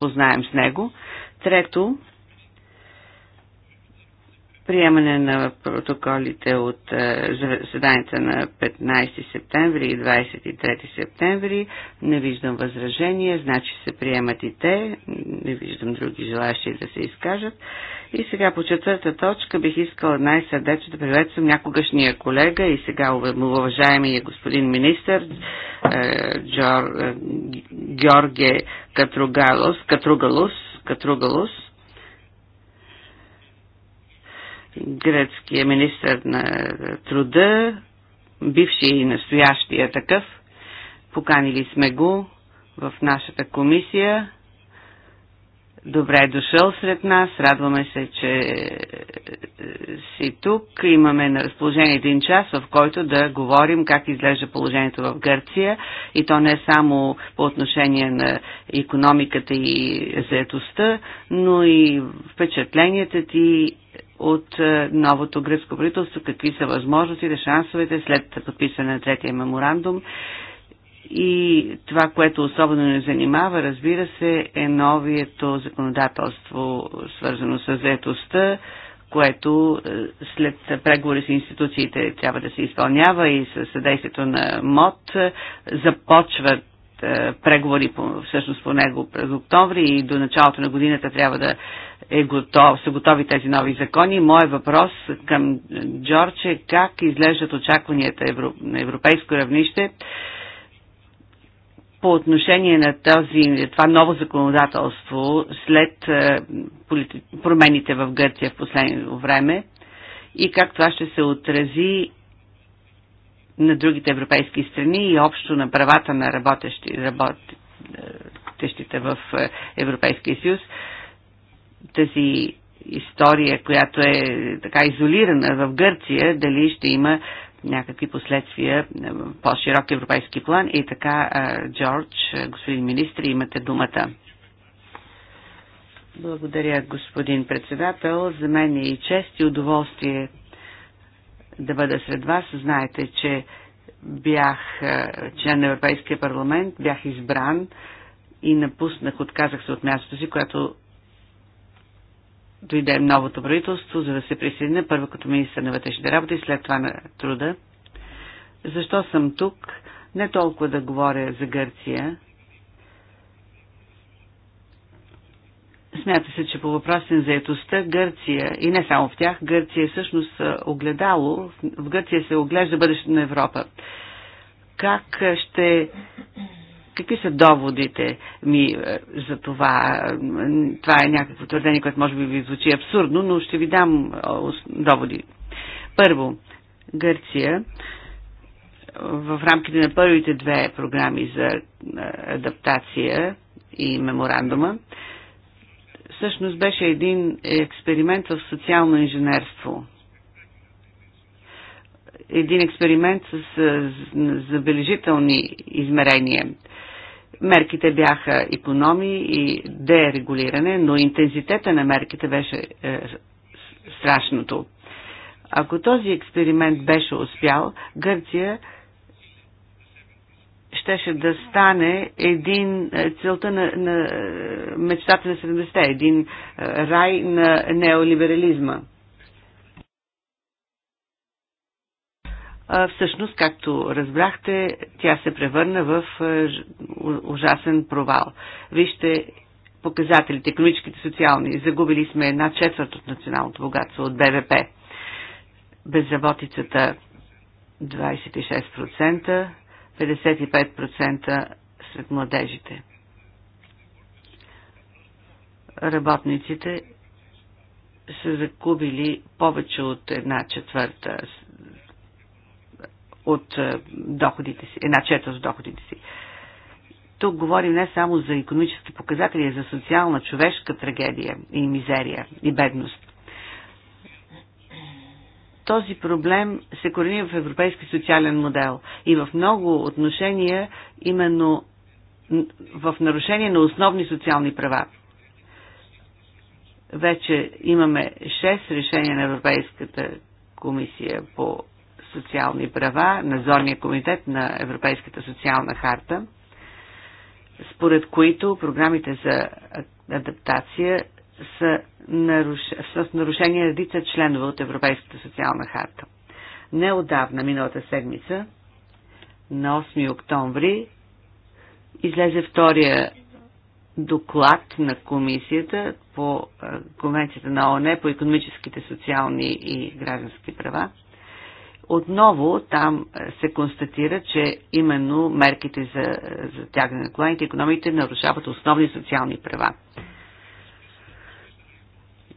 познаем с него. Трето, приемане на протоколите от е, заседанията на 15 септември и 23 септември. Не виждам възражения, значи се приемат и те. Не виждам други желащи да се изкажат. И сега по четвърта точка бих искала най-сърдечно да приветствам някогашния колега и сега уважаемия господин министр е, е, Георге Катругалус, Катругалус, Катругалус гръцкия министр на труда, бившия и настоящия такъв. Поканили сме го в нашата комисия Добре е дошъл сред нас. Радваме се, че е, си тук. Имаме на разположение един час, в който да говорим как изглежда положението в Гърция и то не само по отношение на економиката и заетостта, но и впечатленията ти от е, новото гръцко правителство, какви са възможностите, шансовете след подписане на третия меморандум и това, което особено не занимава, разбира се, е новието законодателство, свързано с заетостта, което е, след преговори с институциите трябва да се изпълнява и със съдействието на МОД е, започват е, преговори по, всъщност по него през октомври и до началото на годината трябва да е готов, са готови тези нови закони. Моят въпрос към Джордж е как изглеждат очакванията на европейско равнище по отношение на този, това ново законодателство след е, промените в Гърция в последното време и как това ще се отрази на другите европейски страни и общо на правата на работещи, работещите в е, Европейския съюз. Тази история, която е така изолирана в Гърция, дали ще има някакви последствия е, по-широк европейски план. И така, е, Джордж, е, господин министр, имате думата. Благодаря, господин председател. За мен е и чест и удоволствие да бъда сред вас. Знаете, че бях член на Европейския парламент, бях избран и напуснах, отказах се от мястото си, което дойде новото правителство, за да се присъедине първо като министър на вътрешните работи и след това на труда. Защо съм тук? Не толкова да говоря за Гърция. Смята се, че по въпроси на заетостта Гърция, и не само в тях, Гърция е всъщност е огледало, в Гърция се оглежда бъдещето на Европа. Как ще Какви са доводите ми е, за това? Е, това е някакво твърдение, което може би ви звучи абсурдно, но ще ви дам е, доводи. Първо, Гърция в рамките на първите две програми за адаптация и меморандума всъщност беше един експеримент в социално инженерство един експеримент с, с забележителни измерения. Мерките бяха економии и дерегулиране, но интензитета на мерките беше е, страшното. Ако този експеримент беше успял, Гърция щеше да стане един е, целта на, на е, мечтата на 70, те един е, рай на неолиберализма. всъщност, както разбрахте, тя се превърна в ужасен провал. Вижте показателите, економическите, социални. Загубили сме една четвърт от националното богатство, от БВП. Безработицата 26%, 55% сред младежите. Работниците са загубили повече от една четвърта от е, доходите си, една четвърт от доходите си. Тук говорим не само за економически показатели, а за социална, човешка трагедия и мизерия и бедност. Този проблем се корени в европейски социален модел и в много отношения именно в нарушение на основни социални права. Вече имаме 6 решения на Европейската комисия по социални права на Зорния комитет на Европейската социална харта, според които програмите за адаптация са наруш... с нарушение редица членове от Европейската социална харта. Неодавна, миналата седмица, на 8 октомври, излезе втория доклад на комисията по Конвенцията на ООН по економическите, социални и граждански права. Отново там е, се констатира, че именно мерките за затягане на коланите економите нарушават основни социални права.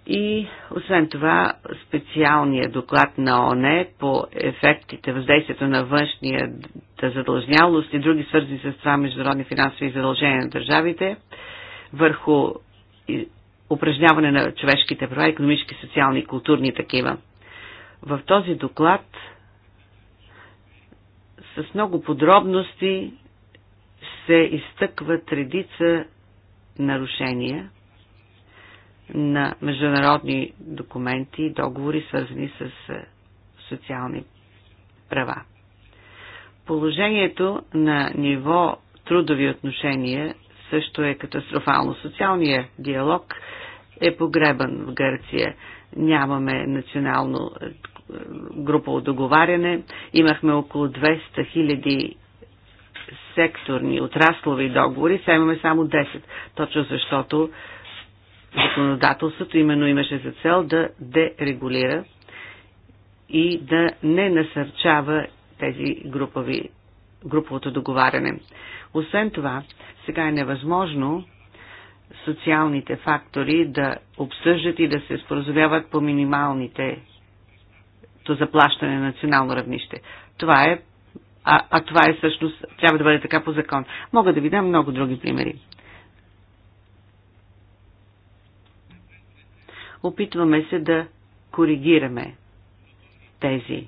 И освен това, специалният доклад на ОНЕ по ефектите, въздействието на външния задължнялост и други свързани с това международни финансови задължения на държавите върху упражняване на човешките права, економически, социални и културни такива. В този доклад с много подробности се изтъкват редица нарушения на международни документи и договори, свързани с е, социални права. Положението на ниво трудови отношения също е катастрофално. Социалният диалог е погребан в Гърция. Нямаме национално е, групово договаряне. Имахме около 200 000 секторни, отраслови договори, сега имаме само 10, точно защото законодателството именно имаше за цел да дерегулира и да не насърчава тези групови, груповото договаряне. Освен това, сега е невъзможно социалните фактори да обсъждат и да се споразумяват по минималните средство за плащане на национално равнище. Това е, а, а това е всъщност, трябва да бъде така по закон. Мога да ви дам много други примери. Опитваме се да коригираме тези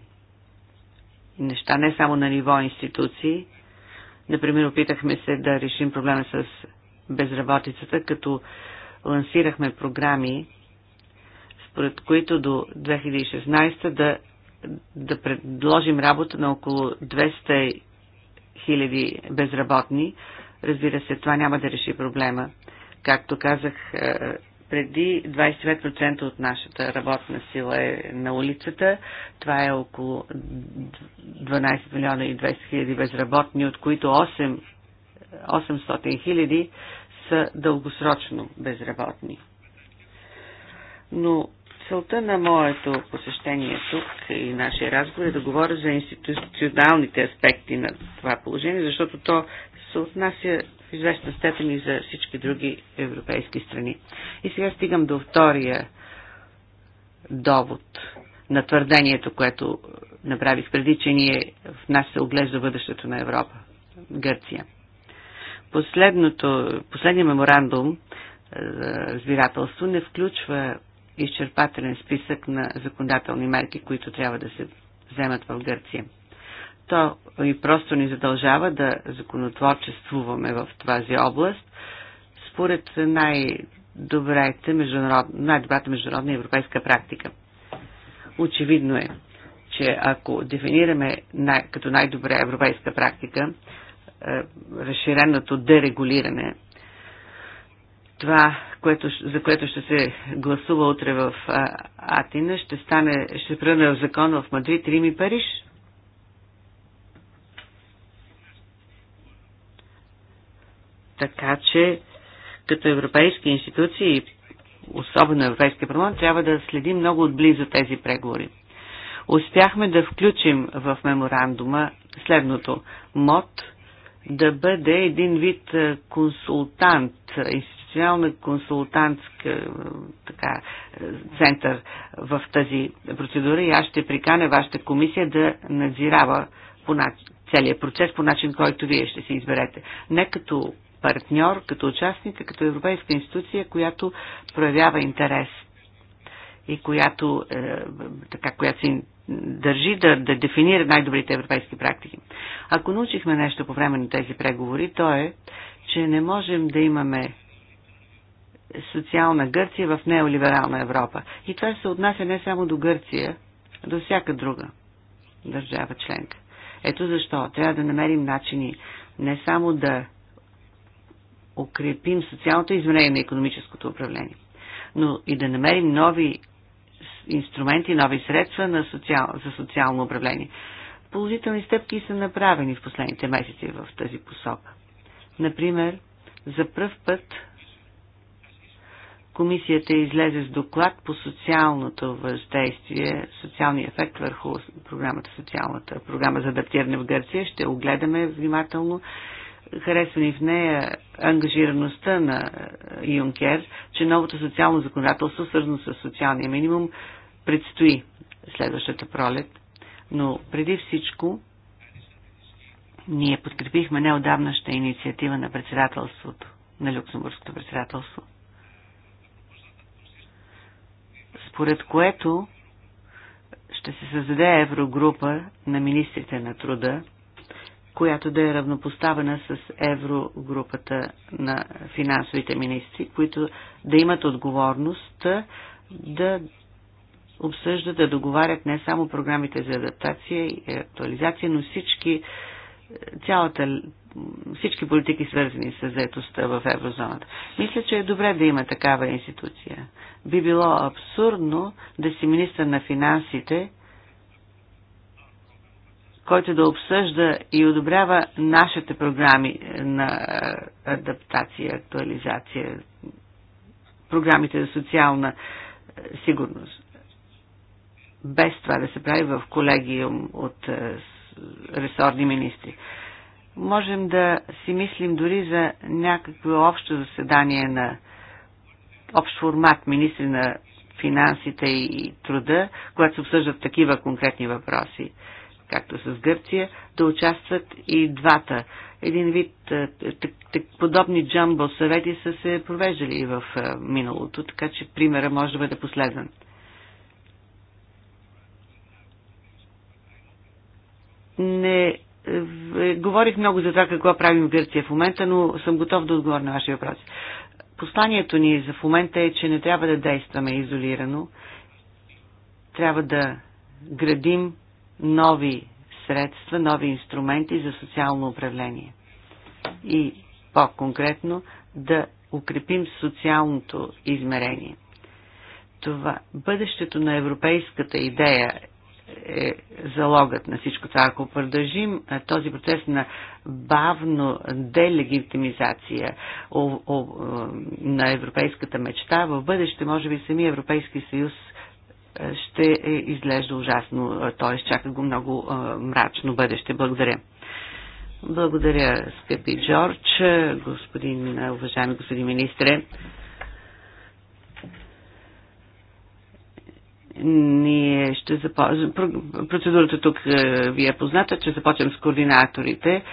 неща, не само на ниво институции. Например, опитахме се да решим проблема с безработицата, като лансирахме програми, според които до 2016 да да предложим работа на около 200 000 безработни. Разбира се, това няма да реши проблема. Както казах, е, преди 25% от нашата работна сила е на улицата. Това е около 12 милиона и 200 хиляди безработни, от които 8, 800 хиляди са дългосрочно безработни. Но Целта на моето посещение тук и нашия разговор е да говоря за институционалните аспекти на това положение, защото то се отнася в известна степен и за всички други европейски страни. И сега стигам до втория довод на твърдението, което направих преди, че ние в нас се оглежда бъдещето на Европа, Гърция. Последното, последният меморандум за разбирателство не включва изчерпателен списък на законодателни мерки, които трябва да се вземат в Гърция. То и просто ни задължава да законотворчествуваме в тази област, според най-добрата международна, най-добрата международна европейска практика. Очевидно е, че ако дефинираме най- като най-добра европейска практика е, разширеното дерегулиране, това което, за което ще се гласува утре в Атина, ще стане, ще превърне в закон в Мадрид, Рим и Париж? Така че, като европейски институции, особено Европейския парламент, трябва да следим много отблизо тези преговори. Успяхме да включим в меморандума следното. МОД да бъде един вид консултант, институционален професионална консултантска е, така, е, център в тази процедура и аз ще приканя вашата комисия да надзирава по начин, целият процес по начин, който вие ще си изберете. Не като партньор, като участник, а като европейска институция, която проявява интерес и която, е, така, която се държи да, да дефинира най-добрите европейски практики. Ако научихме нещо по време на тези преговори, то е, че не можем да имаме социална Гърция в неолиберална Европа. И това се отнася не само до Гърция, а до всяка друга държава членка. Ето защо трябва да намерим начини не само да укрепим социалното изменение на економическото управление, но и да намерим нови инструменти, нови средства на социал, за социално управление. Положителни стъпки са направени в последните месеци в тази посока. Например, за пръв път Комисията излезе с доклад по социалното въздействие, социалния ефект върху програмата, социалната програма за адаптиране в Гърция. Ще огледаме внимателно. Харесва ни в нея ангажираността на Юнкер, че новото социално законодателство, свързано с социалния минимум, предстои следващата пролет. Но преди всичко ние подкрепихме неодавнаща инициатива на председателството, на Люксембургското председателство. според което ще се създаде еврогрупа на министрите на труда, която да е равнопоставена с еврогрупата на финансовите министри, които да имат отговорност да обсъждат, да договарят не само програмите за адаптация и актуализация, но всички, цялата всички политики свързани с заетостта в еврозоната. Мисля, че е добре да има такава институция. Би било абсурдно да си министър на финансите, който да обсъжда и одобрява нашите програми на е, адаптация, актуализация, програмите за социална е, сигурност. Без това да се прави в колегиум от е, ресорни министри. Можем да си мислим дори за някакво общо заседание на общ формат министри на финансите и труда, когато се обсъждат такива конкретни въпроси, както с Гърция, да участват и двата. Един вид е, е, так, так, подобни джамбо съвети са се провеждали и в е, миналото, така че примера може да бъде последен. Не е, говорих много за това какво правим в Гърция в момента, но съм готов да отговоря на вашия въпрос. Посланието ни за в момента е, че не трябва да действаме изолирано. Трябва да градим нови средства, нови инструменти за социално управление. И по-конкретно да укрепим социалното измерение. Това бъдещето на европейската идея е залогът на всичко това. Ако продължим този процес на бавно делегитимизация на европейската мечта, в бъдеще може би самия Европейски съюз ще е изглежда ужасно, т.е. чака го много мрачно бъдеще. Благодаря. Благодаря, скъпи Джордж, господин, уважаеми господин министре. Ние ще започнем. Процедурата тук е, ви е позната, че започнем с координаторите.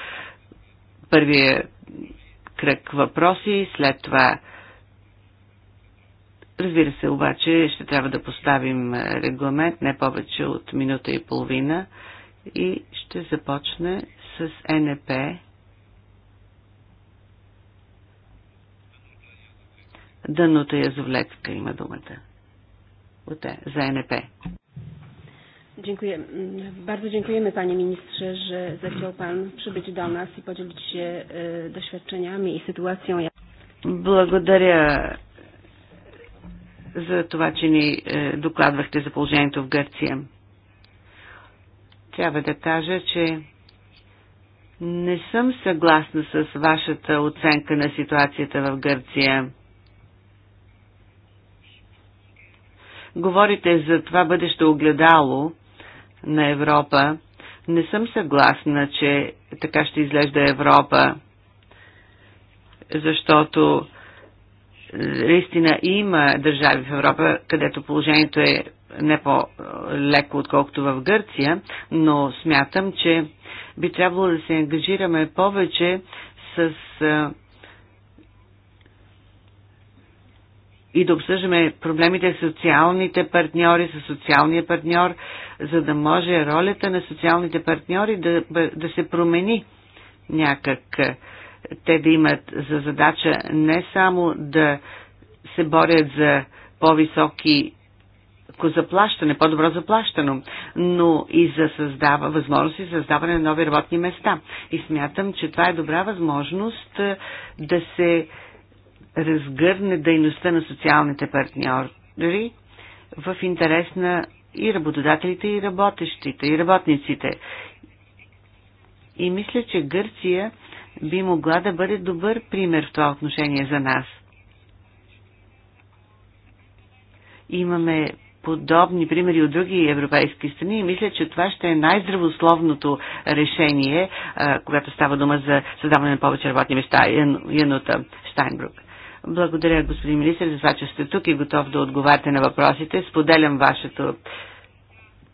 Първият кръг въпроси, след това Разбира се, обаче ще трябва да поставим е, регламент не повече от минута и половина и ще започне с НП. Дъното Язовлецка има думата от, за НП. Dziękuję. Bardzo dziękujemy Panie Ministrze, że zechciał Pan przybyć do nas i podzielić się e, doświadczeniami i sytuacją. Благодаря за това, че ни е, докладвахте за положението в Гърция. Трябва да кажа, че не съм съгласна с вашата оценка на ситуацията в Гърция. Говорите за това бъдеще огледало на Европа. Не съм съгласна, че така ще изглежда Европа, защото е, наистина има държави в Европа, където положението е не по-леко, отколкото в Гърция, но смятам, че би трябвало да се ангажираме повече с е, и да обсъждаме проблемите с социалните партньори, с социалния партньор, за да може ролята на социалните партньори да, да се промени някак. Те да имат за задача не само да се борят за по-високи заплащане, по-добро заплащано, но и за създава, възможности за създаване на нови работни места. И смятам, че това е добра възможност е, да се разгърне дейността на социалните партньори в интерес на и работодателите, и работещите, и работниците. И мисля, че Гърция би могла да бъде добър пример в това отношение за нас. Имаме подобни примери от други европейски страни и мисля, че това ще е най-здравословното решение, когато става дума за създаване на повече работни места. Янута Штайнбрук. Благодаря, господин министр, за това, че сте тук и готов да отговаряте на въпросите. Споделям вашето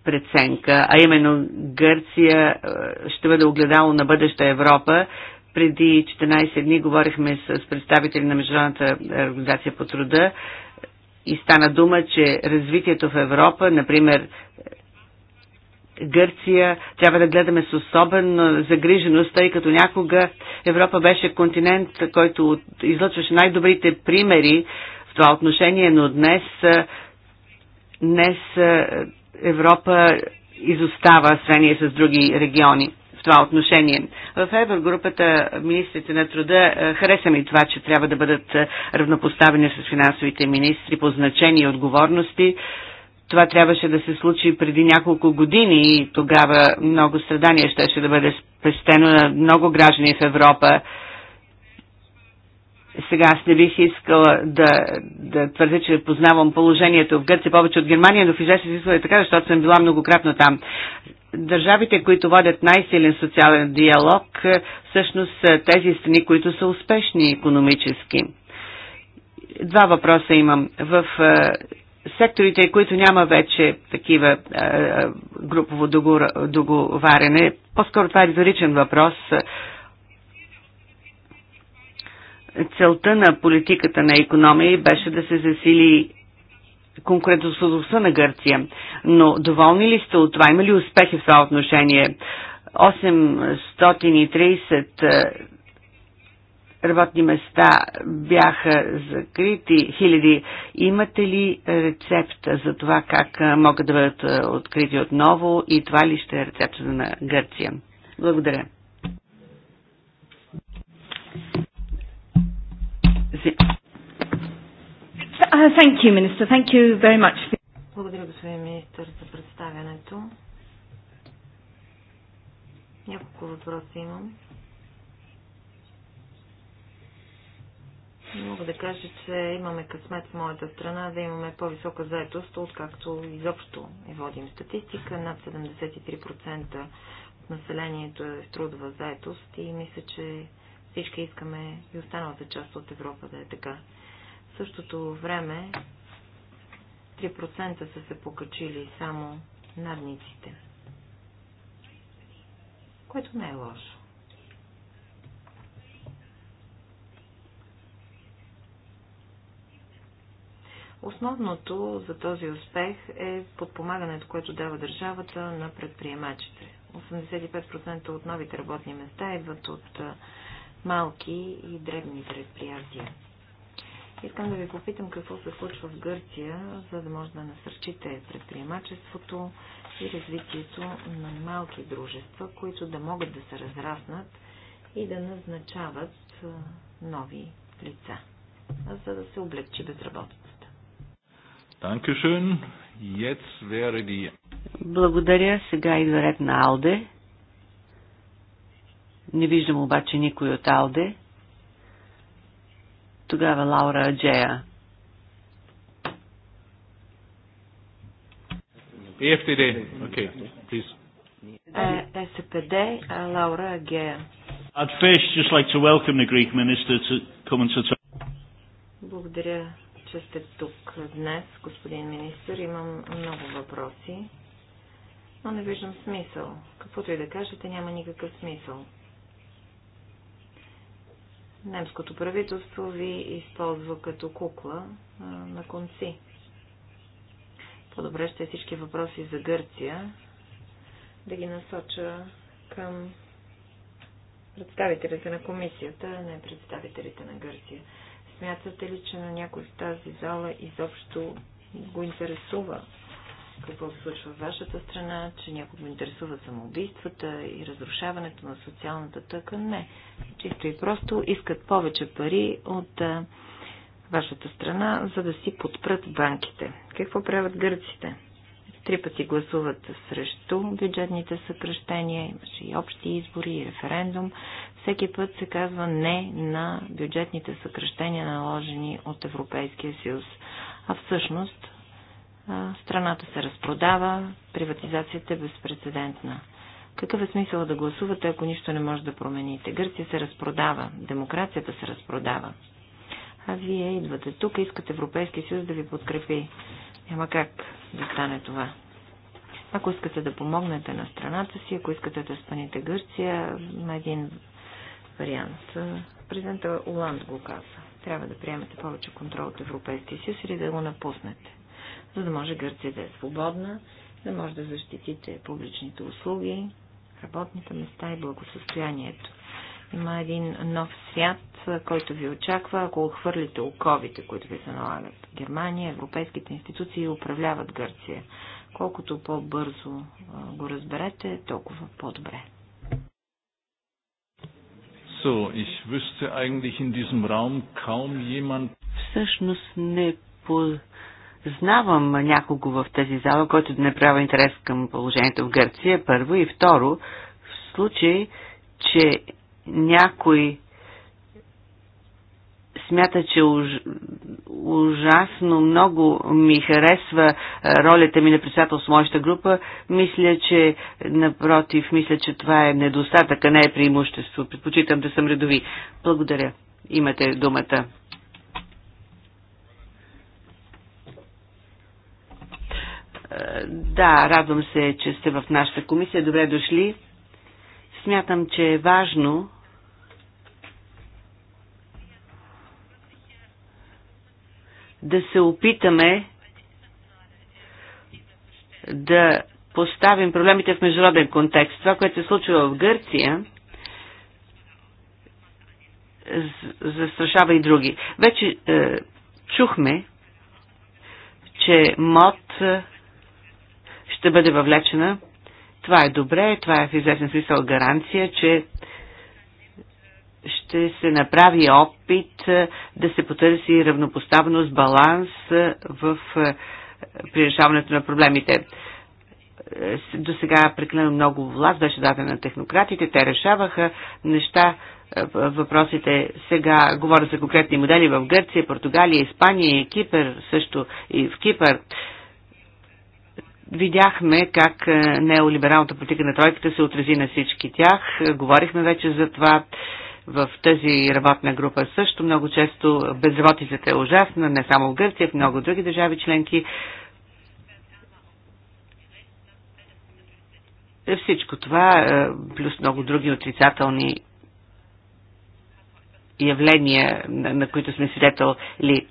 преценка, а именно Гърция е, ще бъде огледало на бъдеща Европа. Преди 14 дни говорихме с представители на Международната организация по труда и стана дума, че развитието в Европа, например Гърция трябва да гледаме с особена загриженост, тъй като някога Европа беше континент, който излъчваше най-добрите примери в това отношение, но днес, днес Европа изостава сравнение с други региони в това отношение. В Еврогрупата министрите на труда хареса ми това, че трябва да бъдат равнопоставени с финансовите министри по значение и отговорности. Това трябваше да се случи преди няколко години и тогава много страдания щеше да бъде спестено на много граждани в Европа. Сега аз не бих искала да, да твърдя, че познавам положението в Гърция повече от Германия, но в известен смисъл е така, защото съм била многократно там. Държавите, които водят най-силен социален диалог, е, всъщност са тези страни, които са успешни економически. Два въпроса имам. В е, секторите, които няма вече такива е, е, групово договаряне, по-скоро това е риторичен въпрос. Целта на политиката на економия беше да се засили конкурентоспособността на Гърция. Но доволни ли сте от това? Има ли успехи в това отношение? 830 работни места бяха закрити, хиляди. Имате ли рецепта за това как могат да бъдат открити отново и това ли ще е рецепта на Гърция? Благодаря. Uh, thank you, Minister. Thank you very much. Благодаря, господин министр, за представянето. Няколко въпроса имам. Мога да кажа, че имаме късмет в моята страна да имаме по-висока заетост, откакто изобщо е водим статистика. Над 73% от населението е в трудова заетост и мисля, че всички искаме и останалата част от Европа да е така. В същото време 3% са се покачили само надниците, което не е лошо. Основното за този успех е подпомагането, което дава държавата на предприемачите. 85% от новите работни места идват от малки и дребни предприятия. Искам да ви попитам какво се случва в Гърция, за да може да насърчите предприемачеството и развитието на малки дружества, които да могат да се разраснат и да назначават нови лица, за да се облегчи безработица. Благодаря. Сега идва ред на Алде. Не виждам обаче никой от Алде. Тогава Лаура Аджея. ЕФТД. Окей. Е, Лаура Аджея. I'd Благодаря че сте тук днес, господин министр. Имам много въпроси, но не виждам смисъл. Каквото и да кажете, няма никакъв смисъл. Немското правителство ви използва като кукла а, на конци. По-добре ще е всички въпроси за Гърция да ги насоча към представителите на комисията, не представителите на Гърция. Смятате ли, че на някой в тази зала изобщо го интересува какво се случва в вашата страна, че някой го интересува самоубийствата и разрушаването на социалната тъка. Не. Чисто и просто искат повече пари от а, вашата страна, за да си подпрат банките. Какво правят гърците? Три пъти гласуват срещу бюджетните съкръщения, имаше и общи избори, и референдум всеки път се казва не на бюджетните съкръщения, наложени от Европейския съюз. А всъщност страната се разпродава, приватизацията е безпредседентна. Какъв е смисъл да гласувате, ако нищо не може да промените? Гърция се разпродава, демокрацията се разпродава. А вие идвате тук, искате Европейския съюз да ви подкрепи. Няма как да стане това. Ако искате да помогнете на страната си, ако искате да спаните Гърция на един вариант. Президента Оланд го каза. Трябва да приемете повече контрол от Европейския съюз или да го напуснете, за да може Гърция да е свободна, да може да защитите публичните услуги, работните места и благосостоянието. Има един нов свят, който ви очаква, ако отхвърлите оковите, които ви се налагат. Германия, европейските институции управляват Гърция. Колкото по-бързо го разберете, толкова по-добре. So, ich wüsste eigentlich in diesem Raum kaum jemand. Всъщност не познавам някого в тази зала, който да не прави интерес към положението в Гърция, първо. И второ, в случай, че някой смята, че уж, ужасно много ми харесва е, ролята ми на председател с моята група. Мисля, че напротив, мисля, че това е недостатък, а не е преимущество. Предпочитам да съм редови. Благодаря. Имате думата. Е, да, радвам се, че сте в нашата комисия. Добре дошли. Смятам, че е важно да се опитаме да поставим проблемите в международен контекст. Това, което се случва в Гърция, застрашава и други. Вече е, чухме, че МОД е, ще бъде въвлечена. Това е добре, това е в известен смисъл гаранция, че ще се направи опит е, да се потърси равнопоставност баланс е, в е, при решаването на проблемите. До сега прекалено много власт беше дадена на технократите, те решаваха неща, въпросите. Сега говоря за конкретни модели в Гърция, Португалия, Испания и Кипър, също и в Кипър. Видяхме как неолибералната политика на тройката се отрази на всички тях. Говорихме вече за това в тази работна група също. Много често безработицата е ужасна, не само в Гърция, в много други държави членки. Е, всичко това, е, плюс много други отрицателни явления, на които сме свидетели,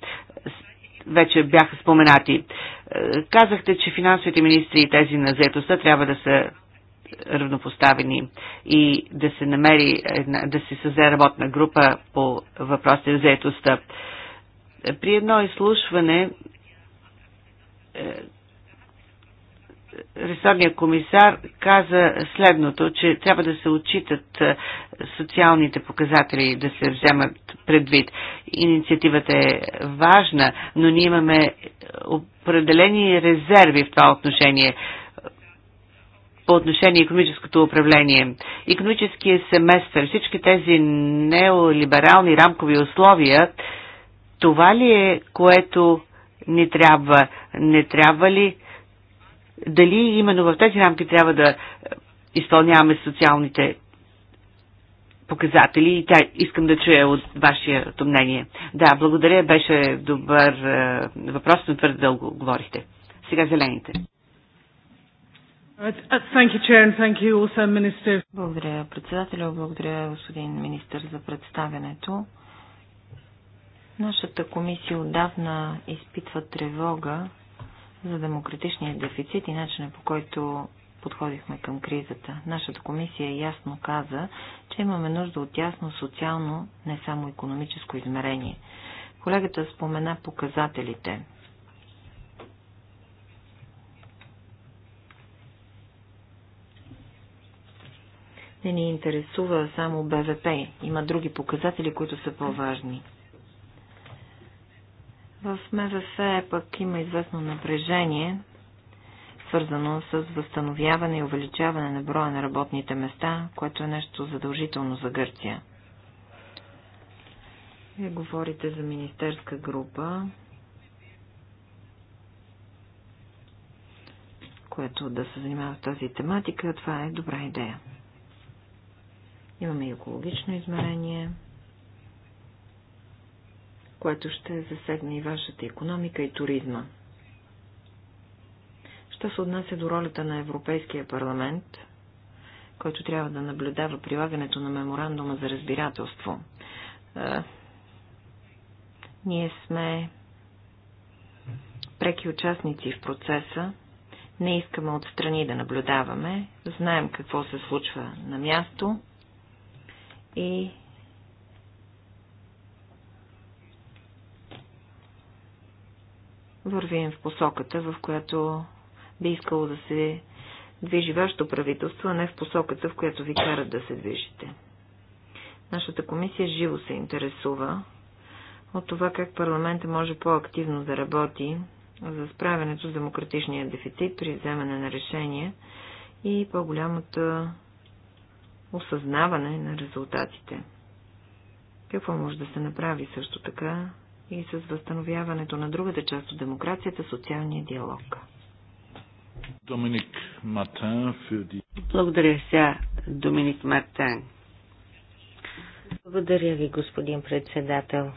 вече бяха споменати. Е, казахте, че финансовите министри и тези на заетостта трябва да са равнопоставени и да се намери, да се създаде работна група по въпросите за заетостта. При едно изслушване е, ресорният комисар каза следното, че трябва да се отчитат е, социалните показатели да се вземат предвид. Инициативата е важна, но ние имаме определени резерви в това отношение по отношение на економическото управление. Економическия семестър, всички тези неолиберални рамкови условия, това ли е, което ни трябва? Не трябва ли? Дали именно в тези рамки трябва да изпълняваме социалните показатели и тя искам да чуя от вашето мнение. Да, благодаря, беше добър е, въпрос, но твърде дълго говорихте. Сега зелените. Uh, uh, благодаря, председателя. Благодаря, господин министр, за представянето. Нашата комисия отдавна изпитва тревога за демократичния дефицит и начина по който подходихме към кризата. Нашата комисия ясно каза, че имаме нужда от ясно социално, не само економическо измерение. Колегата спомена показателите. не ни интересува само БВП. Има други показатели, които са по-важни. В МВФ пък има известно напрежение, свързано с възстановяване и увеличаване на броя на работните места, което е нещо задължително за Гърция. Вие говорите за министерска група, което да се занимава с тази тематика, това е добра идея. Имаме и екологично измерение, което ще засегне и вашата економика и туризма. Що се отнася до ролята на Европейския парламент, който трябва да наблюдава прилагането на меморандума за разбирателство. Ние сме преки участници в процеса, не искаме отстрани да наблюдаваме, знаем какво се случва на място, и вървим в посоката, в която би искало да се движи вашето правителство, а не в посоката, в която ви карат да се движите. Нашата комисия живо се интересува от това как парламентът може по-активно да работи за справянето с демократичния дефицит при вземане на решения и по-голямата осъзнаване на резултатите. Какво може да се направи също така и с възстановяването на другата част от демокрацията – социалния диалог? Доминик Благодаря ся, Доминик Мартан. Благодаря ви, господин председател.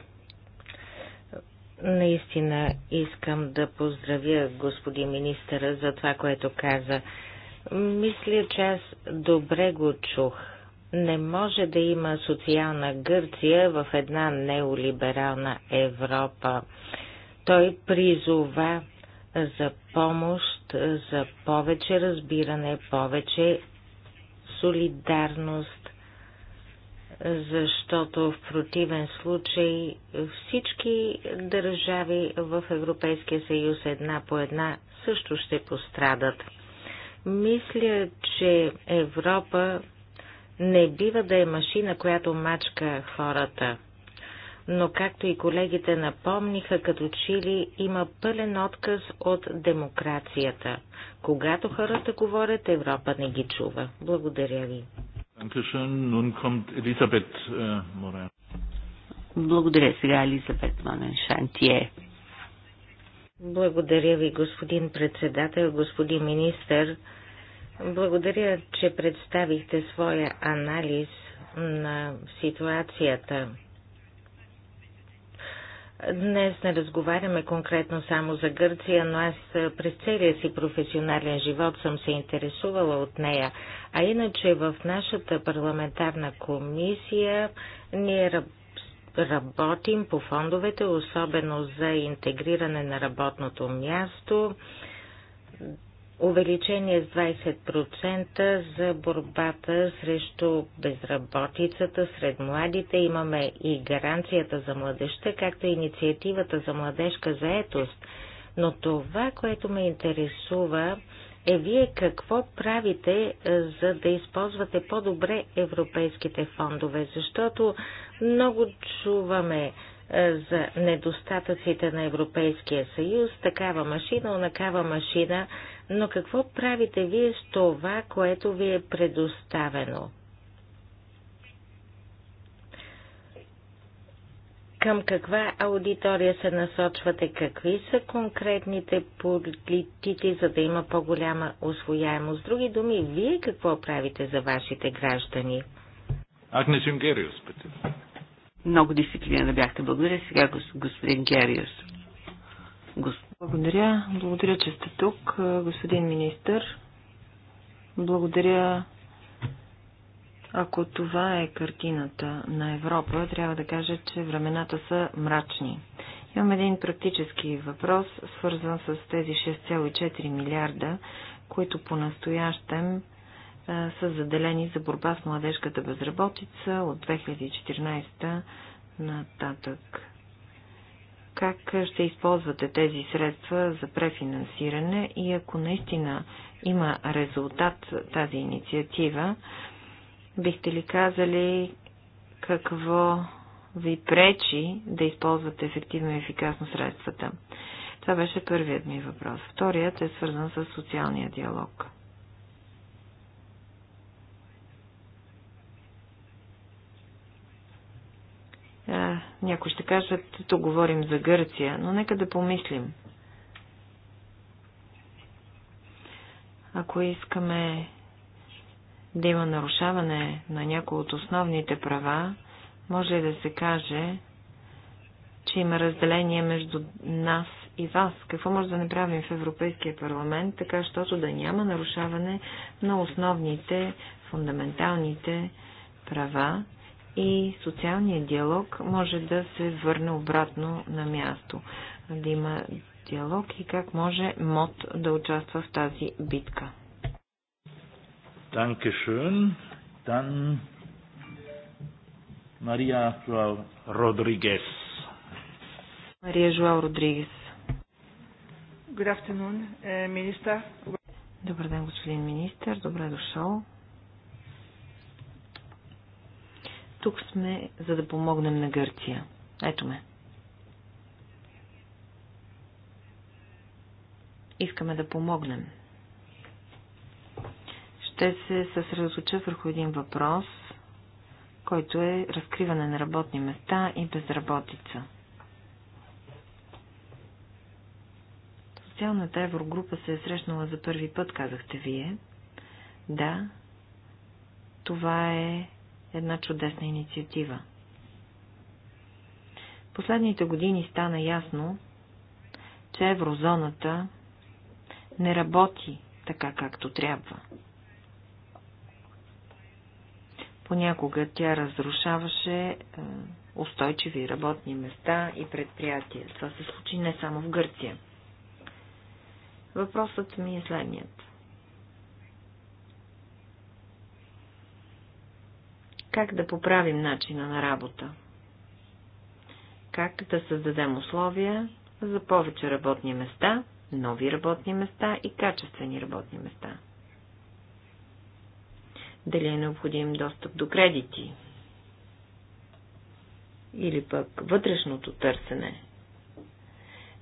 Наистина искам да поздравя господин министъра за това, което каза. Мисля, че аз добре го чух. Не може да има социална Гърция в една неолиберална Европа. Той призова за помощ, за повече разбиране, повече солидарност, защото в противен случай всички държави в Европейския съюз една по една също ще пострадат. Мисля, че Европа не бива да е машина, която мачка хората. Но както и колегите напомниха, като Чили има пълен отказ от демокрацията. Когато хората говорят, Европа не ги чува. Благодаря ви. Äh, Благодаря сега Елизабет Манен Шантие. Благодаря ви, господин председател, господин министър. Благодаря, че представихте своя анализ на ситуацията. Днес не разговаряме конкретно само за Гърция, но аз през целия си професионален живот съм се интересувала от нея. А иначе в нашата парламентарна комисия ние работим по фондовете, особено за интегриране на работното място увеличение с 20% за борбата срещу безработицата сред младите. Имаме и гаранцията за младеща, както и инициативата за младежка заетост. Но това, което ме интересува, е вие какво правите, е, за да използвате по-добре европейските фондове, защото много чуваме е, за недостатъците на Европейския съюз, такава машина, онакава машина, но какво правите вие с това, което ви е предоставено? Към каква аудитория се насочвате? Какви са конкретните политики, за да има по-голяма освояемост? други думи, вие какво правите за вашите граждани? Агнес Юнгериус, Много дисциплина бяхте. Благодаря сега, господин Гериус. Гос... Благодаря. Благодаря, че сте тук, господин министр. Благодаря. Ако това е картината на Европа, трябва да кажа, че времената са мрачни. Имам един практически въпрос, свързан с тези 6,4 милиарда, които по-настоящем са заделени за борба с младежката безработица от 2014 нататък как ще използвате тези средства за префинансиране и ако наистина има резултат тази инициатива, бихте ли казали какво ви пречи да използвате ефективно и ефикасно средствата? Това беше първият ми въпрос. Вторият е свързан с социалния диалог. Някои ще кажат, тук говорим за Гърция, но нека да помислим. Ако искаме да има нарушаване на някои от основните права, може да се каже, че има разделение между нас и вас. Какво може да направим в Европейския парламент, така щото да няма нарушаване на основните, фундаменталните права и социалният диалог може да се върне обратно на място. Да има диалог и как може МОД да участва в тази битка. Dankeschön. Дан Мария Жуал Родригес. Мария Жуал Родригес. Good afternoon, eh, Добър ден, господин министър. Добре дошъл. Тук сме, за да помогнем на Гърция. Ето ме. Искаме да помогнем. Ще се съсредоточа върху един въпрос, който е разкриване на работни места и безработица. Социалната еврогрупа се е срещнала за първи път, казахте вие. Да, това е една чудесна инициатива. Последните години стана ясно, че еврозоната не работи така, както трябва. Понякога тя разрушаваше е, устойчиви работни места и предприятия. Това се случи не само в Гърция. Въпросът ми е следният. как да поправим начина на работа, как да създадем условия за повече работни места, нови работни места и качествени работни места. Дали е необходим достъп до кредити или пък вътрешното търсене.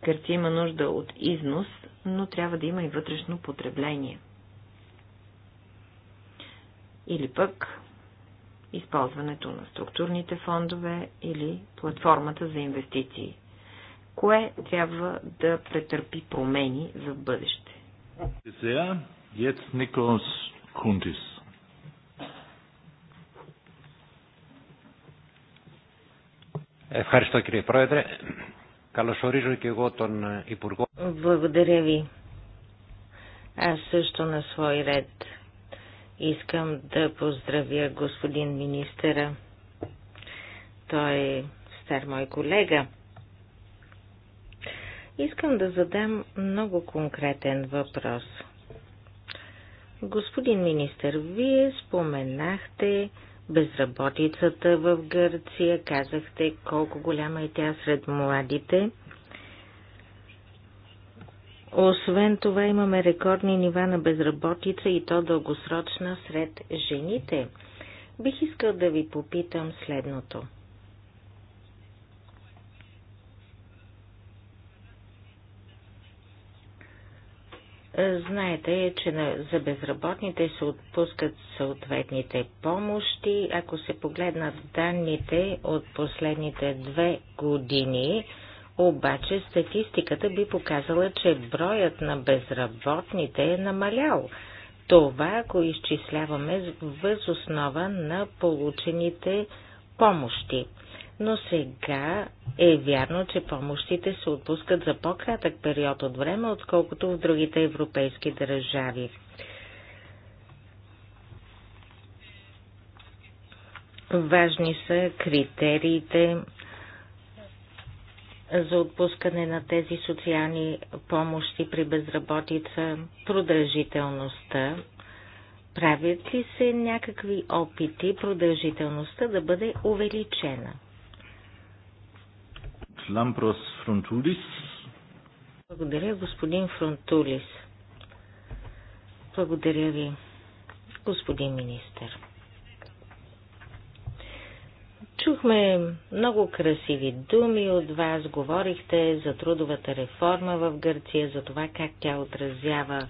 Кърци има нужда от износ, но трябва да има и вътрешно потребление. Или пък използването на структурните фондове или платформата за инвестиции. Кое трябва да претърпи промени за бъдеще? Сега, jetzt Николас Кунтис. Ευχαριστώ κύριε Πρόεδρε. Καλωσορίζω και εγώ τον Υπουργό. Благодаря ви. Аз също на свой ред Искам да поздравя господин министъра. Той е стар мой колега. Искам да задам много конкретен въпрос. Господин министър, вие споменахте безработицата в Гърция, казахте колко голяма е тя сред младите – освен това имаме рекордни нива на безработица и то дългосрочна сред жените. Бих искал да ви попитам следното. Знаете, че за безработните се отпускат съответните помощи. Ако се погледнат данните от последните две години, обаче статистиката би показала, че броят на безработните е намалял. Това, ако изчисляваме въз основа на получените помощи. Но сега е вярно, че помощите се отпускат за по-кратък период от време, отколкото в другите европейски държави. Важни са критериите за отпускане на тези социални помощи при безработица, продължителността. Правят ли се някакви опити продължителността да бъде увеличена? Лампрос Фронтулис. Благодаря, господин Фронтулис. Благодаря ви, господин министър. Чухме много красиви думи от вас, говорихте за трудовата реформа в Гърция, за това как тя отразява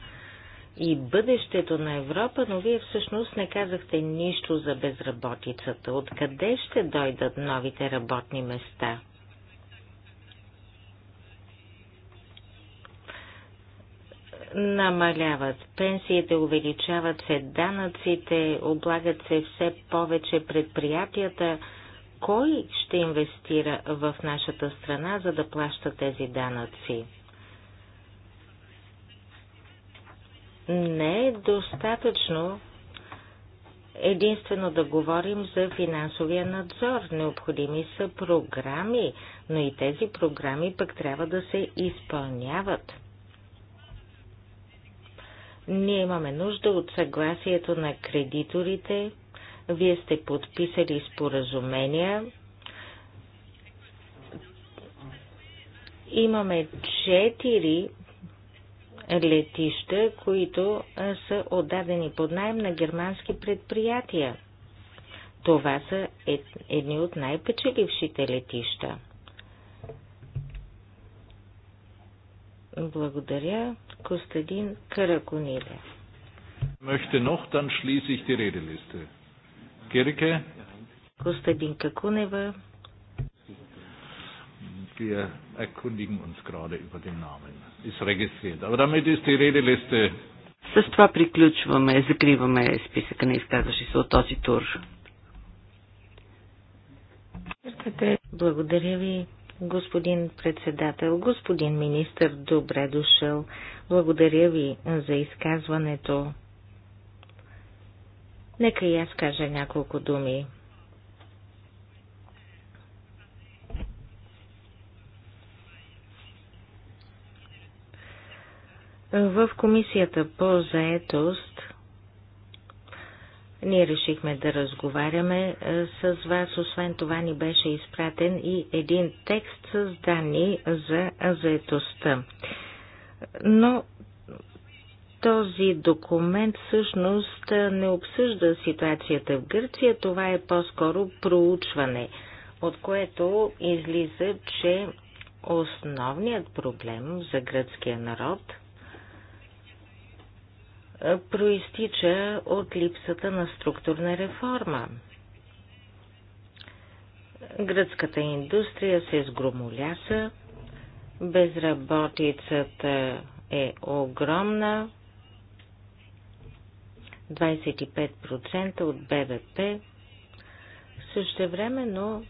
и бъдещето на Европа, но вие всъщност не казахте нищо за безработицата. Откъде ще дойдат новите работни места? намаляват, пенсиите увеличават се, данъците, облагат се все повече предприятията, кой ще инвестира в нашата страна, за да плаща тези данъци? Не е достатъчно единствено да говорим за финансовия надзор. Необходими са програми, но и тези програми пък трябва да се изпълняват. Ние имаме нужда от съгласието на кредиторите, вие сте подписали споразумения. Имаме четири летища, които са отдадени под найем на германски предприятия. Това са едни от най-печелившите летища. Благодаря, Костадин Караконилев. Möchte noch, dann schließe ich die Redeliste. Кирике. Костадинка Кунева. Wir erkundigen uns gerade über den Namen. Ist registriert. Aber damit ist die Redeliste. С това приключваме, закриваме списъка на изказващи се от този тур. Благодаря ви, господин председател, господин министр, добре дошъл. Благодаря ви за изказването. Нека и аз кажа няколко думи. В комисията по заетост ние решихме да разговаряме е, с вас. Освен това ни беше изпратен и един текст с данни за заетостта. Но този документ всъщност не обсъжда ситуацията в Гърция, това е по-скоро проучване, от което излиза, че основният проблем за гръцкия народ проистича от липсата на структурна реформа. Гръцката индустрия се сгромоляса, безработицата е огромна, 25% от БВП. но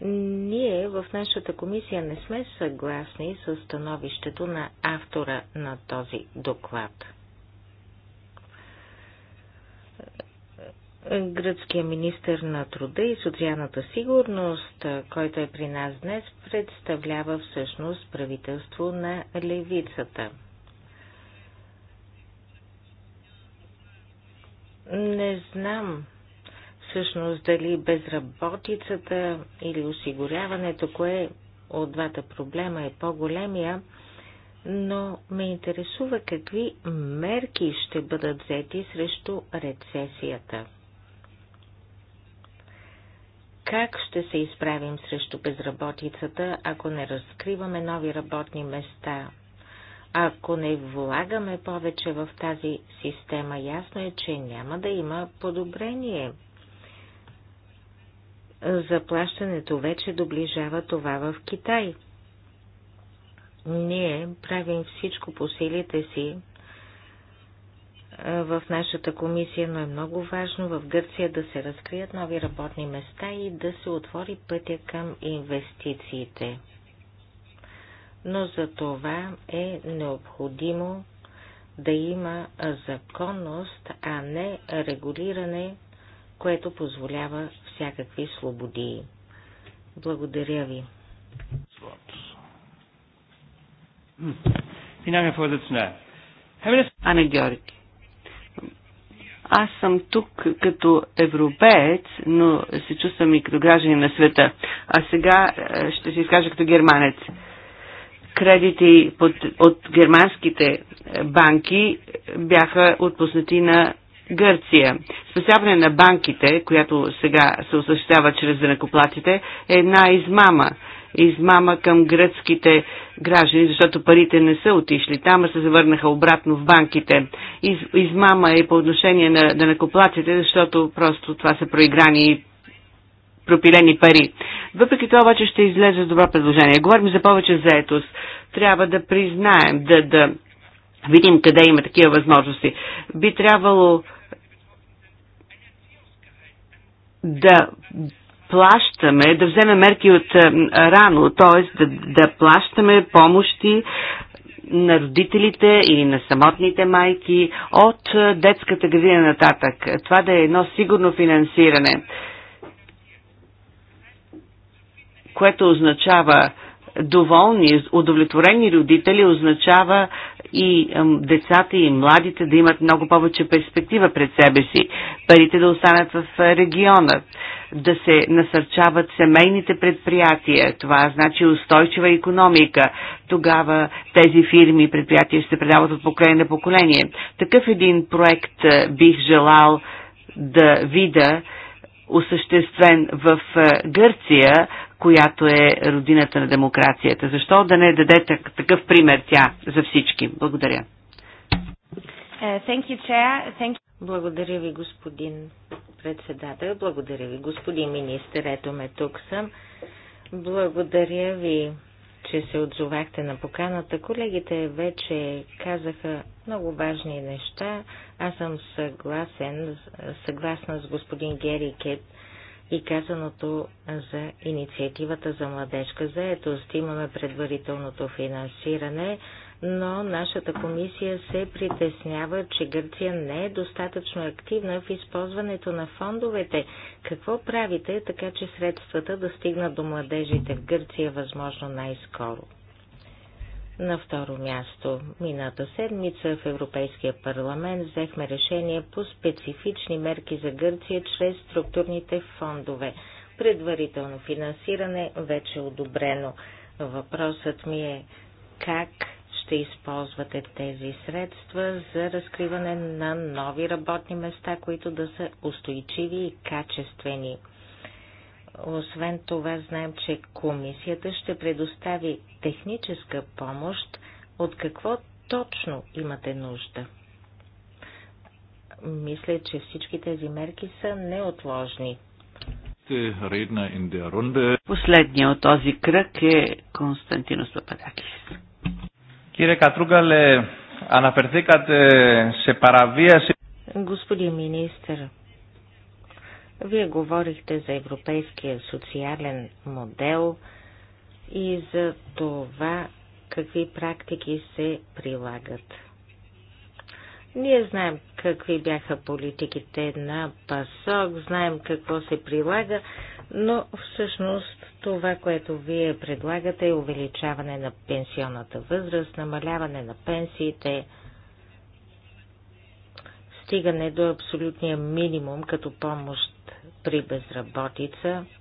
ние в нашата комисия не сме съгласни с становището на автора на този доклад. Гръцкият министр на труда и социалната сигурност, който е при нас днес, представлява всъщност правителство на левицата – Не знам всъщност дали безработицата или осигуряването, кое от двата проблема е по-големия, но ме интересува какви мерки ще бъдат взети срещу рецесията. Как ще се изправим срещу безработицата, ако не разкриваме нови работни места? Ако не влагаме повече в тази система, ясно е, че няма да има подобрение. Заплащането вече доближава това в Китай. Ние правим всичко по силите си в нашата комисия, но е много важно в Гърция да се разкрият нови работни места и да се отвори пътя към инвестициите но за това е необходимо да има законност, а не регулиране, което позволява всякакви свободи. Благодаря ви. Ана Георги. Аз съм тук като европеец, но се чувствам и като граждани на света. А сега е, ще се изкажа като германец кредити под, от германските е, банки е, бяха отпуснати на Гърция. Спасяване на банките, която сега се осъществява чрез денакоплатите, е една измама. Измама към гръцките граждани, защото парите не са отишли там, а се завърнаха обратно в банките. Из, измама е по отношение на денакоплатите, защото просто това са проиграни пропилени пари. Въпреки това обаче ще излезе с добро предложение. Говорим за повече заетост. Трябва да признаем, да, да видим къде има такива възможности. Би трябвало да плащаме, да вземем мерки от е, рано, т.е. Да, да плащаме помощи на родителите или на самотните майки от е, детската градина нататък. Това да е едно сигурно финансиране. което означава доволни, удовлетворени родители означава и децата и младите да имат много повече перспектива пред себе си, парите да останат в региона, да се насърчават семейните предприятия, това значи устойчива економика, тогава тези фирми и предприятия ще се предават от поколение на поколение. Такъв един проект бих желал да видя осъществен в Гърция, която е родината на демокрацията. Защо да не даде такъв пример тя за всички? Благодаря. Е, thank you, Chair. Thank you. Благодаря ви, господин председател. Благодаря ви, господин министър. Ето ме тук съм. Благодаря ви, че се отзовахте на поканата. Колегите вече казаха много важни неща. Аз съм съгласен, съгласна с господин Герикет. Кет и казаното за инициативата за младежка заетост. Имаме предварителното финансиране, но нашата комисия се притеснява, че Гърция не е достатъчно активна в използването на фондовете. Какво правите, така че средствата да стигнат до младежите в Гърция възможно най-скоро? На второ място, мината седмица в Европейския парламент взехме решение по специфични мерки за Гърция чрез структурните фондове. Предварително финансиране вече е одобрено. Въпросът ми е как ще използвате тези средства за разкриване на нови работни места, които да са устойчиви и качествени. Освен това, знаем, че комисията ще предостави техническа помощ, от какво точно имате нужда? Мисля, че всички тези мерки са неотложни. Последният от този кръг е Константинос Пападакис. Кире Катругале, се паравия παραβίαση. Господин министр, вие говорихте за европейския социален модел – и за това какви практики се прилагат. Ние знаем какви бяха политиките на ПАСОК, знаем какво се прилага, но всъщност това, което вие предлагате е увеличаване на пенсионната възраст, намаляване на пенсиите, стигане до абсолютния минимум като помощ при безработица –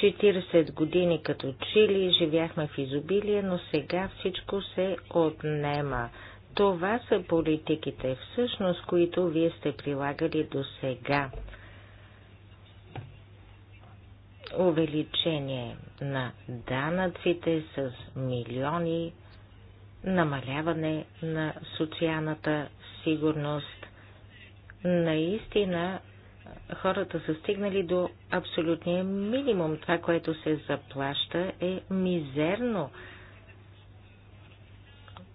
40 години като чили живяхме в изобилие, но сега всичко се отнема. Това са политиките, всъщност, които вие сте прилагали до сега. Увеличение на данъците с милиони, намаляване на социалната сигурност. Наистина хората са стигнали до абсолютния минимум. Това, което се заплаща е мизерно.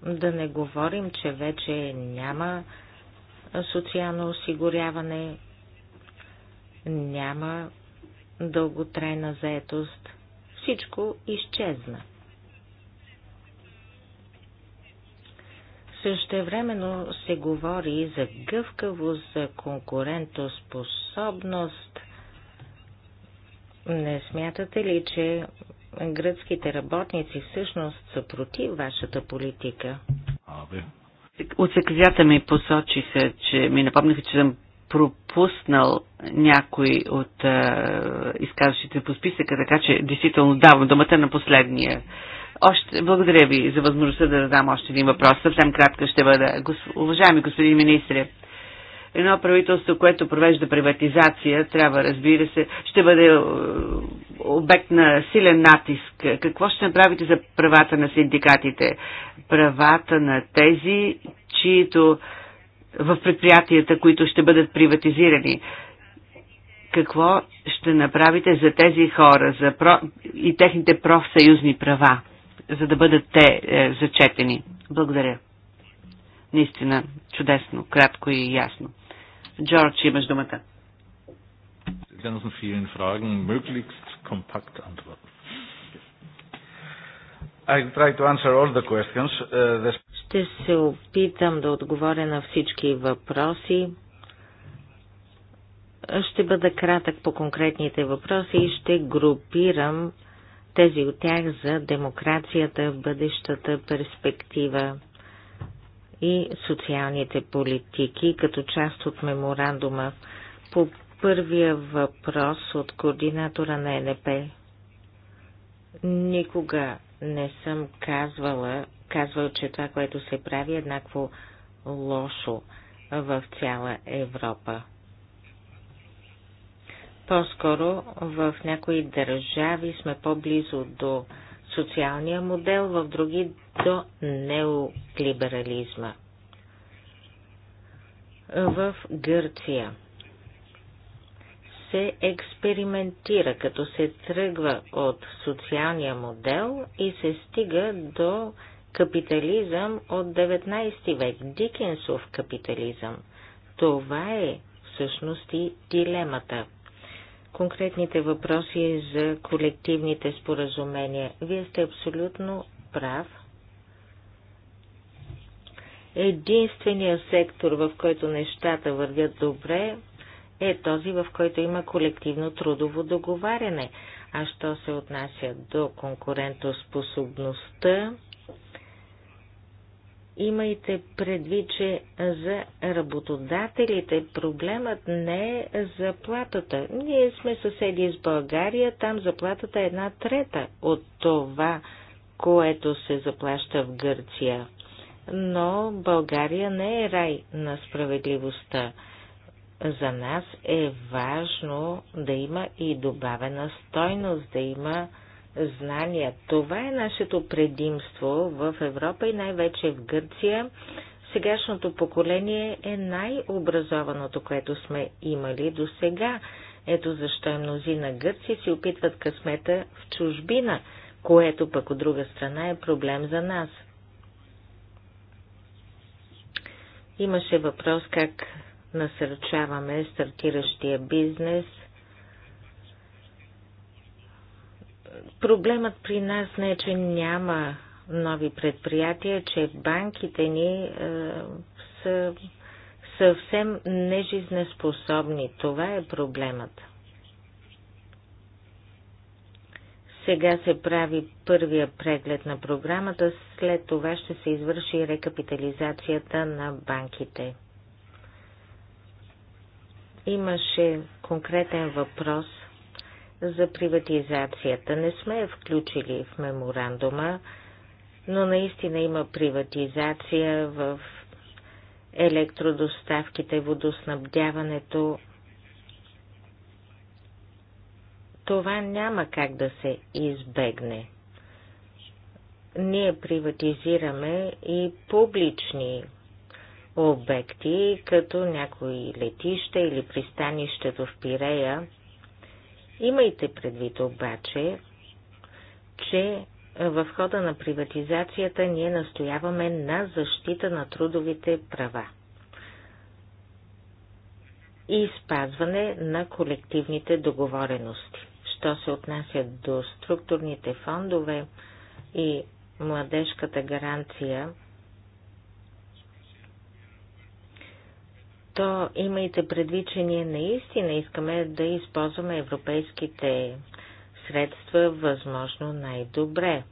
Да не говорим, че вече няма социално осигуряване, няма дълготрайна заетост. Всичко изчезна. Същевременно се говори за гъвкавост, за конкурентоспособност. Не смятате ли, че гръцките работници всъщност са против вашата политика? Абе. От секретарята ми посочиха, че ми напомниха, че съм пропуснал някой от изказващите по списъка, така че действително давам думата на последния още, благодаря ви за възможността да задам още един въпрос. Съвсем кратка ще бъда. Гос, уважаеми господин министре, едно правителство, което провежда приватизация, трябва, разбира се, ще бъде е, обект на силен натиск. Какво ще направите за правата на синдикатите? Правата на тези, чието в предприятията, които ще бъдат приватизирани. Какво ще направите за тези хора за про... и техните профсъюзни права? за да бъдат те е, зачетени. Благодаря. Наистина, чудесно, кратко и ясно. Джордж, имаш думата. Uh, ще се опитам да отговоря на всички въпроси. Ще бъда кратък по конкретните въпроси и ще групирам тези от тях за демокрацията, бъдещата перспектива и социалните политики, като част от меморандума. По първия въпрос от координатора на НП никога не съм казвала, казвал, че това, което се прави е еднакво лошо в цяла Европа. По-скоро в някои държави сме по-близо до социалния модел, в други до неолиберализма. В Гърция се експериментира, като се тръгва от социалния модел и се стига до капитализъм от 19 век, Дикенсов капитализъм. Това е всъщност и дилемата – конкретните въпроси за колективните споразумения. Вие сте абсолютно прав. Единственият сектор, в който нещата вървят добре, е този, в който има колективно трудово договаряне. А що се отнася до конкурентоспособността, Имайте предвид, че за работодателите проблемът не е заплатата. Ние сме съседи с България, там заплатата е една трета от това, което се заплаща в Гърция. Но България не е рай на справедливостта. За нас е важно да има и добавена стойност, да има знания. Това е нашето предимство в Европа и най-вече в Гърция. Сегашното поколение е най-образованото, което сме имали до сега. Ето защо и е мнозина гърци си опитват късмета в чужбина, което пък от друга страна е проблем за нас. Имаше въпрос как насърчаваме стартиращия бизнес – Проблемът при нас не е, че няма нови предприятия, че банките ни е, са съвсем нежизнеспособни. Това е проблемът. Сега се прави първия преглед на програмата, след това ще се извърши рекапитализацията на банките. Имаше конкретен въпрос за приватизацията. Не сме я включили в меморандума, но наистина има приватизация в електродоставките, водоснабдяването. Това няма как да се избегне. Ние приватизираме и публични обекти, като някои летища или пристанището в Пирея – Имайте предвид обаче, че в хода на приватизацията ние настояваме на защита на трудовите права и спазване на колективните договорености. Що се отнася до структурните фондове и младежката гаранция, то имайте предвид, че ние наистина искаме да използваме европейските средства възможно най-добре.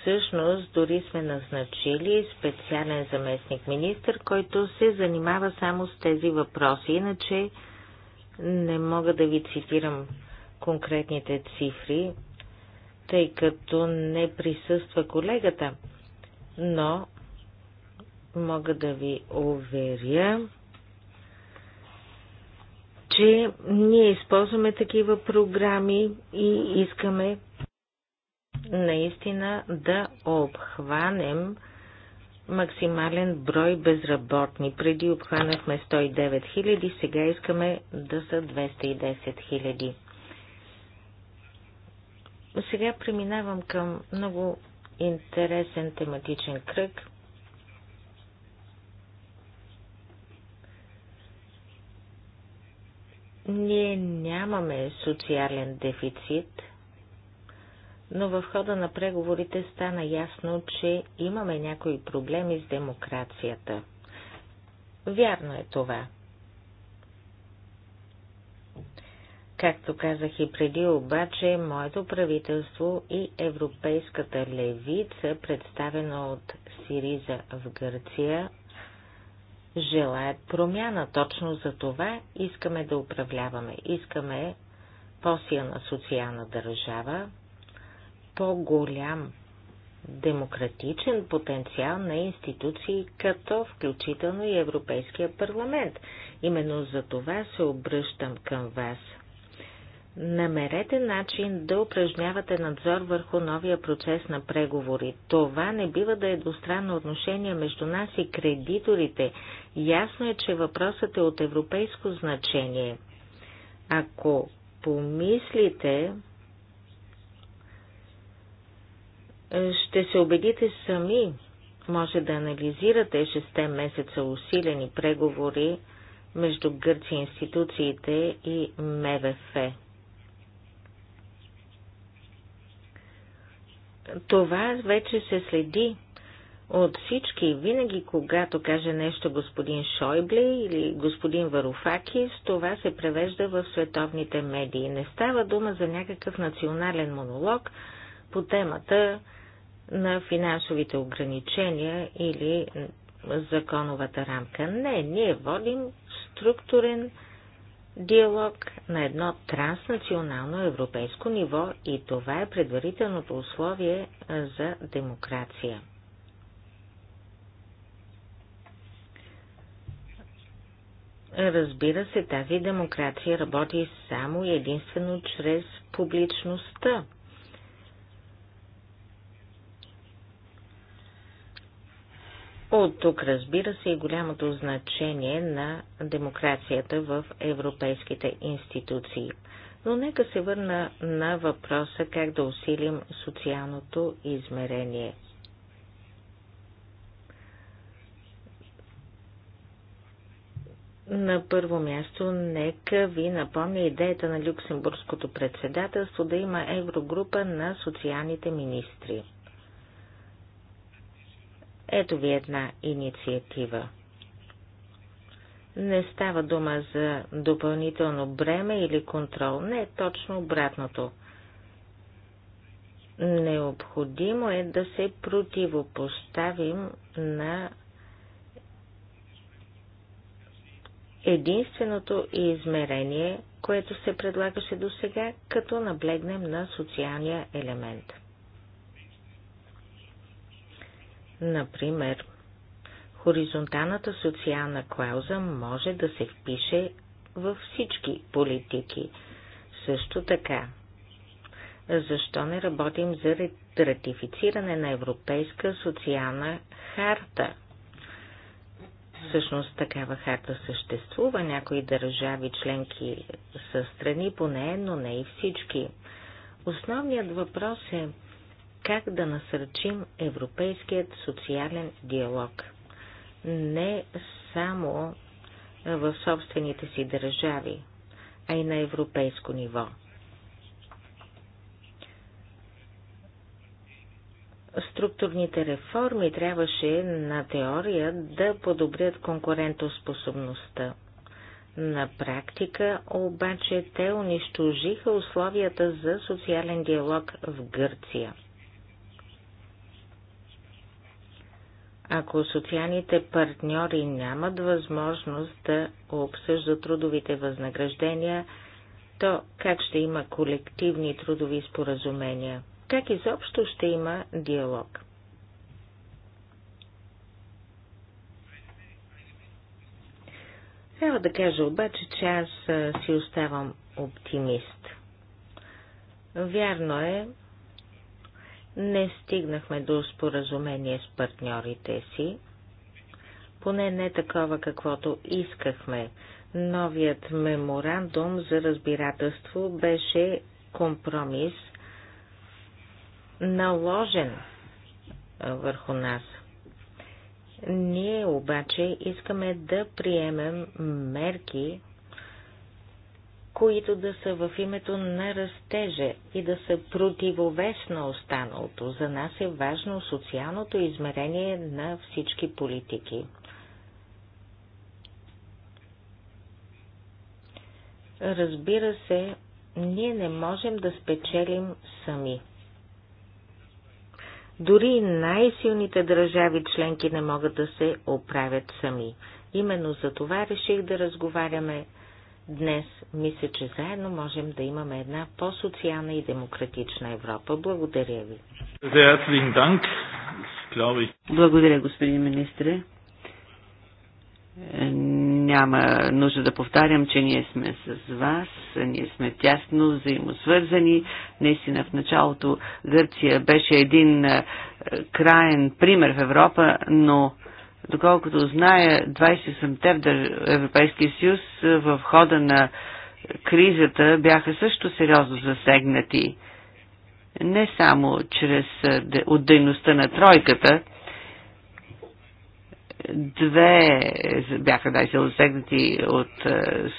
Всъщност, дори сме назначили специален заместник министр, който се занимава само с тези въпроси. Иначе не мога да ви цитирам конкретните цифри, тъй като не присъства колегата. Но мога да ви уверя, че ние използваме такива програми и искаме наистина да обхванем максимален брой безработни. Преди обхванахме 109 хиляди, сега искаме да са 210 хиляди. Сега преминавам към много интересен тематичен кръг – Ние нямаме социален дефицит, но в хода на преговорите стана ясно, че имаме някои проблеми с демокрацията. Вярно е това. Както казах и преди, обаче, моето правителство и европейската левица, представена от Сириза в Гърция, желаят промяна. Точно за това искаме да управляваме. Искаме по-силна социална държава, по-голям демократичен потенциал на институции, като включително и Европейския парламент. Именно за това се обръщам към вас – Намерете начин да упражнявате надзор върху новия процес на преговори. Това не бива да е двустранно отношение между нас и кредиторите. Ясно е, че въпросът е от европейско значение. Ако помислите, ще се убедите сами. Може да анализирате 6 месеца усилени преговори между гърци институциите и МВФ. Това вече се следи от всички. Винаги, когато каже нещо господин Шойбле или господин Варуфакис, това се превежда в световните медии. Не става дума за някакъв национален монолог по темата на финансовите ограничения или законовата рамка. Не, ние водим структурен диалог на едно транснационално европейско ниво и това е предварителното условие е, за демокрация. Разбира се, тази демокрация работи само и единствено чрез публичността, От тук разбира се и голямото значение на демокрацията в европейските институции. Но нека се върна на въпроса как да усилим социалното измерение. На първо място, нека ви напомня идеята на Люксембургското председателство да има еврогрупа на социалните министри – ето ви една инициатива. Не става дума за допълнително бреме или контрол. Не, точно обратното. Необходимо е да се противопоставим на единственото измерение, което се предлагаше до сега, като наблегнем на социалния елемент. Например, хоризонталната социална клауза може да се впише във всички политики. Също така, защо не работим за ратифициране на Европейска социална харта? Всъщност такава харта съществува. Някои държави членки са страни по нея, но не и всички. Основният въпрос е как да насърчим европейският социален диалог. Не само в собствените си държави, а и на европейско ниво. Структурните реформи трябваше на теория да подобрят конкурентоспособността. На практика обаче те унищожиха условията за социален диалог в Гърция – ако социалните партньори нямат възможност да обсъждат трудовите възнаграждения, то как ще има колективни трудови споразумения? Как изобщо ще има диалог? Трябва да кажа обаче, че аз си оставам оптимист. Вярно е, не стигнахме до споразумение с партньорите си, поне не такова каквото искахме. Новият меморандум за разбирателство беше компромис, наложен върху нас. Ние обаче искаме да приемем мерки, които да са в името на растежа и да са противовес на останалото. За нас е важно социалното измерение на всички политики. Разбира се, ние не можем да спечелим сами. Дори най-силните държави членки не могат да се оправят сами. Именно за това реших да разговаряме Днес мисля, че заедно можем да имаме една по-социална и демократична Европа. Благодаря ви. Благодаря, господин министре. Е, няма нужда да повтарям, че ние сме с вас, ние сме тясно взаимосвързани. Наистина в началото Гърция беше един е, е, краен пример в Европа, но Доколкото зная, 27-те в Европейския съюз в хода на кризата бяха също сериозно засегнати. Не само чрез от дейността на тройката, две бяха дай-се засегнати от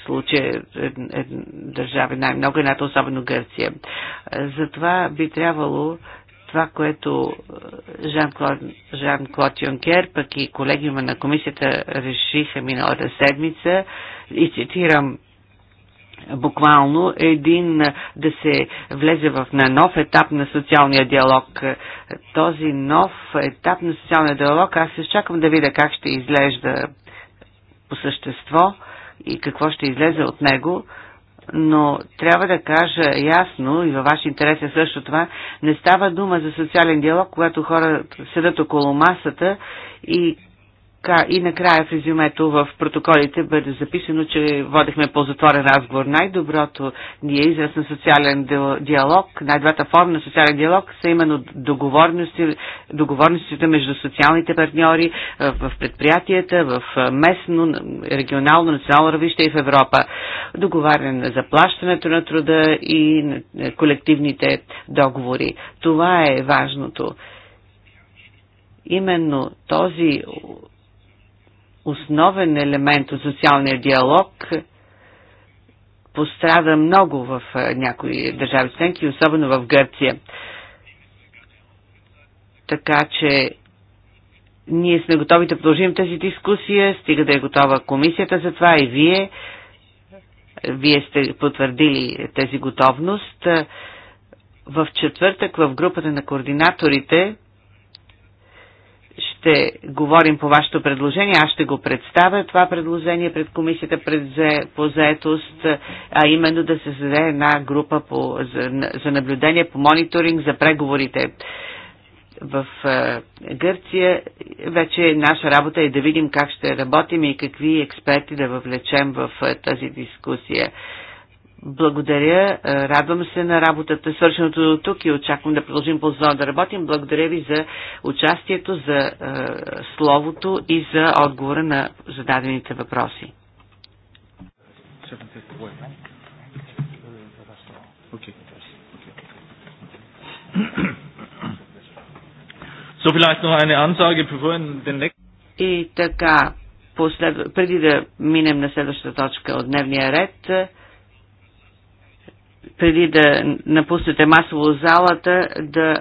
случая държави най-много, едната особено Гърция. Затова би трябвало това, което е, Жан-Клод, Юнкер, пък и колегиума на комисията решиха миналата седмица и цитирам буквално един е, да се влезе в на нов етап на социалния диалог. Този нов етап на социалния диалог, аз се чакам да видя как ще изглежда по същество и какво ще излезе от него, но трябва да кажа ясно и във ваш интерес е също това, не става дума за социален диалог, когато хора седат около масата и така, и накрая в резюмето в протоколите бъде записано, че водихме затворен разговор. Най-доброто ни е израз на социален диалог, най-двата форма на социален диалог са именно договорности, договорностите между социалните партньори е, в предприятията, в е, местно, регионално, национално равнище и в Европа. Договаряне на заплащането на труда и на е, колективните договори. Това е важното. Именно този основен елемент от социалния диалог пострада много в някои държави членки, особено в Гърция. Така че ние сме готови да продължим тази дискусия, стига да е готова комисията за това и вие. Вие сте потвърдили тази готовност. В четвъртък в групата на координаторите ще говорим по вашето предложение, аз ще го представя това предложение пред комисията пред за, по заетост, а именно да се създаде една група по, за, за наблюдение, по мониторинг, за преговорите в Гърция. Вече наша работа е да видим как ще работим и какви експерти да въвлечем в тази дискусия благодаря. Е, радвам се на работата, свършеното до тук и очаквам да продължим зона да работим. Благодаря ви за участието, за е, словото и за отговора на зададените въпроси. И така, послед... преди да минем на следващата точка от дневния ред, преди да напуснете масово залата, да е,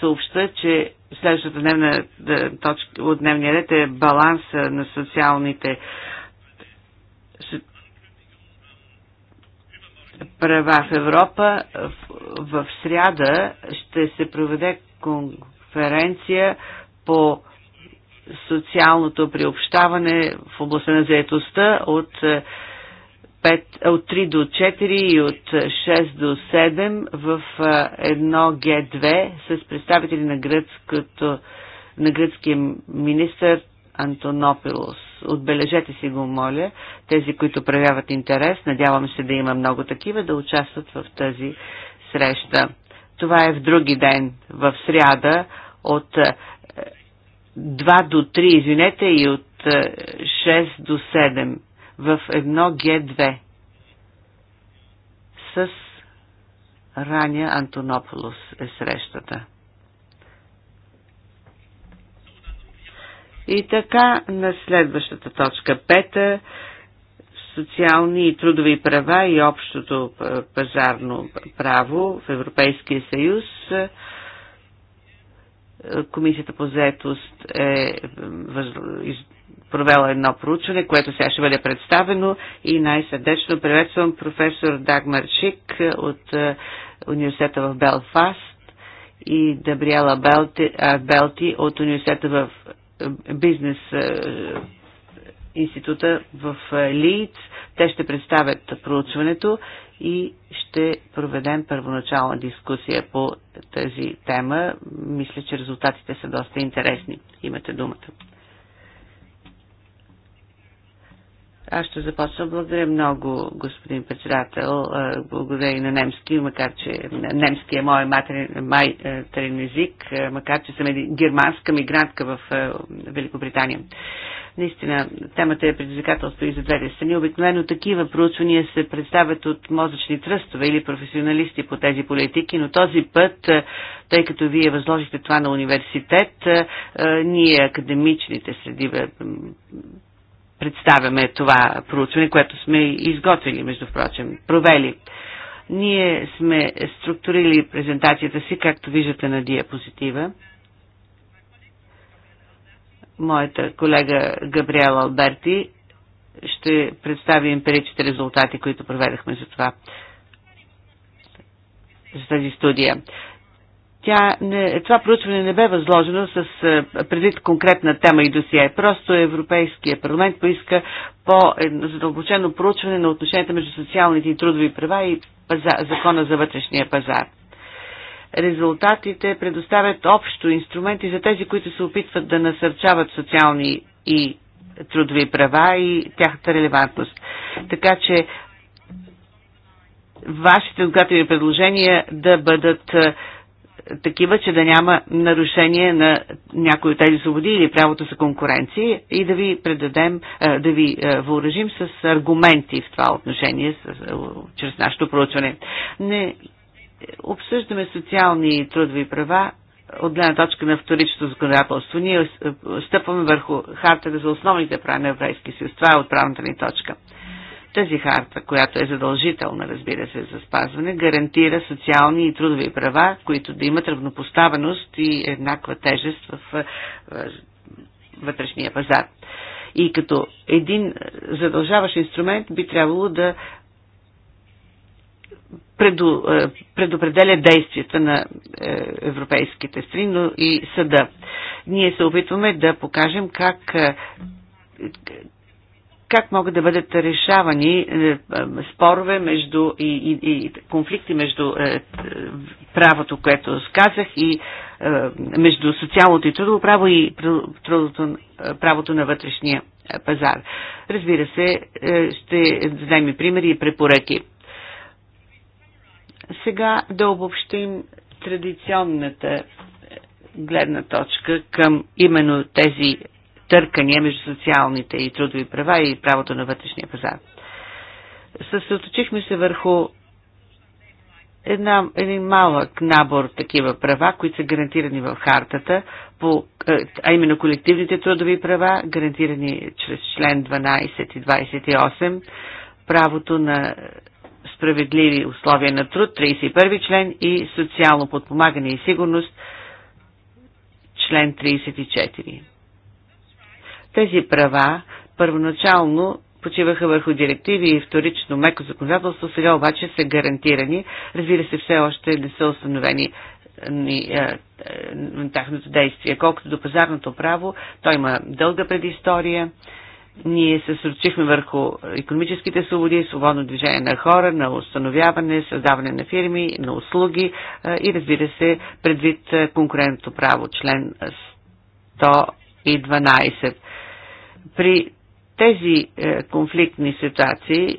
съобща, че следващата дневна е, точка от дневния ред е баланса е, на социалните права в Европа. В, в сряда ще се проведе конференция по социалното приобщаване в областта на заетостта от 5, от 3 до 4 и от 6 до 7 в едно Г2 с представители на, гръцкото, на гръцкия министр Антонопилос. Отбележете си го, моля, тези, които проявяват интерес, надявам се да има много такива, да участват в тази среща. Това е в други ден, в сряда, от 2 до 3, извинете, и от 6 до 7 в едно Г2 с Раня Антонополос е срещата. И така на следващата точка, пета, социални и трудови права и общото пазарно право в Европейския съюз. Комисията по заетост е провела едно проучване, което сега ще бъде представено и най-сърдечно приветствам професор Дагмар Шик от е, университета в Белфаст и Дабриела Белти, Белти от университета в е, бизнес е, института в Лийц. Те ще представят проучването и ще проведем първоначална дискусия по тази тема. Мисля, че резултатите са доста интересни. Имате думата. Аз ще започна. Благодаря много, господин председател. Благодаря и на немски, макар че немски е мой матерен, език, е, макар че съм германска мигрантка в е, Великобритания. Наистина, темата е предизвикателство и за двете страни. Обикновено такива проучвания се представят от мозъчни тръстове или професионалисти по тези политики, но този път, е, тъй като вие възложихте това на университет, ние академичните среди представяме това проучване, което сме изготвили, между прочим, провели. Ние сме структурили презентацията си, както виждате на диапозитива. Моята колега Габриела Алберти ще представи емпиричните резултати, които проведахме за това, за тази студия. Тя не, това проучване не бе възложено с е, предвид конкретна тема и досие. Просто Европейския парламент поиска по-задълбочено проучване на отношенията между социалните и трудови права и паза, закона за вътрешния пазар. Резултатите предоставят общо инструменти за тези, които се опитват да насърчават социални и трудови права и тяхната релевантност. Така че вашите отгадани предложения да бъдат е, такива, че да няма нарушение на някои от тези свободи или правото за конкуренция и да ви предадем, да ви въоръжим с аргументи в това отношение, чрез нашето проучване. Не обсъждаме социални и трудови права от гледна точка на вторичното законодателство. Ние стъпваме върху хартата за основните права на Европейския съюз. Това е отправната ни точка. Тази харта, която е задължителна, разбира се, за спазване, гарантира социални и трудови права, които да имат равнопоставеност и еднаква тежест в вътрешния пазар. И като един задължаващ инструмент би трябвало да е, предопределя действията на е, европейските страни, но и съда. Ние се опитваме да покажем как е, как могат да бъдат решавани е, е, спорове между и, и, и конфликти между е, правото, което сказах, и между социалното и трудово право и трудото, правото на вътрешния пазар. Разбира се, ще дадем и примери и препоръки. Сега да обобщим традиционната гледна точка към именно тези търкания между социалните и трудови права и правото на вътрешния пазар. Съсредоточихме се върху една, един малък набор такива права, които са гарантирани в хартата, по, е, а именно колективните трудови права, гарантирани чрез член 12 и 28, правото на справедливи условия на труд, 31 член и социално подпомагане и сигурност, член 34. Тези права първоначално почиваха върху директиви и вторично меко законодателство, сега обаче са гарантирани. Разбира се, все още не са установени на е, е, тяхното действие. Колкото до пазарното право, то има дълга предистория. Ние се сручихме върху економическите свободи, свободно движение на хора, на установяване, създаване на фирми, на услуги е, и разбира се, предвид конкурентното право, член 112. При тези е, конфликтни ситуации е,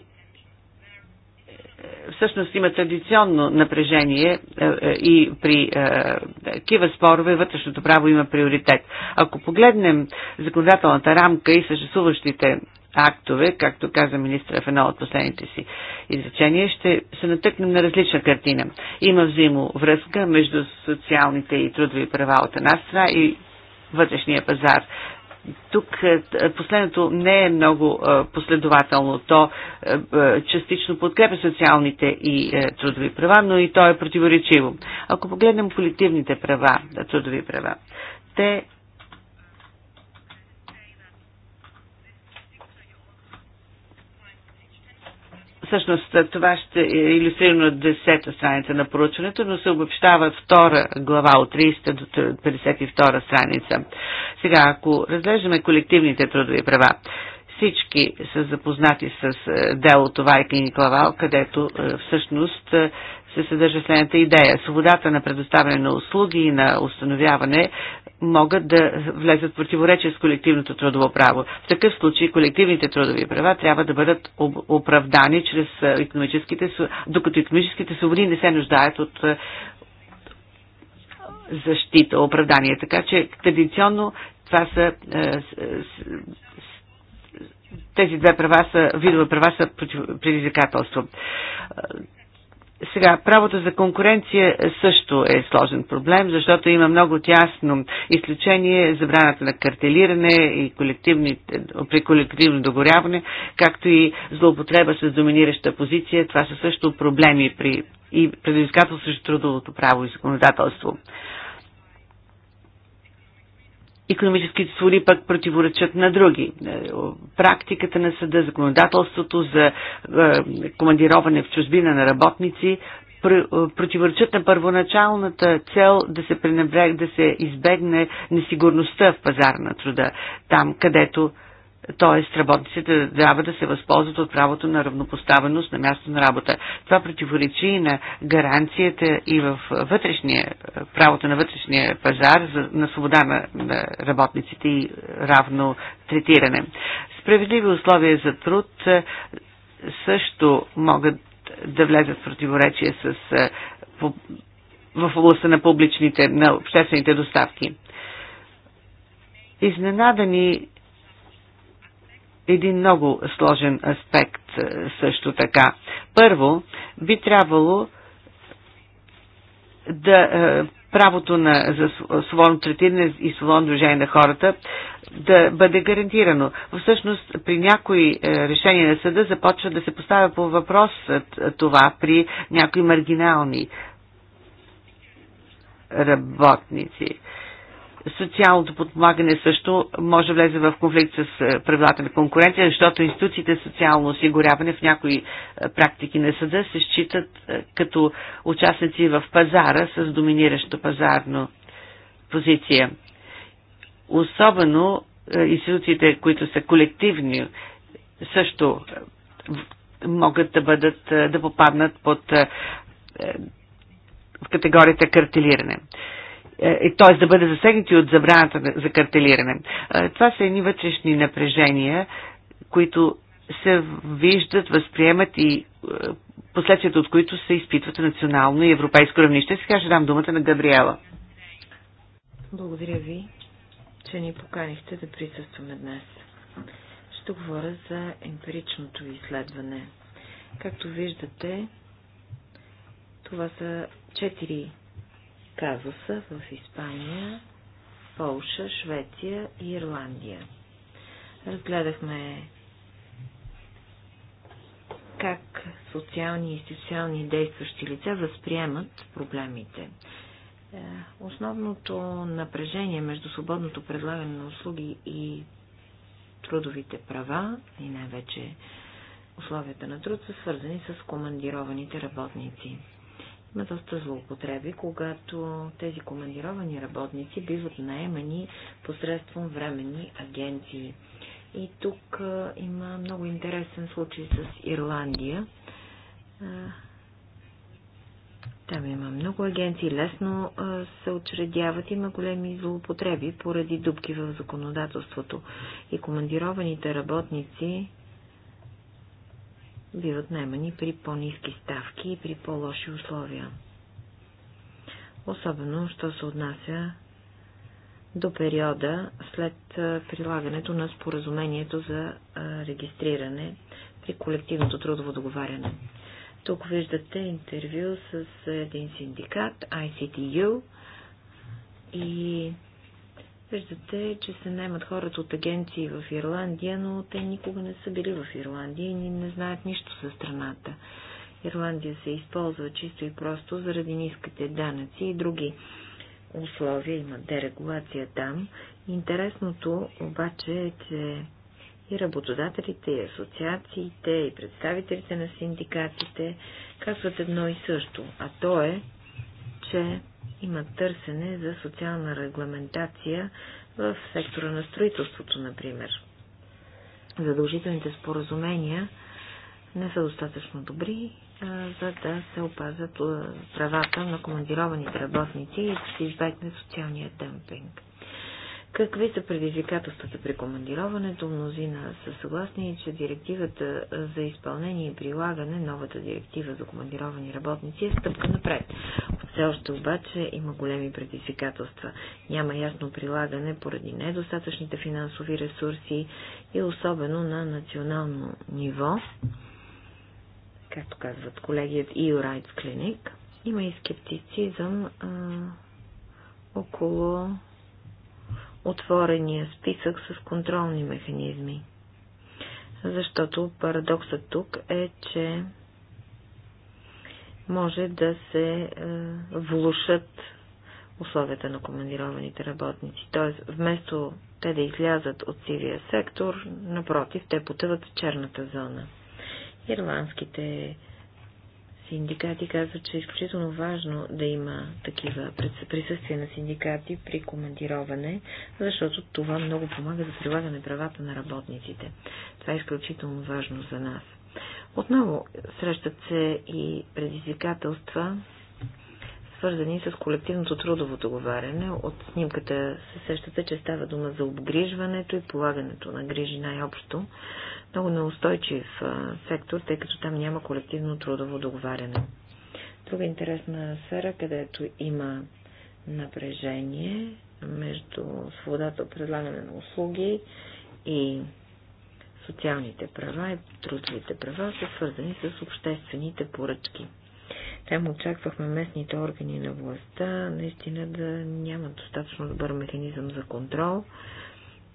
всъщност има традиционно напрежение е, и при такива спорове вътрешното право има приоритет. Ако погледнем законодателната рамка и съществуващите актове, както каза министра в едно от последните си изречения, ще се натъкнем на различна картина. Има взаимовръзка между социалните и трудови права от една страна и вътрешния пазар тук е, е, последното не е много е, последователно. То частично подкрепя социалните и трудови права, но и то е противоречиво. Ако погледнем колективните права, трудови права, те Всъщност това ще е иллюстрирано от 10-та страница на проучването, но се обобщава втора глава от 30-та до 52-та страница. Сега, ако разглеждаме колективните трудови права, всички са запознати с е, делото Вайкин и Клавал, където е, всъщност е, се съдържа следната идея. Свободата на предоставяне на услуги и на установяване могат да влезат в противоречие с колективното трудово право. В такъв случай колективните трудови права трябва да бъдат оправдани чрез економическите, докато економическите свободи не се нуждаят от защита, оправдание. Така че традиционно това са тези две права са, видове права са предизвикателство. Сега, правото за конкуренция също е сложен проблем, защото има много тясно изключение забраната на картелиране и при колективно догоряване, както и злоупотреба с доминираща позиция. Това са също проблеми при и предизвикателство срещу трудовото право и законодателство економическите свободи пък противоречат на други. Е, практиката на съда, законодателството за е, командироване в чужбина на работници е, противоречат на първоначалната цел да се пренебрег, да се избегне несигурността в пазар на труда, там където т.е. работниците трябва да се възползват от правото на равнопоставеност на място на работа. Това противоречи и на гаранцията и в вътрешния, правото на вътрешния пазар за, на свобода на, на работниците и равно третиране. Справедливи условия за труд е, също могат да влезат в противоречие с, е, в областта на публичните, на обществените доставки. Изненадани един много сложен аспект е, също така. Първо, би трябвало да е, правото на, за свободно третиране и свободно движение на хората да бъде гарантирано. Всъщност, при някои е, решения на съда започва да се поставя по въпрос това при някои маргинални работници. Социалното подпомагане също може да влезе в конфликт с е, правилата на конкуренция, защото институциите социално осигуряване в някои е, практики на съда се считат е, като участници в пазара с доминиращо пазарно позиция. Особено институциите, които са колективни, също могат да бъдат, да попаднат под в категорията картелиране. Е, е, т.е. да бъде засегнати от забраната за картелиране. Е, това са едни вътрешни напрежения, които се виждат, възприемат и последствията от които се изпитват национално и европейско равнище. Сега ще дам думата на Габриела. Благодаря ви, че ни поканихте да присъстваме днес. Ще говоря за емпиричното изследване. Както виждате, това са четири казуса в Испания, Полша, Швеция и Ирландия. Разгледахме как социални и институционални действащи лица възприемат проблемите. Е, основното напрежение между свободното предлагане на услуги и трудовите права и най-вече условията на труд са свързани с командированите работници. Има доста злоупотреби, когато тези командировани работници биват наемани посредством временни агенции. И тук има много интересен случай с Ирландия. Там има много агенции, лесно а, се очредяват, има големи злоупотреби поради дубки в законодателството. И командированите работници биват наймани при по-низки ставки и при по-лоши условия. Особено, що се отнася до периода след прилагането на споразумението за регистриране при колективното трудово договаряне. Тук виждате интервю с един синдикат, ICTU, и Виждате, че се наймат хората от агенции в Ирландия, но те никога не са били в Ирландия и не знаят нищо за страната. Ирландия се използва чисто и просто заради ниските данъци и други условия, има дерегулация там. Интересното обаче е, че и работодателите, и асоциациите, и представителите на синдикатите казват едно и също, а то е, че има търсене за социална регламентация в сектора на строителството, например. Задължителните споразумения не са достатъчно добри, за да се опазят правата на командированите работници и да се избегне социалния дъмпинг. Какви са предизвикателствата при командироването? Мнозина са съгласни, че директивата за изпълнение и прилагане, новата директива за командировани работници е стъпка напред. Все още обаче има големи предизвикателства. Няма ясно прилагане поради недостатъчните финансови ресурси и особено на национално ниво, както казват колегият от EU Rights Clinic. Има и скептицизъм а, около отворения списък с контролни механизми. Защото парадоксът тук е, че може да се е, влушат условията на командированите работници. Т.е. вместо те да излязат от сивия сектор, напротив, те потъват в черната зона. Ирландските синдикати казват, че е изключително важно да има такива присъствия на синдикати при командироване, защото това много помага за прилагане правата на работниците. Това е изключително важно за нас. Отново срещат се и предизвикателства, свързани с колективното трудово договаряне. От снимката се сещате, че става дума за обгрижването и полагането на грижи най-общо. Много неустойчив сектор, тъй като там няма колективно трудово договаряне. Друга интересна сфера, където има напрежение между свободата от предлагане на услуги и Социалните права и трудовите права са свързани с обществените поръчки. Там очаквахме местните органи на властта наистина да нямат достатъчно добър механизъм за контрол,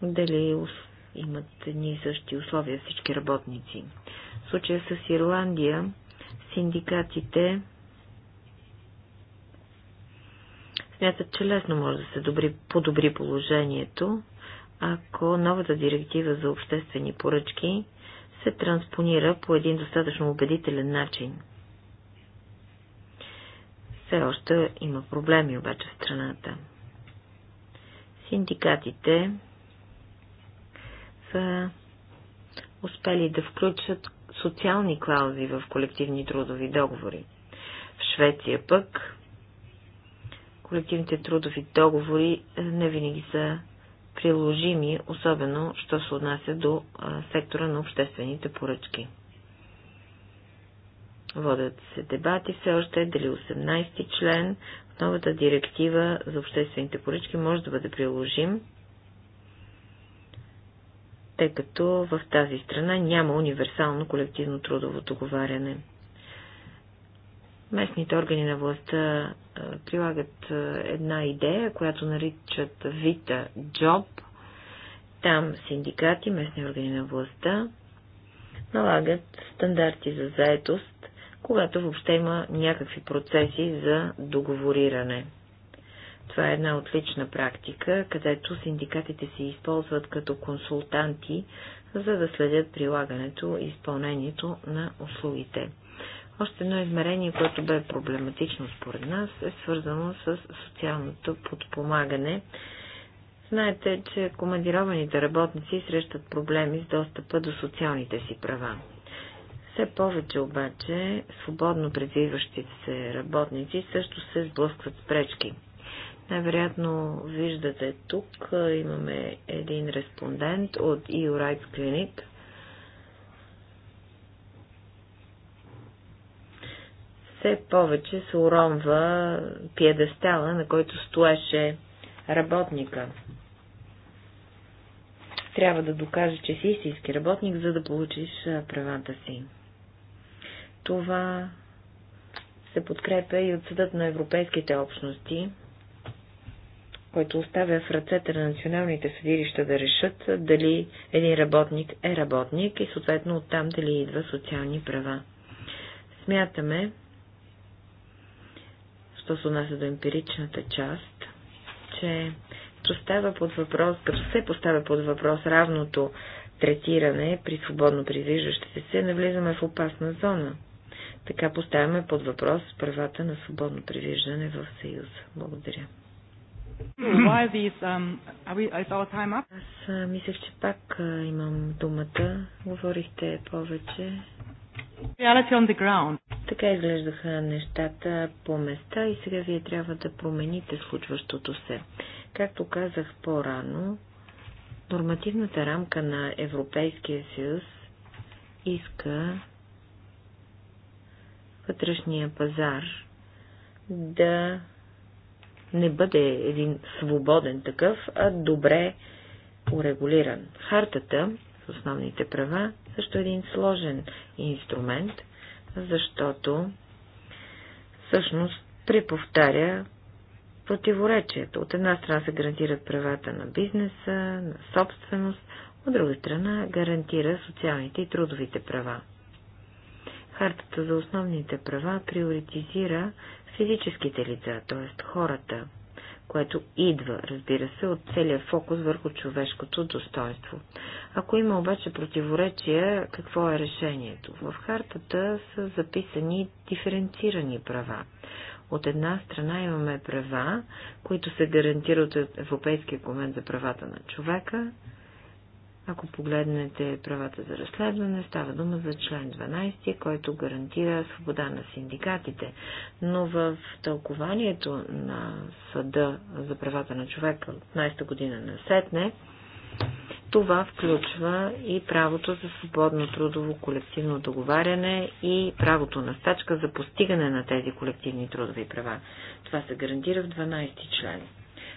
дали имат едни и същи условия всички работници. В случая с Ирландия синдикатите смятат, че лесно може да се добри, подобри положението, ако новата директива за обществени поръчки се транспонира по един достатъчно убедителен начин. Все още има проблеми обаче в страната. Синдикатите са успели да включат социални клаузи в колективни трудови договори. В Швеция пък колективните трудови договори е, не винаги са приложими, особено, що се отнася до сектора на обществените поръчки. Водят се дебати все още, дали 18-ти член в новата директива за обществените поръчки може да бъде приложим, тъй като в тази страна няма универсално колективно трудово договаряне. Местните органи на властта прилагат една идея, която наричат Вита Джоб. Там синдикати, местни органи на властта налагат стандарти за заетост, когато въобще има някакви процеси за договориране. Това е една отлична практика, където синдикатите се използват като консултанти, за да следят прилагането и изпълнението на услугите. Още едно измерение, което бе проблематично според нас, е свързано с социалното подпомагане. Знаете, че командированите работници срещат проблеми с достъпа до социалните си права. Все повече обаче свободно предвиващите се работници също се сблъскват с пречки. Най-вероятно виждате тук, имаме един респондент от EU Rights Clinic, все повече се уронва пиедестала, на който стоеше работника. Трябва да докаже, че си истински работник, за да получиш правата си. Това се подкрепя и от съдът на европейските общности, който оставя в ръцете на националните съдилища да решат дали един работник е работник и съответно оттам дали идва социални права. Смятаме, що се отнася до емпиричната част, че поставя под въпрос, като се поставя под въпрос равното третиране при свободно придвижващите се, навлизаме в опасна зона. Така поставяме под въпрос правата на свободно придвижване в Съюза. Благодаря. Um, Аз мислех, че пак имам думата. Говорихте повече. Така изглеждаха нещата по места и сега вие трябва да промените случващото се. Както казах по-рано, нормативната рамка на Европейския съюз иска вътрешния пазар да не бъде един свободен такъв, а добре урегулиран. Хартата с основните права също един сложен инструмент, защото всъщност преповтаря противоречието. От една страна се гарантират правата на бизнеса, на собственост, от друга страна гарантира социалните и трудовите права. Хартата за основните права приоритизира физическите лица, т.е. хората – което идва, разбира се, от целия фокус върху човешкото достоинство. Ако има обаче противоречия, какво е решението? В хартата са записани диференцирани права. От една страна имаме права, които се гарантират от Европейския комент за правата на човека, ако погледнете правата за разследване, става дума за член 12, който гарантира свобода на синдикатите. Но в тълкованието на Съда за правата на човека от 11-та година на Сетне, това включва и правото за свободно трудово колективно договаряне и правото на стачка за постигане на тези колективни трудови права. Това се гарантира в 12 член.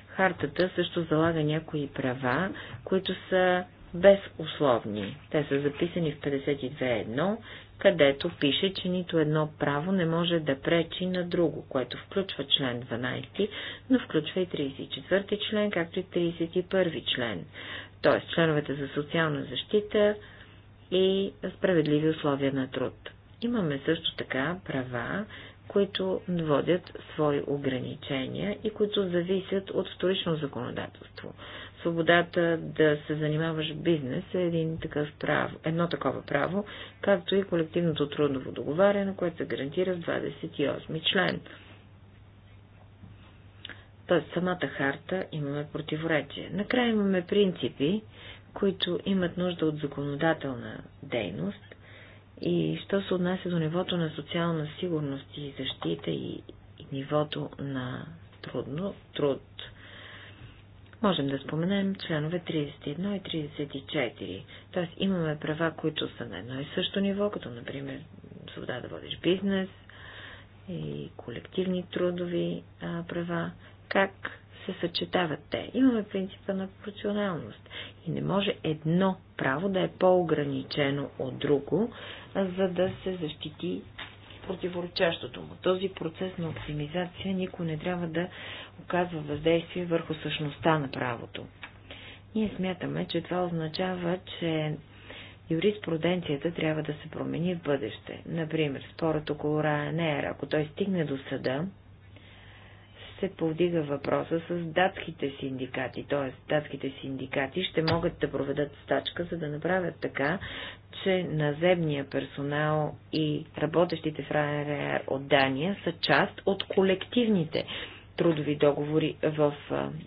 Хартата също залага някои права, които са без условни. Те са записани в 52.1, където пише, че нито едно право не може да пречи на друго, което включва член 12, но включва и 34 член, както и 31 член, т.е. членовете за социална защита и справедливи условия на труд. Имаме също така права, които водят свои ограничения и които зависят от вторично законодателство. Свободата да се занимаваш в бизнес е един такъв право, едно такова право, както и колективното трудово договаряне, което се гарантира в 28 член. Тоест самата харта имаме противоречие. Накрая имаме принципи, които имат нужда от законодателна дейност и що се отнася до нивото на социална сигурност и защита и, и нивото на трудно, труд Можем да споменем членове 31 и 34. Т.е. имаме права, които са на едно и също ниво, като например свобода да водиш бизнес и колективни трудови а, права. Как се съчетават те? Имаме принципа на пропорционалност. И не може едно право да е по-ограничено от друго, за да се защити противоречащото му. Този процес на оптимизация никой не трябва да оказва въздействие върху същността на правото. Ние смятаме, че това означава, че юриспруденцията трябва да се промени в бъдеще. Например, спорът около Ryanair, ако той стигне до съда, се повдига въпроса с датските синдикати, т.е. датските синдикати ще могат да проведат стачка, за да направят така, че наземния персонал и работещите в РАНРР от Дания са част от колективните трудови договори в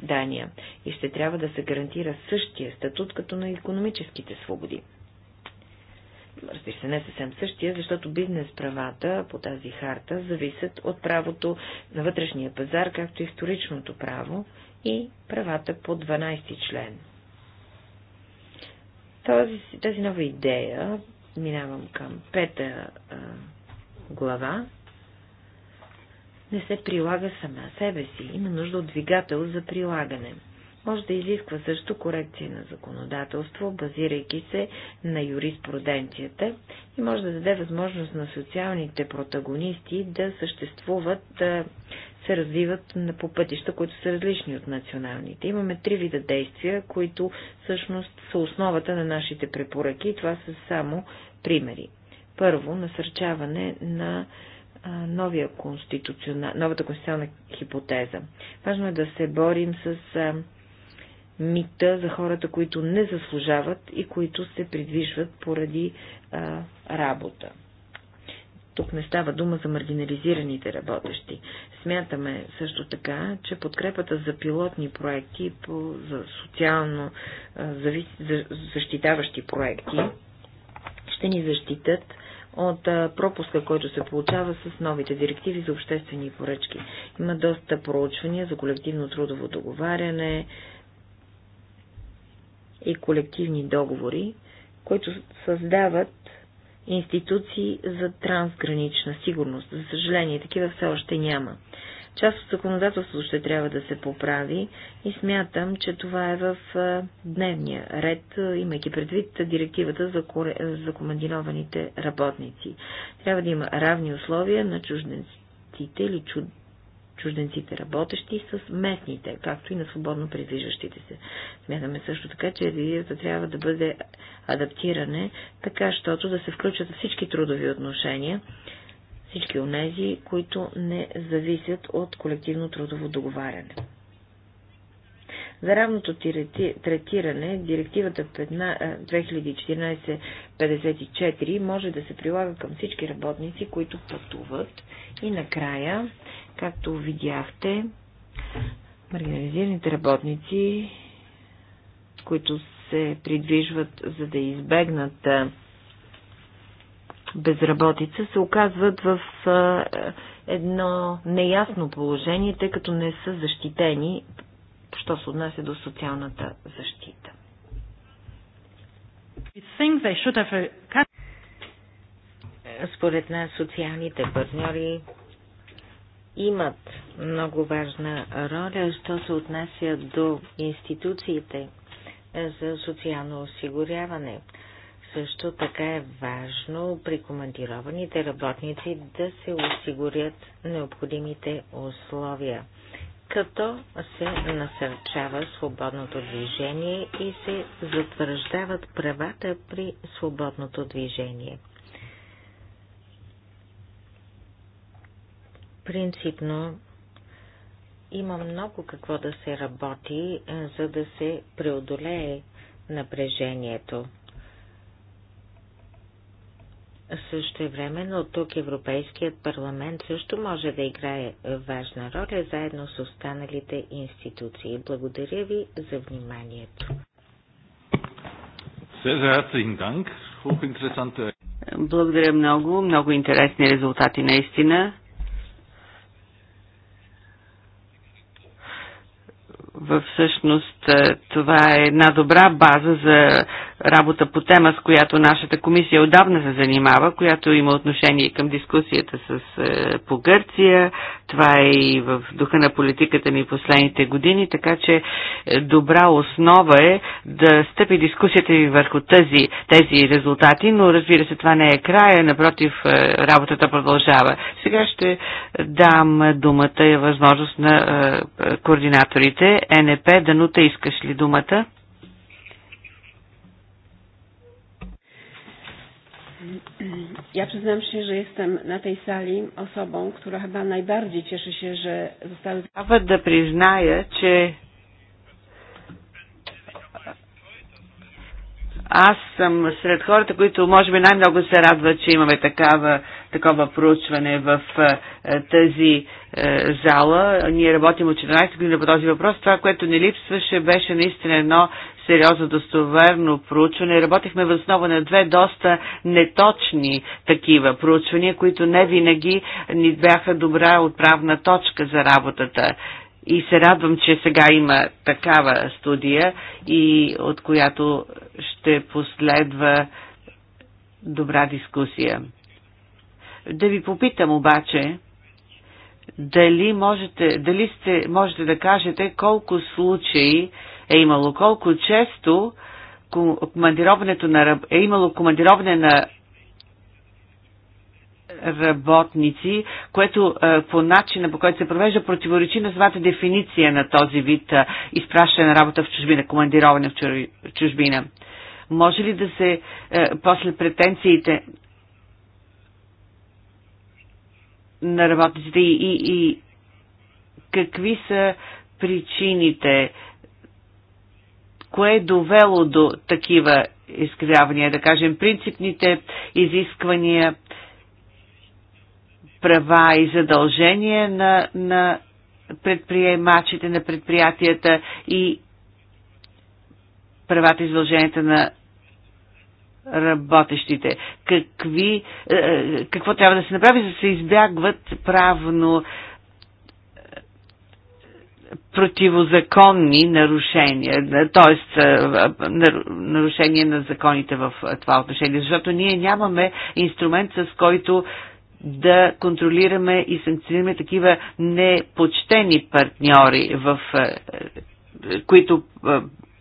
Дания и ще трябва да се гарантира същия статут като на економическите свободи разбира се, не съвсем същия, защото бизнес правата по тази харта зависят от правото на вътрешния пазар, както и вторичното право и правата по 12 член. Тази, тази нова идея, минавам към пета а, глава, не се прилага сама себе си. Има нужда от двигател за прилагане – може да изисква също корекция на законодателство, базирайки се на юриспруденцията и може да даде възможност на социалните протагонисти да съществуват, да се развиват по пътища, които са различни от националните. Имаме три вида действия, които всъщност са основата на нашите препоръки и това са само примери. Първо, насърчаване на новия новата конституционна хипотеза. Важно е да се борим с мита за хората, които не заслужават и които се придвижват поради а, работа. Тук не става дума за маргинализираните работещи. Смятаме също така, че подкрепата за пилотни проекти, по, за социално за, защитаващи проекти, ще ни защитат от пропуска, който се получава с новите директиви за обществени поръчки. Има доста проучвания за колективно трудово договаряне, и колективни договори, които създават институции за трансгранична сигурност. За съжаление, такива все още няма. Част от законодателството ще трябва да се поправи и смятам, че това е в дневния ред, имайки предвид директивата за, коре... за командированите работници. Трябва да има равни условия на чужденците или чуд чужденците работещи с местните, както и на свободно придвижващите се. Смятаме също така, че ревизията трябва да бъде адаптиране, така, щото да се включат всички трудови отношения, всички онези, които не зависят от колективно трудово договаряне. За равното третиране директивата 2014-54 може да се прилага към всички работници, които пътуват и накрая Както видяхте, маргинализираните работници, които се придвижват за да избегнат безработица, се оказват в едно неясно положение, тъй като не са защитени, що се отнася до социалната защита. Според нас социалните партньори имат много важна роля, що се отнася до институциите за социално осигуряване. Също така е важно при командированите работници да се осигурят необходимите условия, като се насърчава свободното движение и се затвърждават правата при свободното движение. Принципно има много какво да се работи, е, за да се преодолее напрежението. Също време но тук Европейският парламент също може да играе важна роля заедно с останалите институции. Благодаря ви за вниманието. Благодаря много. Много интересни резултати наистина. всъщност е, това е една добра база за работа по тема, с която нашата комисия отдавна се занимава, която има отношение към дискусията с, е, по Гърция. Това е и в духа на политиката ни последните години, така че е, добра основа е да стъпи дискусията ви върху тези, тези резултати, но разбира се, това не е края, напротив, работата продължава. Сега ще дам думата и възможност на координаторите НП Данута и искаш ли думата? Ja przyznam się, że jestem na tej sali osobą, która chyba najbardziej cieszy się, że zostały... Nawet da przyznaję, czy Аз съм сред хората, които може би най-много се радват, че имаме такава, такова проучване в тази е, зала. Ние работим от 14 години по този въпрос. Това, което ни липсваше, беше наистина едно сериозно достоверно проучване. Работихме в основа на две доста неточни такива проучвания, които не винаги ни бяха добра отправна точка за работата. И се радвам, че сега има такава студия и от която ще последва добра дискусия. Да ви попитам обаче, дали можете, дали сте, можете да кажете колко случаи е имало, колко често командироването на, е имало командироване на работници, което е, по начина по който се провежда противоречи на самата дефиниция на този вид е, изпращане на работа в чужбина, командироване в чужбина. Може ли да се, е, после претенциите на работниците и, и, и какви са причините, кое е довело до такива изкривявания, да кажем, принципните изисквания, права и задължения на, на предприемачите, на предприятията и правата и задълженията на работещите. Какви, е, е, какво трябва да се направи, за да се избягват правно е, противозаконни нарушения, т.е. нарушения на законите в това отношение, защото ние нямаме инструмент, с който да контролираме и санкционираме такива непочтени партньори в които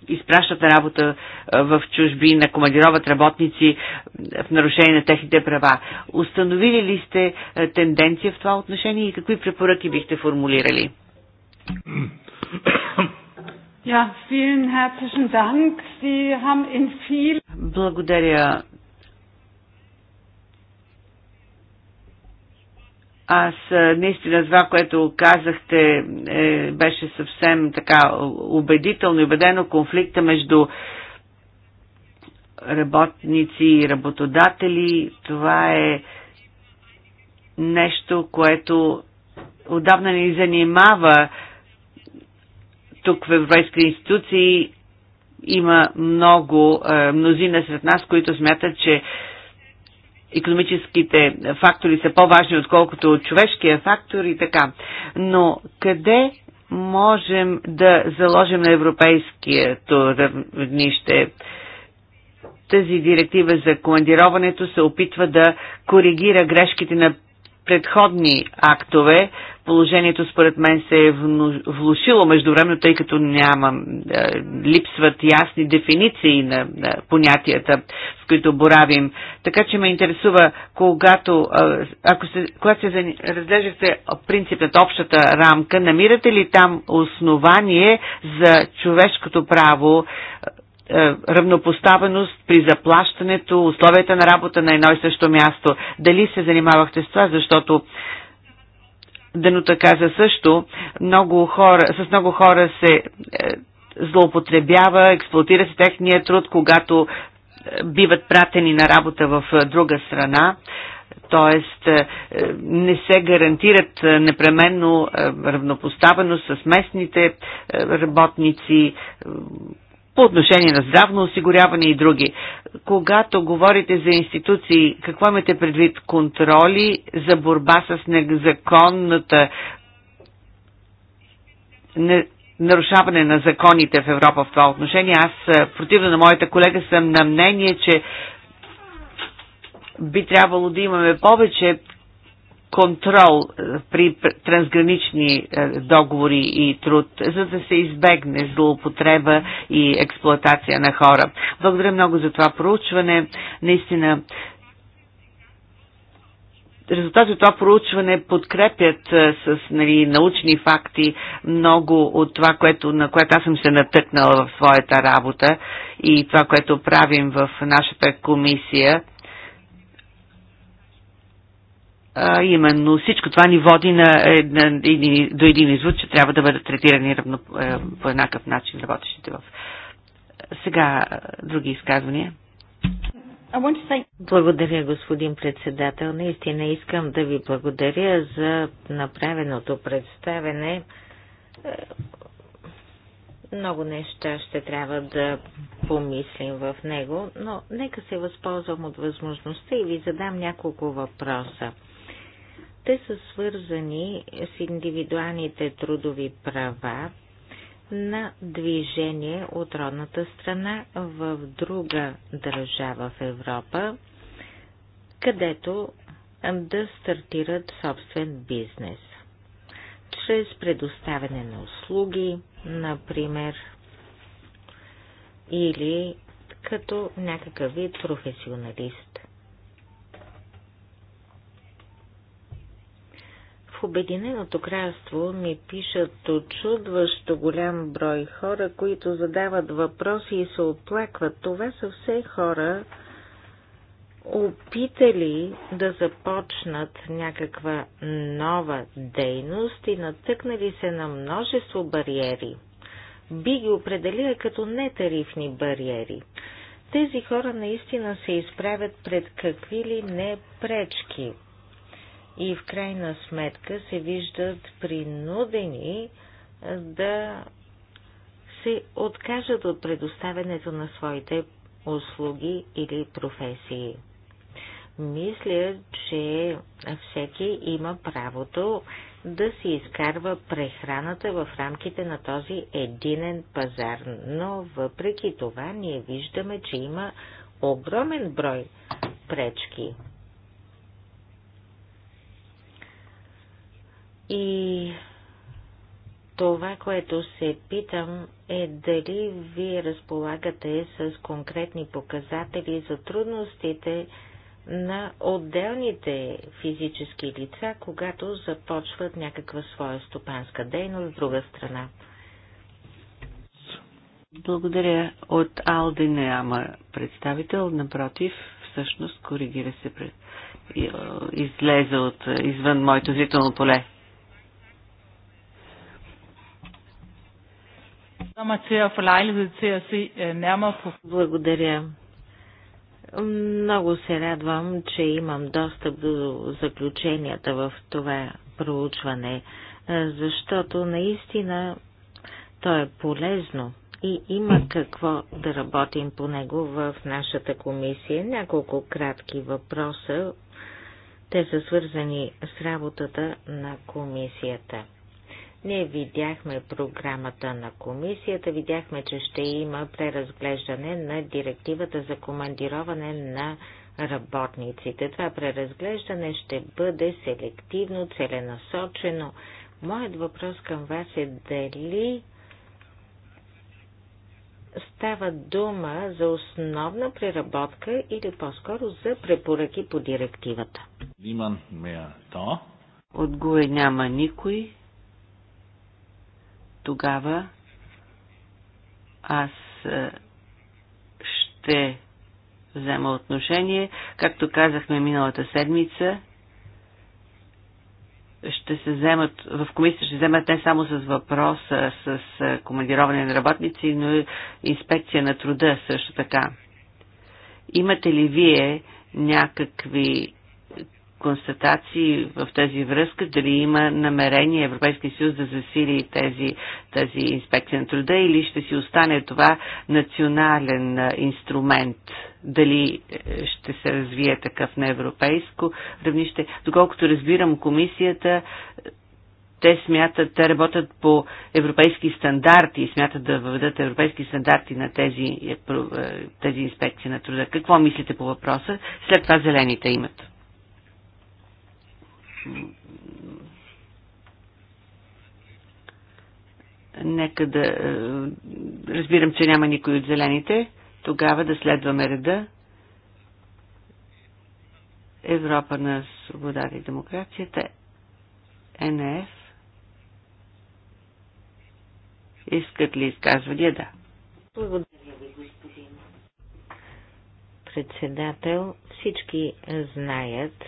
изпращат на работа в чужби, на командироват работници в нарушение на техните права. Установили ли сте тенденция в това отношение и какви препоръки бихте формулирали? Благодаря Аз наистина това, което казахте, е, беше съвсем така убедително и убедено конфликта между работници и работодатели. Това е нещо, което отдавна ни занимава тук в европейски институции. Има много, е, мнозина сред нас, които смятат, че економическите фактори са по-важни, отколкото от човешкия фактор и така. Но къде можем да заложим на европейското равнище? Тази директива за командироването се опитва да коригира грешките на предходни актове, положението според мен се е влушило междувременно, тъй като няма, е, липсват ясни дефиниции на, понятията, с които боравим. Така че ме интересува, когато, е, ако се, когато се разглеждате принципната общата рамка, намирате ли там основание за човешкото право, е, равнопоставеност при заплащането, условията на работа на едно и също място. Дали се занимавахте с това, защото Данута каза също, много хора, с много хора се е, злоупотребява, експлуатира се техния труд, когато е, биват пратени на работа в е, друга страна, т.е. не се гарантират непременно равнопоставеност с местните работници, по отношение на здравно осигуряване и други. Когато говорите за институции, какво имате предвид? Контроли за борба с незаконната не, нарушаване на законите в Европа в това отношение. Аз, противно на моята колега, съм на мнение, че би трябвало да имаме повече контрол е, при трансгранични е, договори и труд, за да се избегне злоупотреба и експлоатация на хора. Благодаря много за това проучване. Наистина, Резултати от това проучване подкрепят е, с нали, научни факти много от това, което, на което аз съм се натъкнала в своята работа и това, което правим в нашата комисия а, именно всичко това ни води на, на, на, до един извод, че трябва да бъдат третирани равно, е, по еднакъв начин работещите в. Сега други изказвания. Благодаря, господин председател. Наистина искам да ви благодаря за направеното представене. Е, много неща ще трябва да помислим в него, но нека се възползвам от възможността и ви задам няколко въпроса. Те са свързани с индивидуалните трудови права на движение от родната страна в друга държава в Европа, където да стартират собствен бизнес. Чрез предоставяне на услуги, например, или като някакъв вид професионалист. Обединеното кралство ми пишат очудващо голям брой хора, които задават въпроси и се оплакват. Това са все хора, опитали да започнат някаква нова дейност и натъкнали се на множество бариери. Би ги определила като нетарифни бариери. Тези хора наистина се изправят пред какви ли не пречки – и в крайна сметка се виждат принудени да се откажат от предоставянето на своите услуги или професии. Мисля, че всеки има правото да си изкарва прехраната в рамките на този единен пазар, но въпреки това ние виждаме, че има огромен брой пречки. И това, което се питам е дали вие разполагате с конкретни показатели за трудностите на отделните физически лица, когато започват някаква своя стопанска дейност в друга страна. Благодаря. От Алди няма представител, напротив, всъщност коригира се пред... Е, излезе от извън моето зрително поле. Øh, Благодаря. Много се радвам, че имам достъп до заключенията в това проучване, защото наистина то е полезно и има какво да работим по него в нашата комисия. Няколко кратки въпроса. Те са свързани с работата на комисията. Ние видяхме програмата на комисията, видяхме, че ще има преразглеждане на директивата за командироване на работниците. Това преразглеждане ще бъде селективно, целенасочено. Моят въпрос към вас е дали става дума за основна преработка или по-скоро за препоръки по директивата. Е то. Отгоре няма никой тогава аз е, ще взема отношение. Както казахме миналата седмица, ще се вземат, в комисията ще вземат не само с въпроса с е, командироване на работници, но и инспекция на труда също така. Имате ли вие някакви констатации в тази връзка, дали има намерение Европейския съюз да засили тези, тази инспекция на труда или ще си остане това национален инструмент, дали е, ще се развие такъв на европейско равнище. Доколкото разбирам комисията, е, те смятат, те работят по европейски стандарти и смятат да въведат европейски стандарти на тези, е, тези инспекции на труда. Какво мислите по въпроса? След това зелените имат. Нека да... Е, разбирам, че няма никой от зелените. Тогава да следваме реда. Европа на свободата и демокрацията. НФ. Искат ли изказвания? Да. Благодаря ви, господин председател. Всички знаят,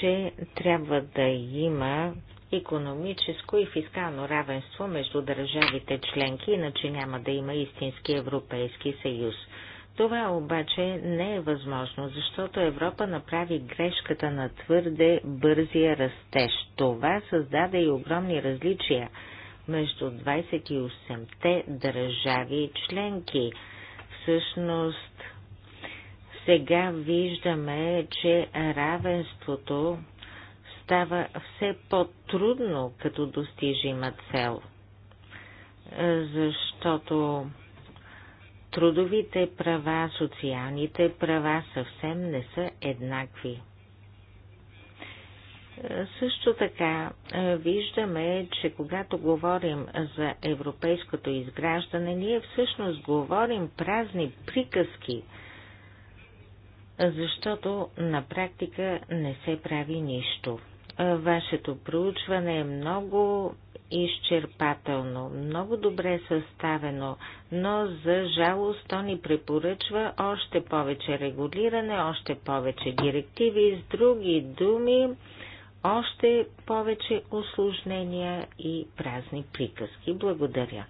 че трябва да има економическо и фискално равенство между държавите членки, иначе няма да има истински Европейски съюз. Това обаче не е възможно, защото Европа направи грешката на твърде бързия растеж. Това създаде и огромни различия между 28-те държави членки. Всъщност сега виждаме, че равенството става все по-трудно като достижима цел, защото трудовите права, социалните права съвсем не са еднакви. Също така виждаме, че когато говорим за европейското изграждане, ние всъщност говорим празни приказки – защото на практика не се прави нищо. Вашето проучване е много изчерпателно, много добре съставено, но за жалост то ни препоръчва още повече регулиране, още повече директиви, с други думи, още повече осложнения и празни приказки. Благодаря.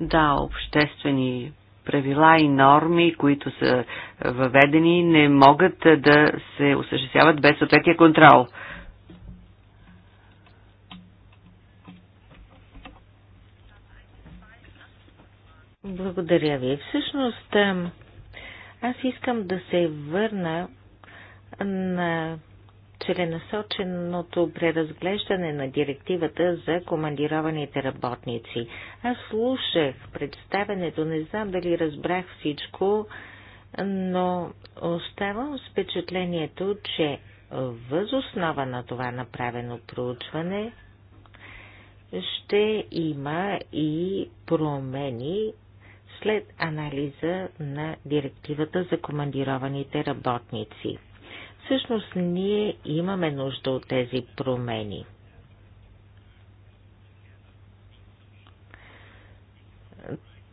Да, обществени правила и норми, които са въведени, не могат да се осъществяват без съответния контрол. Благодаря ви. Всъщност, аз искам да се върна на целенасоченото преразглеждане на директивата за командированите работници. Аз слушах представенето, не знам дали разбрах всичко, но оставам с впечатлението, че възоснова на това направено проучване ще има и промени след анализа на директивата за командированите работници. Всъщност ние имаме нужда от тези промени.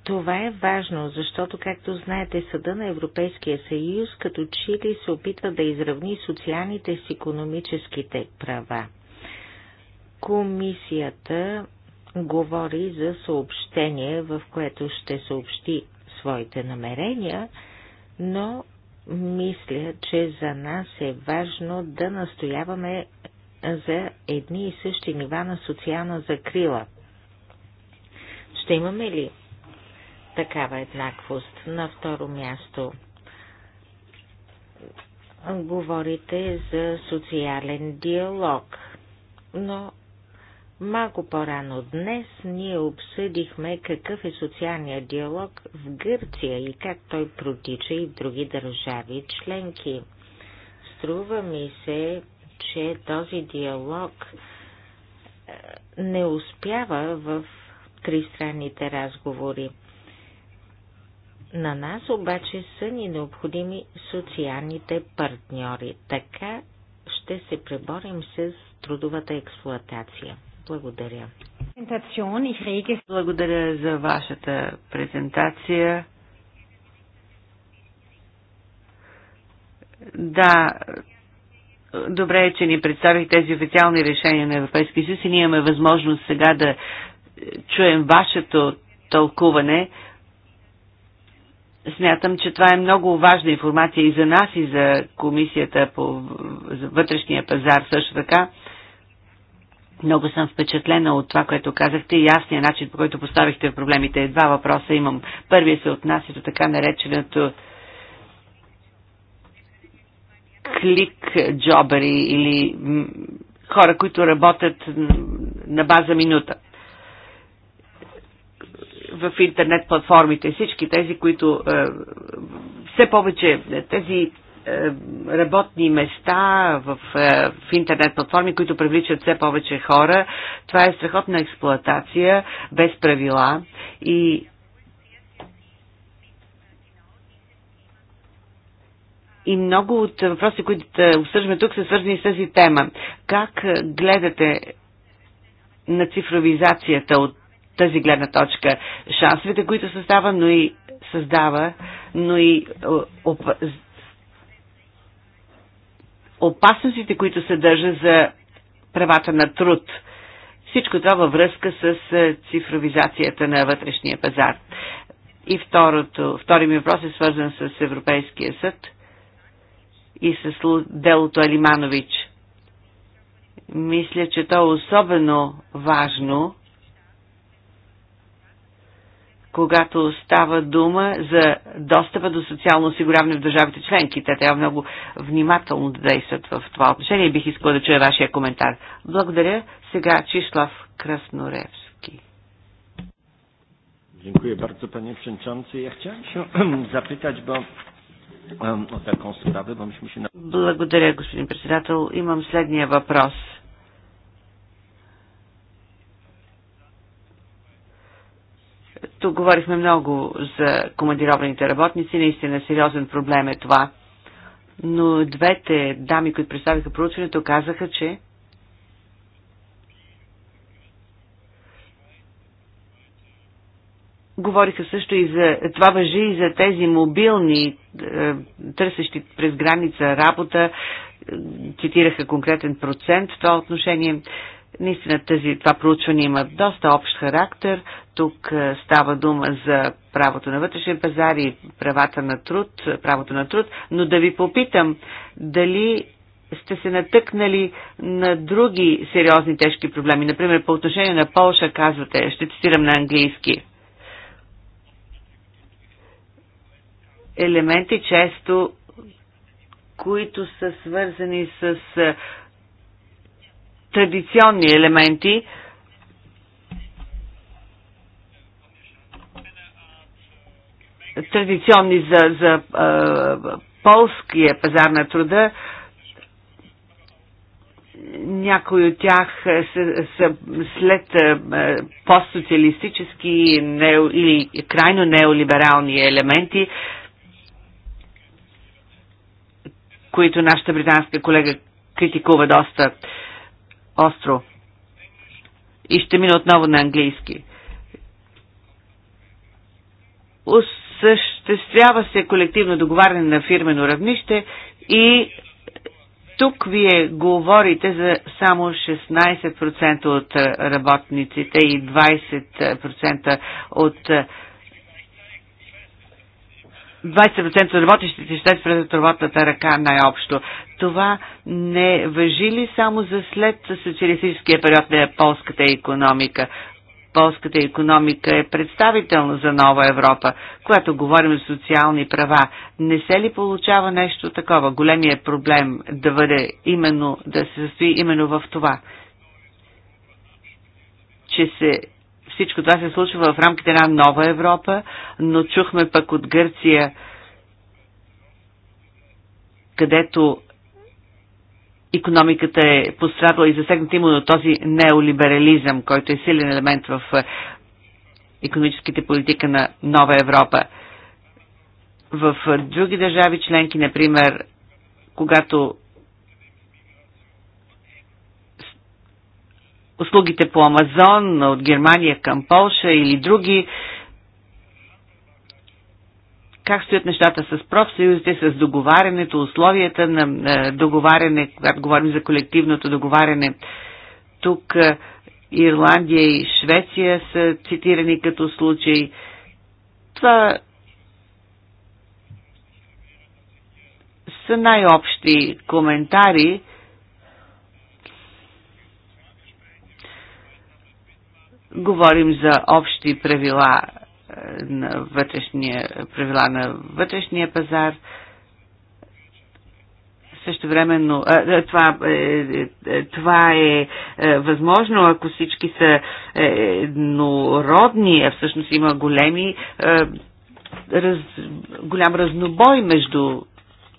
Това е важно, защото, както знаете, Съда на Европейския съюз като Чили се опитва да изравни социалните с економическите права. Комисията говори за съобщение, в което ще съобщи своите намерения, но мисля, че за нас е важно да настояваме за едни и същи нива на социална закрила. Ще имаме ли такава еднаквост? На второ място говорите за социален диалог, но Малко по-рано днес ние обсъдихме какъв е социалният диалог в Гърция и как той протича и в други държави членки. Струва ми се, че този диалог е, не успява в тристранните разговори. На нас обаче са ни необходими социалните партньори. Така ще се преборим с трудовата експлоатация. Благодаря. Благодаря за вашата презентация. Да, добре е, че ни представих тези официални решения на Европейския съюз и ние имаме възможност сега да чуем вашето тълкуване. Смятам, че това е много важна информация и за нас, и за Комисията по вътрешния пазар също така. Много съм впечатлена от това, което казахте и ясния начин, по който поставихте проблемите. Е два въпроса имам. Първият се отнася до така нареченото клик джобери или хора, които работят на база минута в интернет платформите, всички тези, които е, все повече тези е, работни места в, е, в интернет платформи, които привличат все повече хора. Това е страхотна експлоатация без правила и И много от въпроси, които е, обсъждаме тук, са свързани с тази тема. Как гледате на цифровизацията от тази гледна точка? Шансовете, които създава, но и създава, но и опасностите, които се държа за правата на труд. Всичко това във връзка с е, цифровизацията на вътрешния пазар. И второто, втори ми въпрос е свързан с Европейския съд и с делото Елиманович. Мисля, че то е особено важно когато става дума за достъпа до социално осигуряване в държавите членки. Те трябва много внимателно да действат в това отношение. Бих искала да чуя вашия коментар. Благодаря. Сега Чишлав Красноревски. Dziękuję bardzo panie przewodniczący. Ja chciałem się zapytać, bo o taką sprawę, bo myśmy się... Благодаря, господин председател. Имам следния въпрос – Тук говорихме много за командированите работници. Наистина сериозен проблем е това. Но двете дами, които представиха проучването, казаха, че говориха също и за, това въжи и за тези мобилни, е, търсещи през граница работа, е, цитираха конкретен процент в това отношение. Наистина тази, това проучване има доста общ характер. Тук е, става дума за правото на вътрешен пазар и правата на труд, правото на труд, но да ви попитам дали сте се натъкнали на други сериозни тежки проблеми. Например, по отношение на Полша казвате, ще цитирам на английски, елементи често, които са свързани с е, традиционни елементи, традиционни за, за а, полския пазар на труда, някои от тях са, са след постсоциалистически нео, или крайно неолиберални елементи, които нашата британска колега критикува доста. А, остро. И ще мина отново на английски. Осъществява се колективно договаряне на фирмено равнище и тук вие говорите за само 16% от работниците и 20% от 20% от работещите ще пред работната ръка най-общо. Това не въжи ли само за след социалистическия период на полската економика? Полската економика е представителна за нова Европа, когато говорим за социални права. Не се ли получава нещо такова? Големият проблем да бъде именно, да се състои именно в това, че се всичко това се случва в рамките на нова Европа, но чухме пък от Гърция, където економиката е пострадала и засегната именно този неолиберализъм, който е силен елемент в економическите политика на Нова Европа. В е, други държави членки, например, когато услугите по Амазон от Германия към Полша или други. Как стоят нещата с профсъюзите, с договарянето, условията на договаряне, когато говорим за колективното договаряне? Тук е, Ирландия и Швеция са цитирани като случай. Това са най-общи коментари, Говорим за общи правила е, на вътрешния, правила на вътрешния пазар. Също времено, е, е, това, това е възможно, ако всички са еднородни, а всъщност има големи, раз, голям разнобой между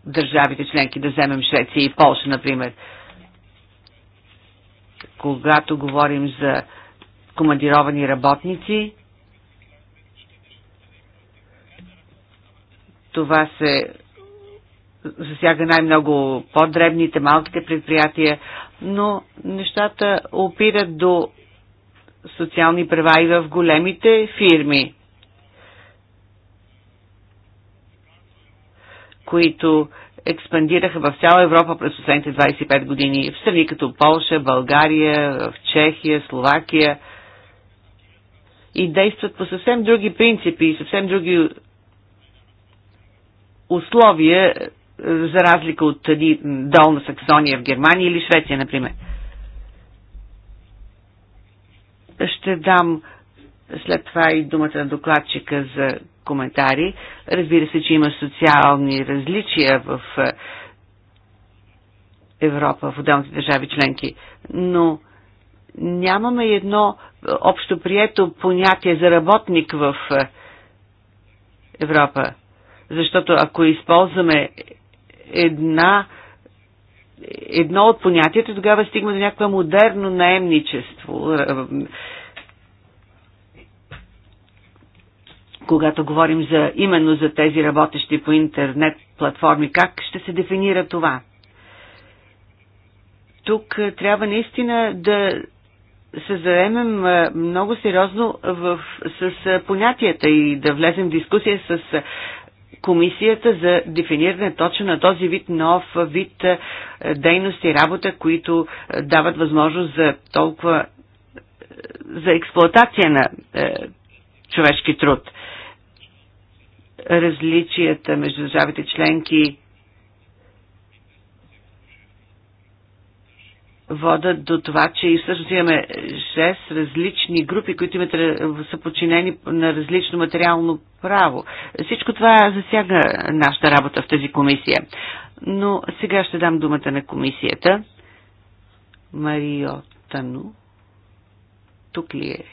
държавите членки, да вземем Швеция и Полша, например. Когато говорим за командировани работници. Това се засяга най-много по-дребните, малките предприятия, но нещата опират до социални права и в големите фирми, които експандираха в цяла Европа през последните 25 години в страни като Полша, България, в Чехия, Словакия – и действат по съвсем други принципи и съвсем други условия, е, за разлика от тъди, долна Саксония в Германия или Швеция, например. Ще дам след това и думата на докладчика за коментари. Разбира се, че има социални различия в е, Европа, в отделните държави членки, но нямаме едно е, общоприето понятие за работник в е, Европа. Защото ако използваме една, едно от понятията, тогава стигаме до някакво модерно наемничество. Когато говорим за, именно за тези работещи по интернет платформи, как ще се дефинира това? тук е, трябва наистина да се заемем много сериозно в, с понятията и да влезем в дискусия с комисията за дефиниране точно на този вид нов вид дейности и работа, които дават възможност за толкова за експлоатация на човешки труд. Различията между държавите членки водят до това, че и всъщност имаме 6 различни групи, които имат, са подчинени на различно материално право. Всичко това засяга нашата работа в тази комисия. Но сега ще дам думата на комисията. Марио Тану. Тук ли е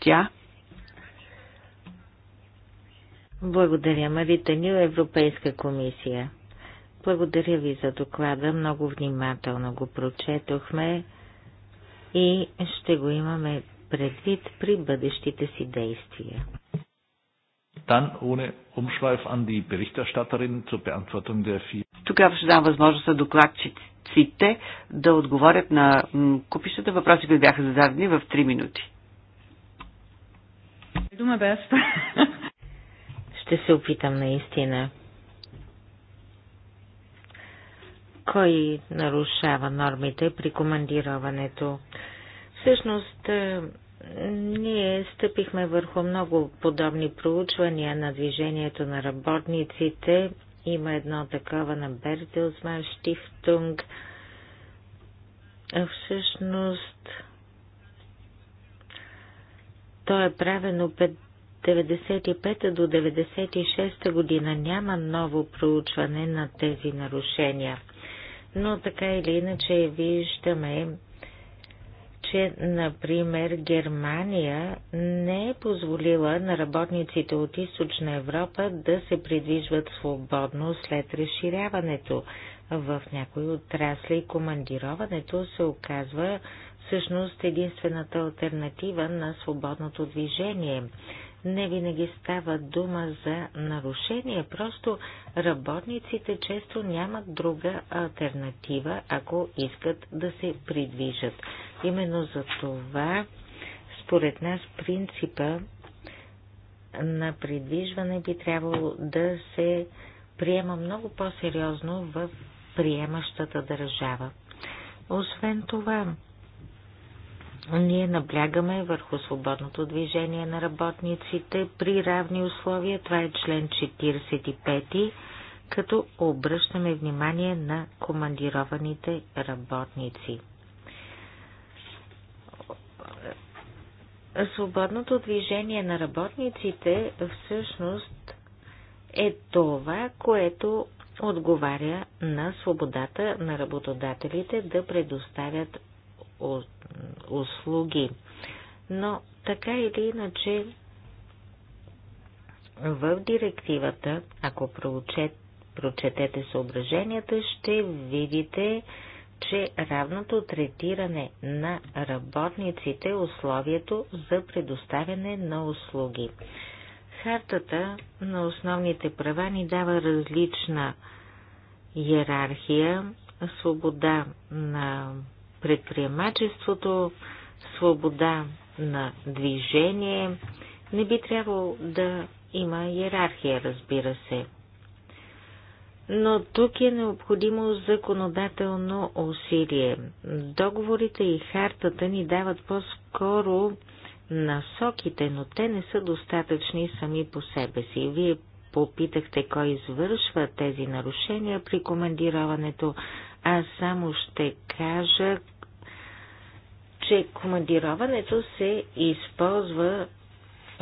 тя? Благодаря, Марита Нил, Европейска комисия. Благодаря ви за доклада, много внимателно го прочетохме и ще го имаме предвид при бъдещите си действия. Тогава ще дам възможност на докладчиците да отговорят на купищата въпроси, които бяха зададени в 3 минути. Ще се опитам наистина. кой нарушава нормите при командироването. Всъщност, е, ние стъпихме върху много подобни проучвания на движението на работниците. Има едно такова на Бердelsман Штифтунг. Всъщност, то е правено 95 до 96 година няма ново проучване на тези нарушения но така или иначе виждаме, че, например, Германия не е позволила на работниците от Източна Европа да се придвижват свободно след разширяването. В някои отрасли командироването се оказва всъщност единствената альтернатива на свободното движение не винаги става дума за нарушение, просто работниците често нямат друга альтернатива, ако искат да се придвижат. Именно за това, според нас, принципа на придвижване би трябвало да се приема много по-сериозно в приемащата държава. Освен това, ние наблягаме върху свободното движение на работниците при равни условия. Това е член 45, като обръщаме внимание на командированите работници. Свободното движение на работниците всъщност е това, което отговаря на свободата на работодателите да предоставят услуги. Но така или иначе в директивата, ако прочетете съображенията, ще видите, че равното третиране на работниците е условието за предоставяне на услуги. Хартата на основните права ни дава различна иерархия, свобода на предприемачеството, свобода на движение. Не би трябвало да има иерархия, разбира се. Но тук е необходимо законодателно усилие. Договорите и хартата ни дават по-скоро насоките, но те не са достатъчни сами по себе си. Вие попитахте кой извършва тези нарушения при командироването. Аз само ще кажа, че командироването се използва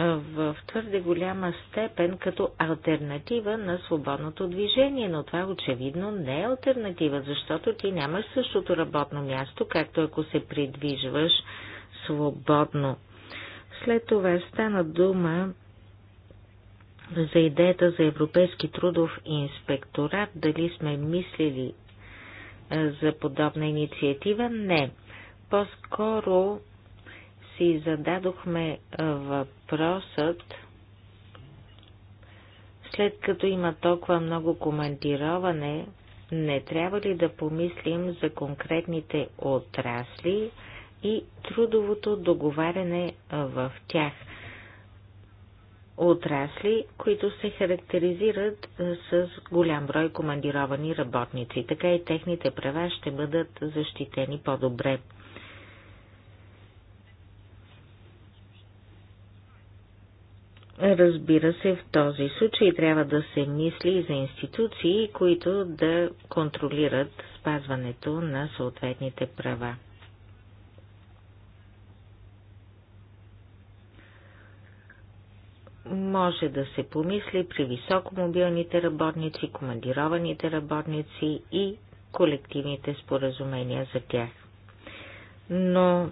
в твърде голяма степен като альтернатива на свободното движение, но това очевидно не е альтернатива, защото ти нямаш същото работно място, както ако се придвижваш свободно. След това стана дума за идеята за Европейски трудов инспекторат, дали сме мислили за подобна инициатива? Не. По-скоро си зададохме въпросът, след като има толкова много коментироване, не трябва ли да помислим за конкретните отрасли и трудовото договаряне в тях – отрасли, които се характеризират с голям брой командировани работници. Така и техните права ще бъдат защитени по-добре. Разбира се, в този случай трябва да се мисли и за институции, които да контролират спазването на съответните права. може да се помисли при високомобилните работници, командированите работници и колективните споразумения за тях. Но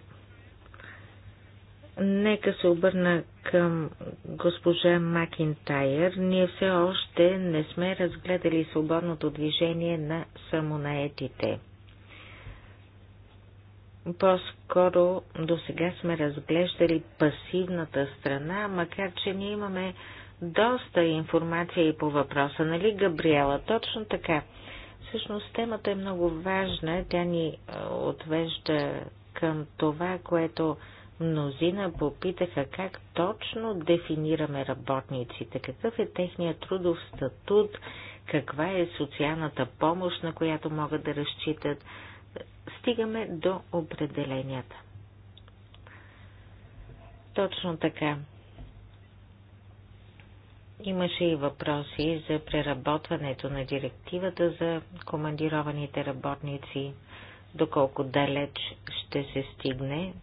нека се обърна към госпожа Макинтайер. Ние все още не сме разгледали свободното движение на самонаетите – по-скоро до сега сме разглеждали пасивната страна, макар че ние имаме доста информация и по въпроса, нали, Габриела? Точно така. Всъщност темата е много важна. Тя ни е, отвежда към това, което мнозина попитаха как точно дефинираме работниците, какъв е техният трудов статут, каква е социалната помощ, на която могат да разчитат стигаме до определенията. Точно така. Имаше и въпроси за преработването на директивата за командированите работници, доколко далеч ще се стигне.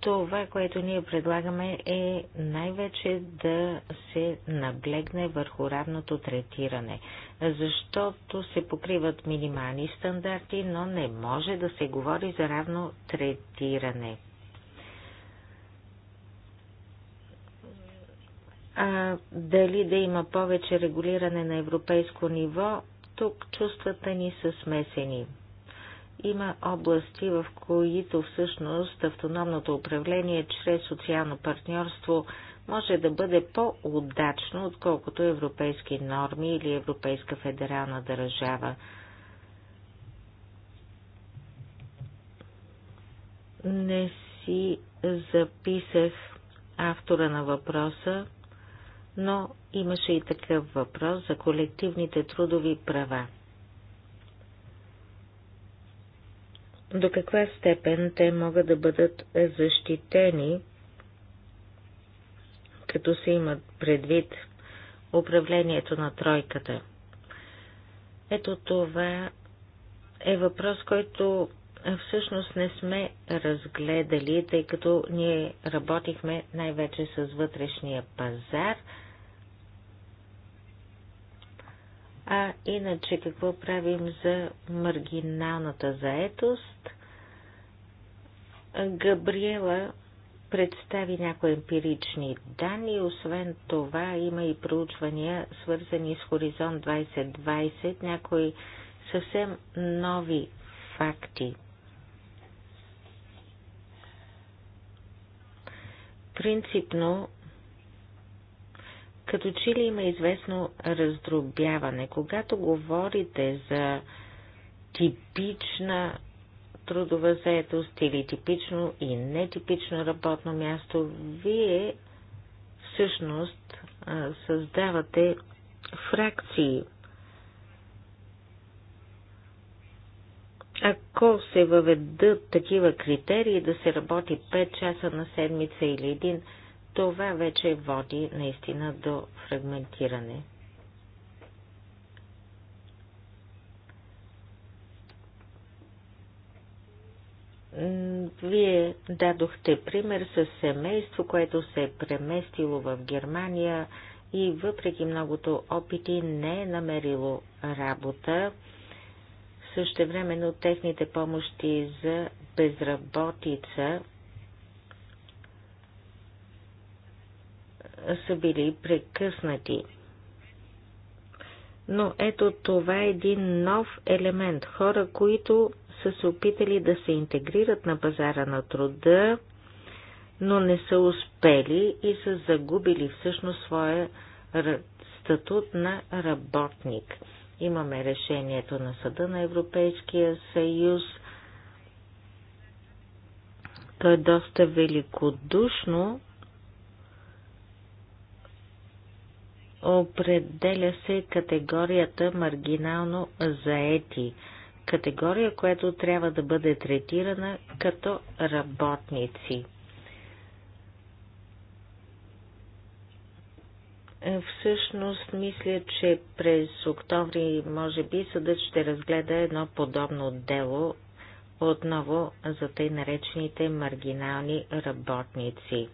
Това, което ние предлагаме е най-вече да се наблегне върху равното третиране защото се покриват минимални стандарти, но не може да се говори за равно третиране. А дали да има повече регулиране на европейско ниво, тук чувствата ни са смесени. Има области, в които всъщност автономното управление чрез социално партньорство – може да бъде по-удачно, отколкото европейски норми или Европейска федерална държава. Не си записах автора на въпроса, но имаше и такъв въпрос за колективните трудови права. До каква степен те могат да бъдат защитени като се имат предвид управлението на тройката. Ето това е въпрос, който всъщност не сме разгледали, тъй като ние работихме най-вече с вътрешния пазар. А иначе какво правим за маргиналната заетост? Габриела представи някои емпирични данни. Освен това има и проучвания, свързани с Хоризонт 2020, някои съвсем нови факти. Принципно, като че ли има известно раздробяване, когато говорите за типична трудова заетост или типично и нетипично работно място, вие всъщност създавате фракции. Ако се въведат такива критерии да се работи 5 часа на седмица или един, това вече води наистина до фрагментиране. Вие дадохте пример с семейство, което се е преместило в Германия и въпреки многото опити не е намерило работа. Същевременно техните помощи за безработица са били прекъснати. Но ето това е един нов елемент. Хора, които са се опитали да се интегрират на пазара на труда, но не са успели и са загубили всъщност своя статут на работник. Имаме решението на Съда на Европейския съюз. То е доста великодушно. Определя се категорията маргинално заети категория, която трябва да бъде третирана като работници. Всъщност, мисля, че през октомври, може би, съдът ще разгледа едно подобно дело отново за тъй наречените маргинални работници.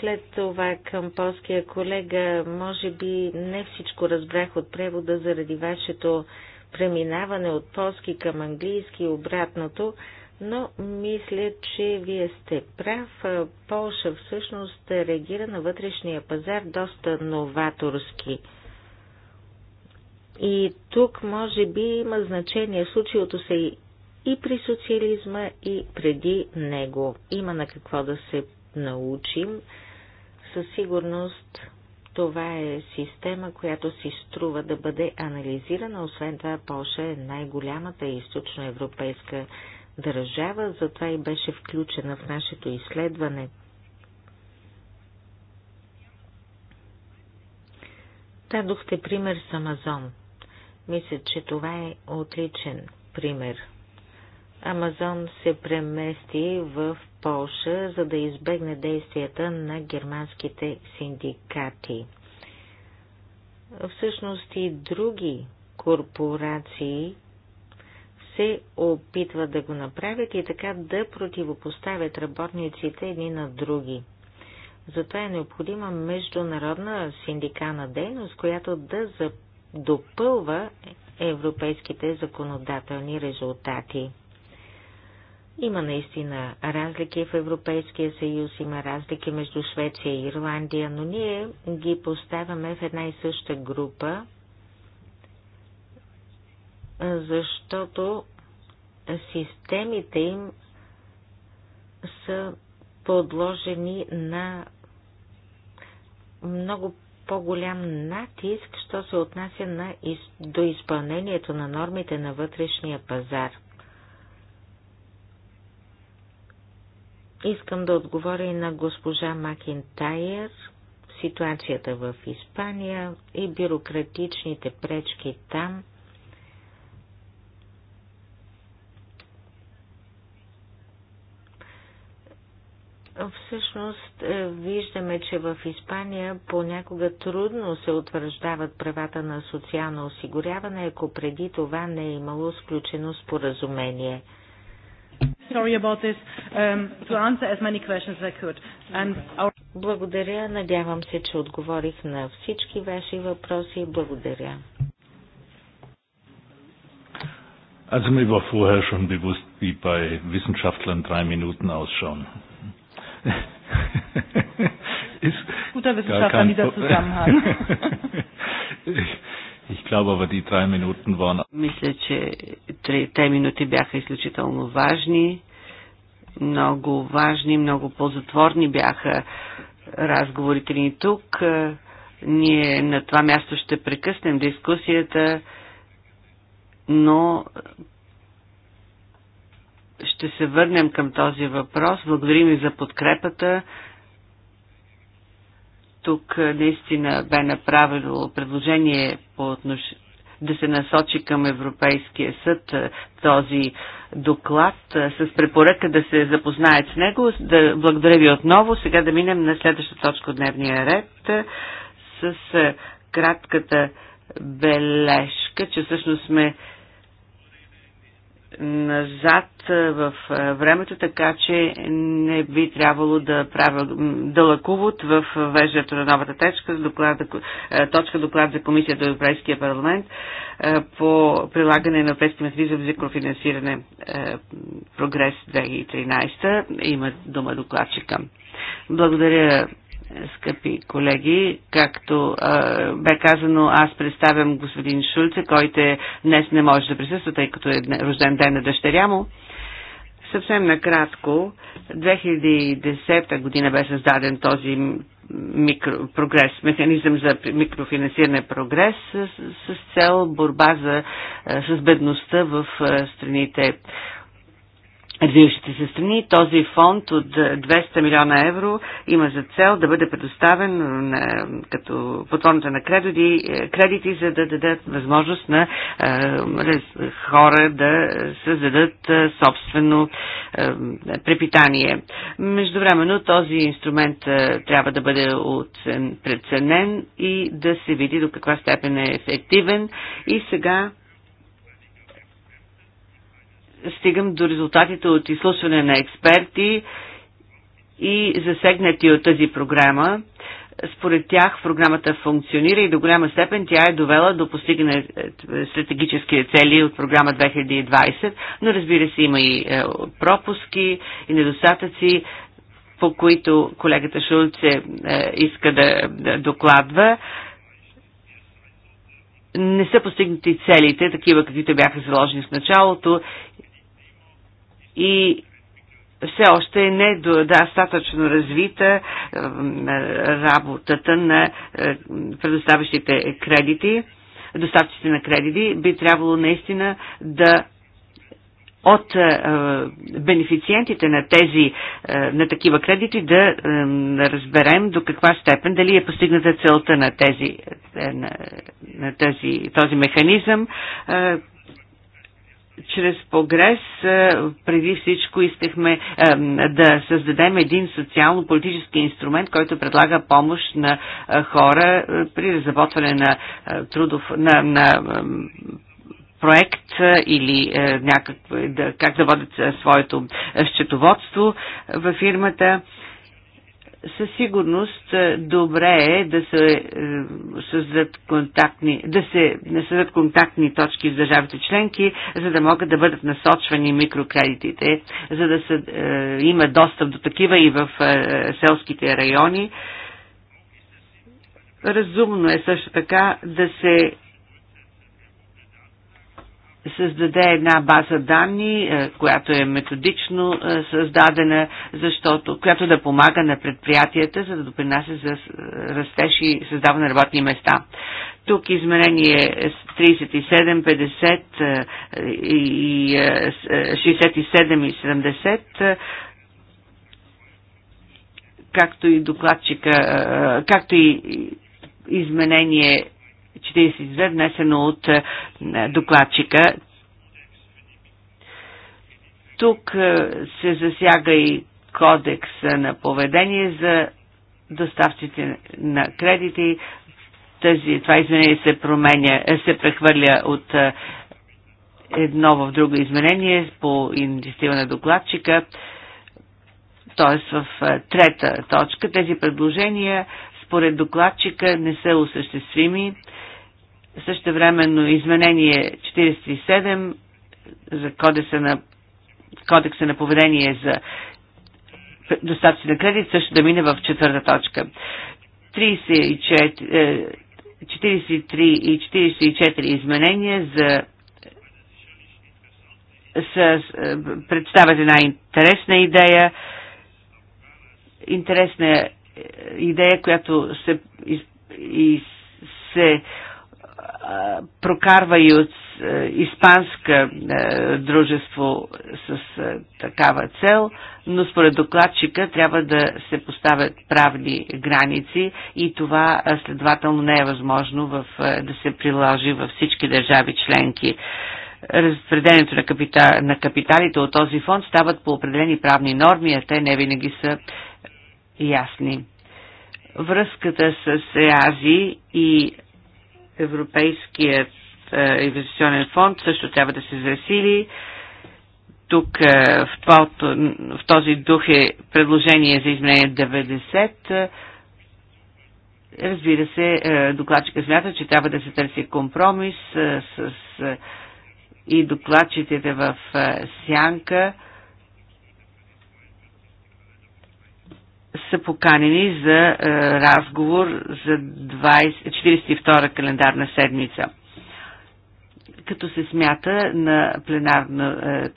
След това към полския колега, може би не всичко разбрах от превода заради вашето преминаване от полски към английски и обратното, но мисля, че вие сте прав. Полша всъщност реагира на вътрешния пазар доста новаторски. И тук може би има значение случилото се и, и при социализма, и преди него. Има на какво да се научим. Със сигурност това е система, която си струва да бъде анализирана. Освен това, Польша е най-голямата източноевропейска държава, затова и беше включена в нашето изследване. Дадохте пример с Амазон. Мисля, че това е отличен пример. Амазон се премести в Полша, за да избегне действията на германските синдикати. Всъщност и други корпорации се опитват да го направят и така да противопоставят работниците едни на други. Затова е необходима международна синдикална дейност, която да допълва европейските законодателни резултати. Има наистина разлики в Европейския съюз, има разлики между Швеция и Ирландия, но ние ги поставяме в една и съща група, защото системите им са подложени на много по-голям натиск, що се отнася на, из... до изпълнението на нормите на вътрешния пазар. Искам да отговоря и на госпожа Макинтайер, ситуацията в Испания и бюрократичните пречки там. Всъщност е, виждаме, че в Испания понякога трудно се утвърждават правата на социално осигуряване, ако преди това не е имало сключено споразумение – Sorry about this. Um, to answer as many questions as I could. And our... Благодаря. Надявам се, че отговорих на всички ваши въпроси. Благодаря. Also mir war vorher schon bewusst, wie bei Wissenschaftlern drei Minuten ausschauen. Ist Guter Wissenschaftler, dieser Zusammenhang. Мисля, че трите минути бяха изключително важни, много важни, много ползотворни бяха разговорите ни тук. Ние на това място ще прекъснем дискусията, но ще се върнем към този въпрос. Благодарим и за подкрепата. Тук наистина бе направено предложение по отнош... да се насочи към Европейския съд този доклад с препоръка да се запознаят с него. Да... Благодаря ви отново. Сега да минем на следващата точка от дневния ред с кратката бележка, че всъщност сме назад в времето, така че не би трябвало да правя дълъг увод в веждането на новата течка, доклад, точка доклад за Комисията до Европейския парламент по прилагане на европейски механизъм за микрофинансиране прогрес 2013. Има дума докладчика. Благодаря, скъпи колеги. Както а, бе казано, аз представям господин Шулце, който днес не може да присъства, тъй като е рожден ден на дъщеря му. Съвсем накратко, 2010 година бе създаден този микро, прогрес, механизъм за микрофинансиране прогрес с, с цел борба за, с бедността в страните развиващите се страни. Този фонд от 200 милиона евро има за цел да бъде предоставен на, като под на кредити, е, кредити, за да дадат възможност на е, хора да създадат е, собствено е, препитание. Междувременно този инструмент е, трябва да бъде оцен, преценен и да се види до каква степен е ефективен. И сега стигам до резултатите от изслушване на експерти и засегнати от тази програма. Според тях програмата функционира и до голяма степен тя е довела до постигане е, стратегически цели от програма 2020, но разбира се има и е, пропуски и недостатъци, по които колегата Шулце е, иска да докладва не са постигнати целите, такива каквито бяха заложени в началото и все още е недостатъчно развита е, работата на е, предоставящите кредити, доставчиците на кредити, би трябвало наистина да от е, бенефициентите на тези, на такива кредити да разберем до каква степен, дали е постигната целта на тези, на, на тези, този механизъм, чрез прогрес преди всичко искахме да създадем един социално-политически инструмент, който предлага помощ на хора при разработване на трудов, на, на проект или някак, да, как да водят своето счетоводство във фирмата със сигурност е, добре е да се е, създадат контактни, да се да създадат контактни точки с държавите членки, за да могат да бъдат насочвани микрокредитите, за да се, е, има достъп до такива и в е, селските райони. Разумно е също така да се създаде една база данни, е, която е методично е, създадена, защото, която да помага на предприятията, за да допринася за е, растеж и създаване на работни места. Тук изменение 37, 50 и 67 и 70 както и докладчика, както и изменение 42, внесено от е, докладчика. Тук е, се засяга и кодекса на поведение за доставците на кредити. Тази, това изменение се променя, е, се прехвърля от едно в друго изменение по инициатива на докладчика. Т.е. в трета точка тези предложения според докладчика не са осъществими Същевременно изменение 47 за кодекса на, кодекса на поведение за доставци на кредит също да мине в четвърта точка. 34, 43 и 44 е, изменения за с, е, представят една интересна идея, интересна е, идея, която се, из, из, се прокарва и от испанска дружество с такава цел, но според докладчика трябва да се поставят правни граници и това следователно не е възможно в, да се приложи във всички държави членки. Разпределението на, капита, на капиталите от този фонд стават по определени правни норми, а те не винаги са ясни връзката с Ази и Европейският е, инвестиционен фонд също трябва да се засили. Тук е, в, този дух е предложение за изменение 90. Разбира се, е, докладчика смята, че трябва да се търси компромис с и докладчиците в сянка са поканени за е, разговор за 20, 42 календарна седмица като се смята на пленарното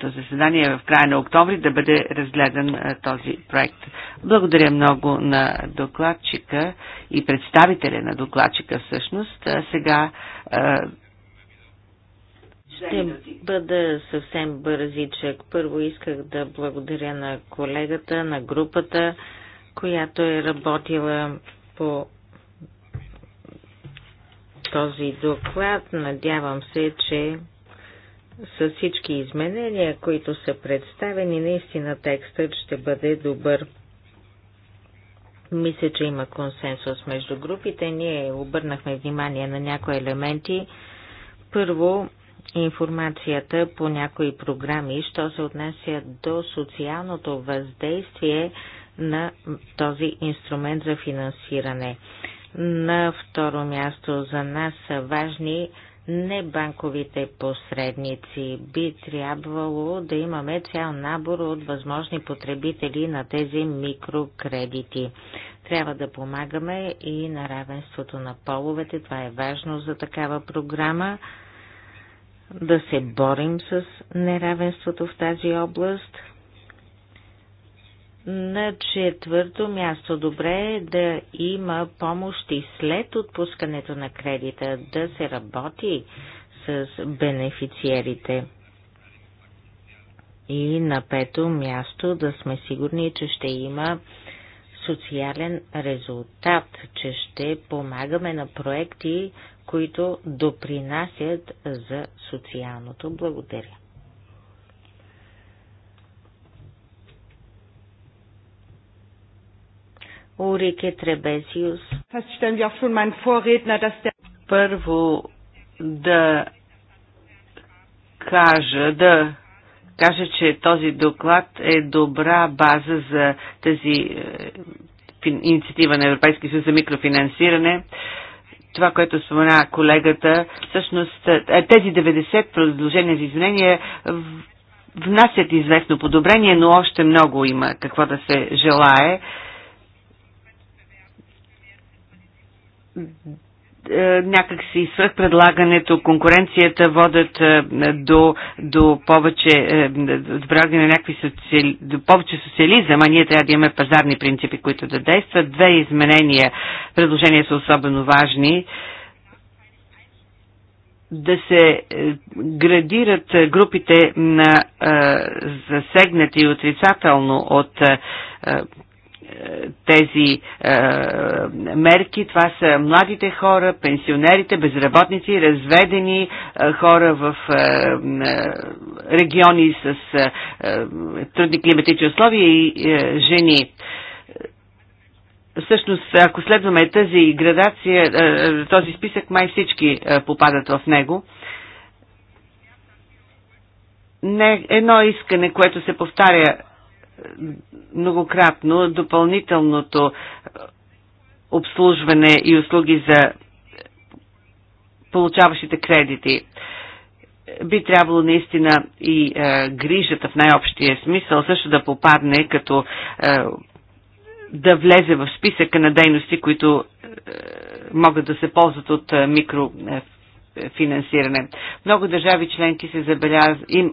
е, заседание в края на октомври да бъде разгледан е, този проект. Благодаря много на докладчика и представителя на докладчика всъщност. Сега ще бъда съвсем бързичък. Първо исках да благодаря на колегата, на групата, която е работила по този доклад. Надявам се, че с всички изменения, които са представени, наистина текстът ще бъде добър. Мисля, че има консенсус между групите. Ние обърнахме внимание на някои елементи. Първо, информацията по някои програми, що се отнася до социалното въздействие на този инструмент за финансиране. На второ място за нас са важни не банковите посредници. Би трябвало да имаме цял набор от възможни потребители на тези микрокредити. Трябва да помагаме и на равенството на половете. Това е важно за такава програма. Да се борим с неравенството в тази област. На четвърто място добре е да има помощи след отпускането на кредита, да се работи с бенефициерите. И на пето място да сме сигурни, че ще има социален резултат, че ще помагаме на проекти, които допринасят за социалното. Благодаря. Урике Требезиус. Първо да кажа, да кажа, че този доклад е добра база за тази е, инициатива на Европейския съюз за микрофинансиране това, което спомена колегата, всъщност е, е, тези 90 предложения за изменения внасят известно подобрение, но още много има какво да се желае. Е, някакси свърх предлагането, конкуренцията водят е, до, до повече е, до на някакви социали, до повече социализъм, а ние трябва да имаме пазарни принципи, които да действат. Две изменения, предложения са особено важни да се градират групите на засегнати отрицателно от тези е, мерки. Това са младите хора, пенсионерите, безработници, разведени е, хора в е, е региони с е, е, трудни климатични условия и е, жени. Всъщност, ако следваме тази градация, е, е, този списък, май всички е, попадат в него не едно искане, което се повтаря многократно допълнителното обслужване и услуги за получаващите кредити. Би трябвало наистина и е, грижата в най-общия смисъл също да попадне като е, да влезе в списъка на дейности, които е, могат да се ползват от е, микрофинансиране. Много държави членки се забелязват им, е,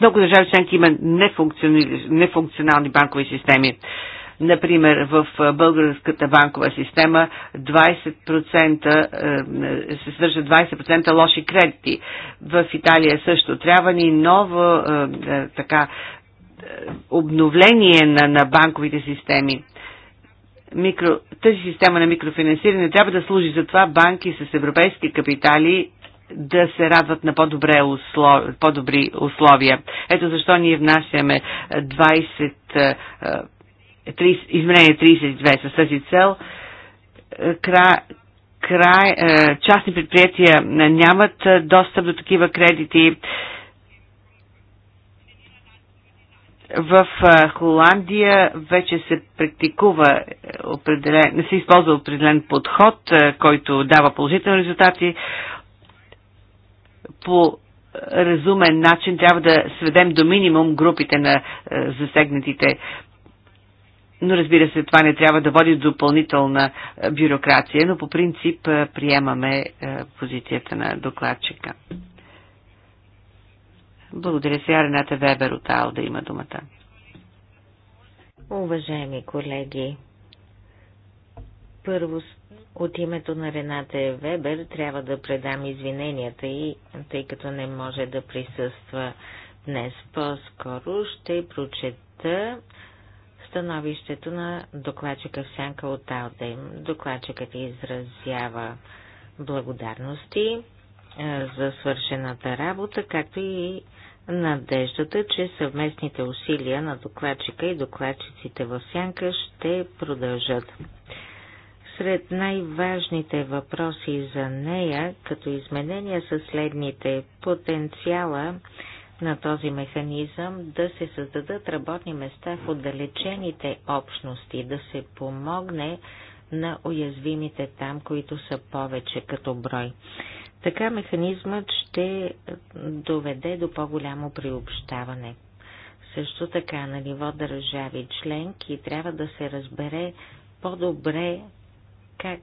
много държави членки има нефункционални банкови системи. Например, в българската банкова система 20%, е, се свържат 20% лоши кредити. В Италия също трябва ни ново е, е, така, обновление на, на банковите системи микро, тази система на микрофинансиране трябва да служи за това банки с европейски капитали да се радват на по-добре услов... по-добри условия. Ето защо ние внасяме 20, 30, е, е, изменение 32 с тази цел. Е, кра, Кра... частни предприятия нямат достъп до такива кредити. В Холандия вече се практикува определен, не се използва определен подход, който дава положителни резултати по разумен начин трябва да сведем до минимум групите на е, засегнатите. Но разбира се, това не трябва да води до допълнителна е, бюрокрация, но по принцип е, приемаме позицията на докладчика. Благодаря сега Рената Вебер от АО да има думата. Уважаеми колеги, първо от името на Рената Вебер трябва да предам извиненията и, тъй като не може да присъства днес. По-скоро ще прочета становището на докладчика Сянка от Алдейм. Докладчикът изразява благодарности е, за свършената работа, както и надеждата, че съвместните усилия на докладчика и докладчиците в Сянка ще продължат. Сред най-важните въпроси за нея, като изменения са следните потенциала на този механизъм да се създадат работни места в отдалечените общности, да се помогне на уязвимите там, които са повече като брой. Така механизмът ще доведе до по-голямо приобщаване. Също така на ниво държави членки трябва да се разбере по-добре как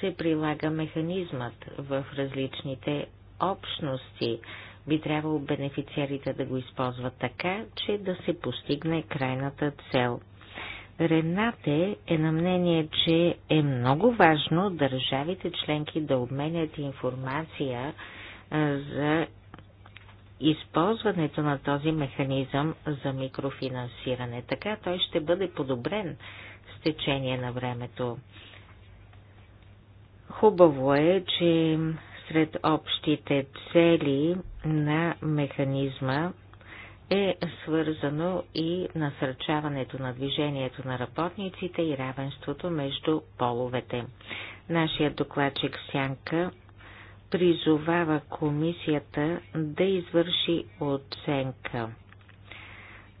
се прилага механизмът в различните общности. Би трябвало бенефициарите да го използват така, че да се постигне крайната цел. Ренате е на мнение, че е много важно държавите членки да обменят информация за използването на този механизъм за микрофинансиране. Така той ще бъде подобрен с течение на времето. Хубаво е, че сред общите цели на механизма е свързано и насърчаването на движението на работниците и равенството между половете. Нашият докладчик Сянка призовава комисията да извърши оценка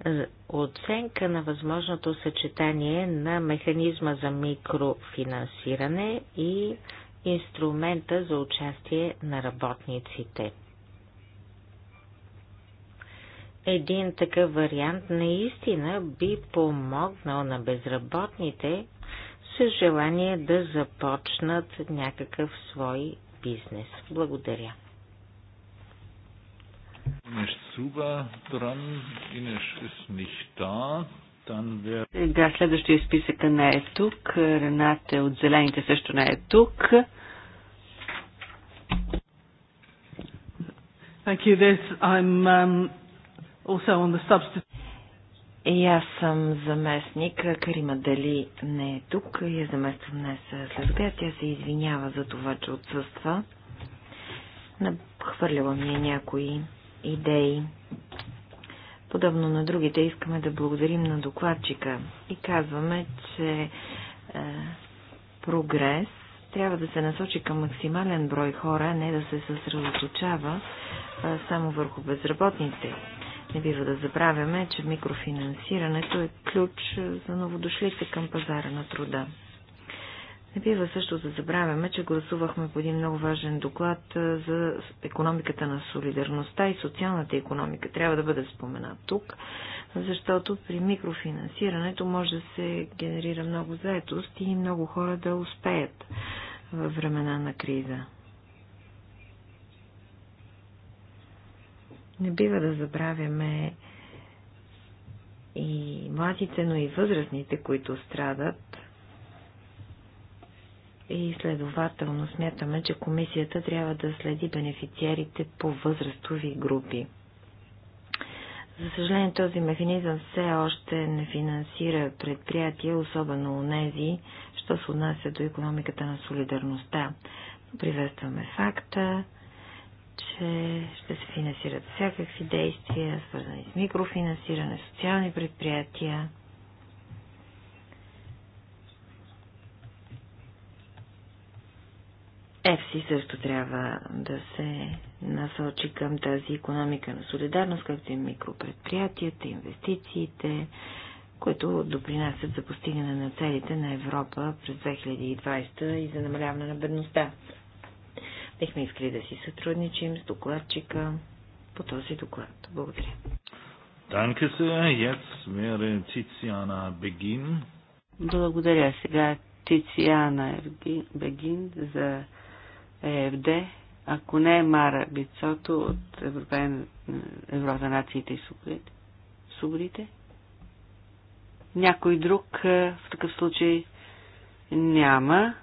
е, оценка на възможното съчетание на механизма за микрофинансиране и инструмента за участие на работниците. Един такъв вариант наистина би помогнал на безработните с желание да започнат някакъв свой бизнес. Благодаря. Да, следващия списъка не е тук. Рената от Зелените също не е тук. Thank you, I'm um, also on the substitute. И аз съм заместник. Карима Дали не е тук. Я замествам днес след обяд. Тя се извинява за това, че отсъства. Хвърляла ми е някои идеи. Подобно на другите, искаме да благодарим на докладчика и казваме, че е, прогрес трябва да се насочи към максимален брой хора, не да се съсредоточава е, само върху безработните. Не бива да забравяме, че микрофинансирането е ключ за новодошлите към пазара на труда. Не бива също да забравяме, че гласувахме по един много важен доклад за економиката на солидарността и социалната економика. Трябва да бъде споменат тук, защото при микрофинансирането може да се генерира много заетост и много хора да успеят във времена на криза. Не бива да забравяме и младите, но и възрастните, които страдат и следователно смятаме, че комисията трябва да следи бенефициерите по възрастови групи. За съжаление, този механизъм все още не финансира предприятия, особено у нези, що се отнася до економиката на солидарността. Приветстваме факта, че ще се финансират всякакви действия, свързани с микрофинансиране, социални предприятия, ЕФСИ също трябва да се насочи към тази економика на солидарност, както и микропредприятията, инвестициите, които допринасят за постигане на целите на Европа през 2020 и за намаляване на бедността. Бихме искали да си сътрудничим с докладчика по този доклад. Благодаря. Danke sehr. Tiziana Begin. Благодаря сега Тициана Бегин за ЕФД, ако не е Мара Бицото от Европа нациите и свободите? Някой друг е, в такъв случай няма.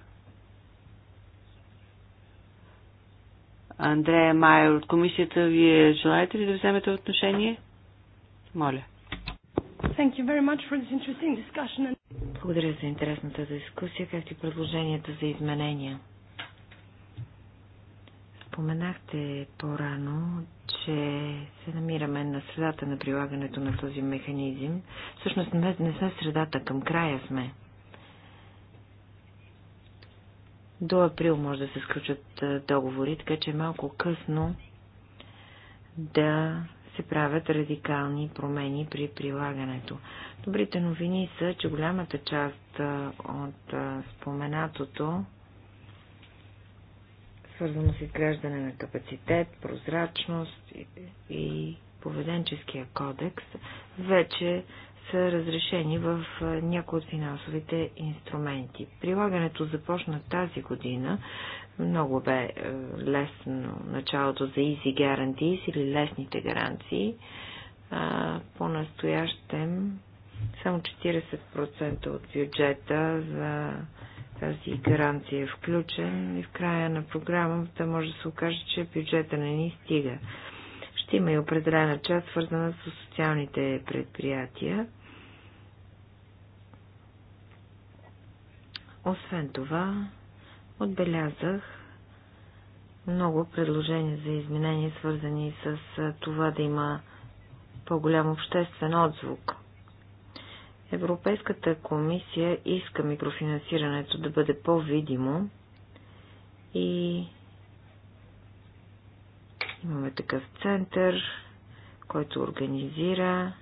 Андрея Майер от комисията, вие желаете ли да вземете отношение? Моля. Thank you very much for this interesting discussion. Благодаря за интересната дискусия, както и предложението за изменения. Споменахте по-рано, че се намираме на средата на прилагането на този механизъм. Всъщност не, не сме средата, към края сме. До април може да се сключат договори, така че е малко късно да се правят радикални промени при прилагането. Добрите новини са, че голямата част от споменатото свързано с изграждане на капацитет, прозрачност и поведенческия кодекс, вече са разрешени в някои от финансовите инструменти. Прилагането започна тази година. Много бе е, лесно началото за Easy Guarantees или лесните гаранции. По-настоящем само 40% от бюджета за тази гаранция е включен и в края на програмата може да се окаже, че бюджета не ни стига. Ще има и определена част, свързана с социалните предприятия. Освен това, отбелязах много предложения за изменения, свързани с това да има по-голям обществен отзвук. Европейската комисия иска микрофинансирането да бъде по-видимо и имаме такъв център, който организира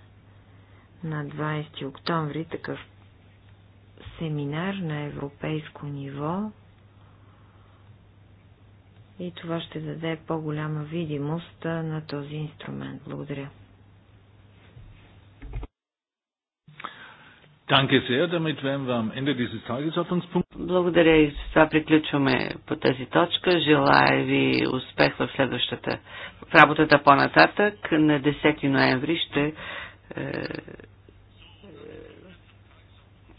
на 20 октомври такъв семинар на европейско ниво и това ще даде по-голяма видимост на този инструмент. Благодаря. Благодаря и с това приключваме по тази точка. Желая ви успех в следващата в работата по-нататък. На 10 ноември ще е,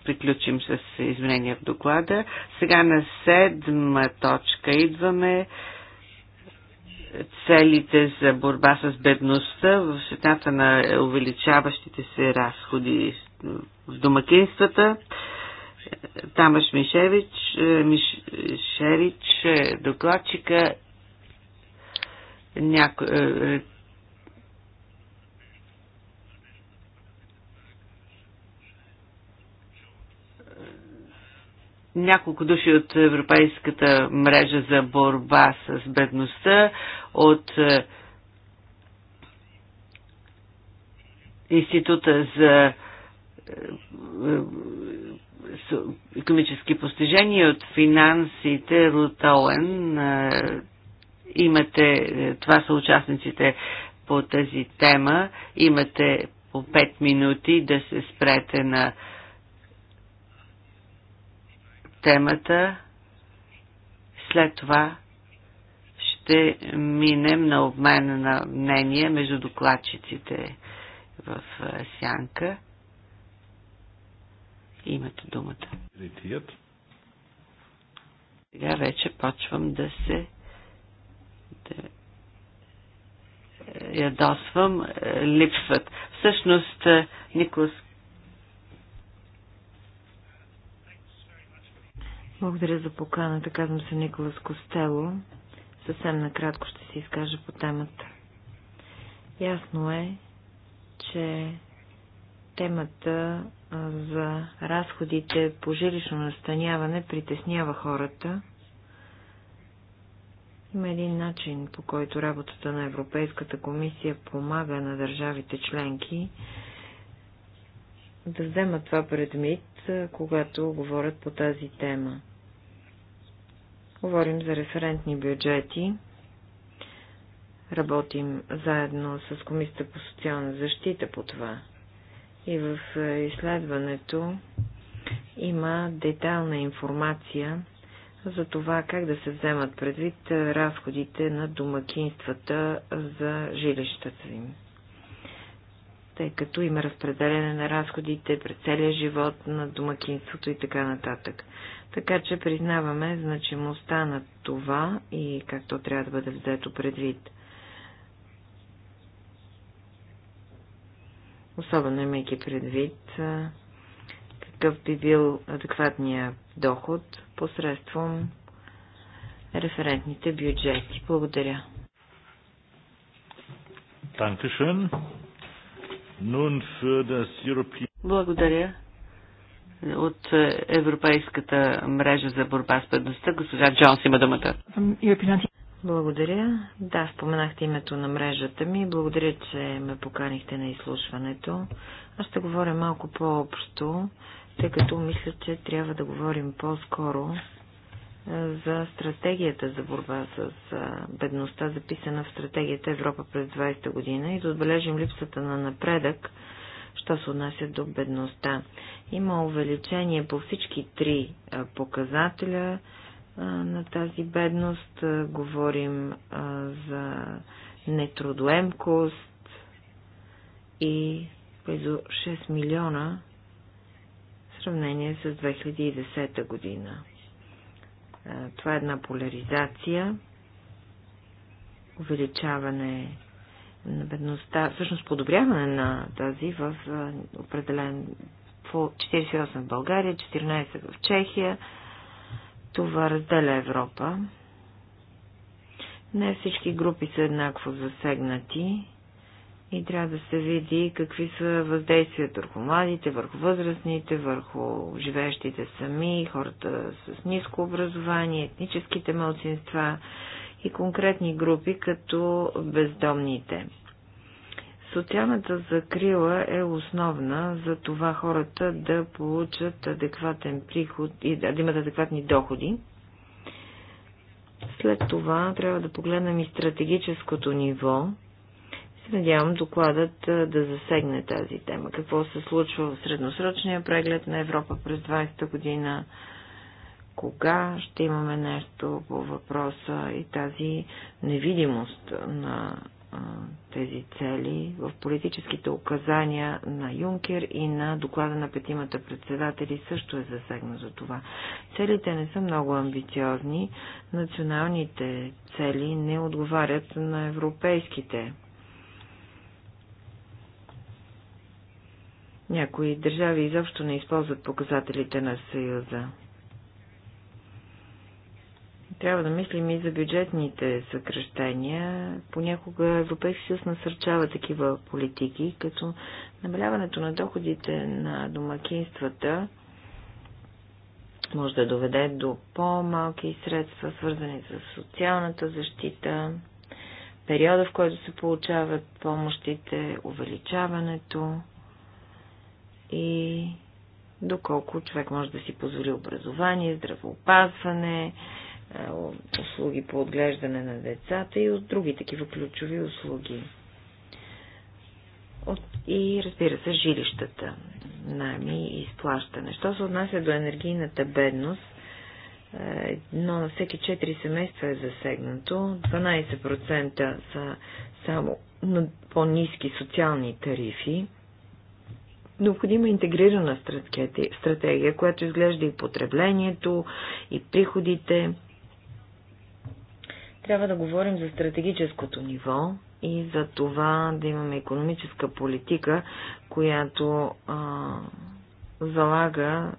приключим с изменения в доклада. Сега на седма точка идваме целите за борба с бедността в светата на увеличаващите се разходи в домакинствата. Тамаш Мишевич, е, Мишевич е, докладчика, няко... Е, няколко души от Европейската мрежа за борба с бедността, от Института за економически постижения от финансите Рут Оуен. Имате, е, това са участниците по тази тема. Имате по 5 минути да се спрете на темата. След това ще минем на обмена на мнение между докладчиците в е, сянка. Имате думата. Ритият. Сега вече почвам да се да е, ядосвам, е, липсват. Всъщност, е, Николас Благодаря за поканата. Казвам се Николас Костело. Съвсем накратко ще се изкажа по темата. Ясно е, че темата за разходите по жилищно настаняване притеснява хората. Има един начин, по който работата на Европейската комисия помага на държавите членки да вземат това предмет, когато говорят по тази тема. Говорим за референтни бюджети, работим заедно с Комисията по социална защита по това. И в е, изследването има детална информация за това как да се вземат предвид е, разходите на домакинствата за жилищата им. Тъй като има разпределение на разходите през целия живот на домакинството и така нататък. Така че признаваме значимостта на това и как то трябва да бъде взето предвид. особено имайки предвид какъв би бил адекватния доход посредством референтните бюджети. Благодаря. Благодаря. От е, Европейската мрежа за борба с бедността, госпожа Джонс има думата. Благодаря. Да, споменахте името на мрежата ми. Благодаря, че ме поканихте на изслушването. Аз ще говоря малко по-общо, тъй като мисля, че трябва да говорим по-скоро за стратегията за борба с бедността, записана в стратегията Европа през 20-та година и да отбележим липсата на напредък, що се отнася до бедността. Има увеличение по всички три показателя на тази бедност, говорим за нетрудоемкост и близо 6 милиона в сравнение с 2010 година. Това е една поляризация, увеличаване на бедността, всъщност подобряване на тази в определен 48 в България, 14 в Чехия, това разделя Европа. Не всички групи са еднакво засегнати и трябва да се види какви са въздействията върху младите, върху възрастните, върху живеещите сами, хората с ниско образование, етническите мълцинства и конкретни групи, като бездомните. Социалната закрила е основна за това хората да получат адекватен приход и да имат адекватни доходи. След това трябва да погледнем и стратегическото ниво. Се надявам докладът да засегне тази тема. Какво се случва в средносрочния преглед на Европа през 20-та година? Кога ще имаме нещо по въпроса и тази невидимост на тези цели в политическите указания на Юнкер и на доклада на петимата председатели също е засегна за това. Целите не са много амбициозни, националните цели не отговарят на европейските. Някои държави изобщо не използват показателите на Съюза. Трябва да мислим и за бюджетните съкръщения. Понякога Европейски съюз насърчава такива политики, като намаляването на доходите на домакинствата може да доведе до по-малки средства, свързани с социалната защита, периода, в който се получават помощите, увеличаването и доколко човек може да си позволи образование, здравеопазване, услуги по отглеждане на децата и от други такива ключови услуги. От, и разбира се, жилищата, найми и изплащане. Що се отнася до енергийната бедност, но на всеки 4 семейства е засегнато, 12% са само на по-низки социални тарифи. Необходима е интегрирана стратегия, която изглежда и потреблението, и приходите, трябва да говорим за стратегическото ниво и за това да имаме економическа политика, която а, залага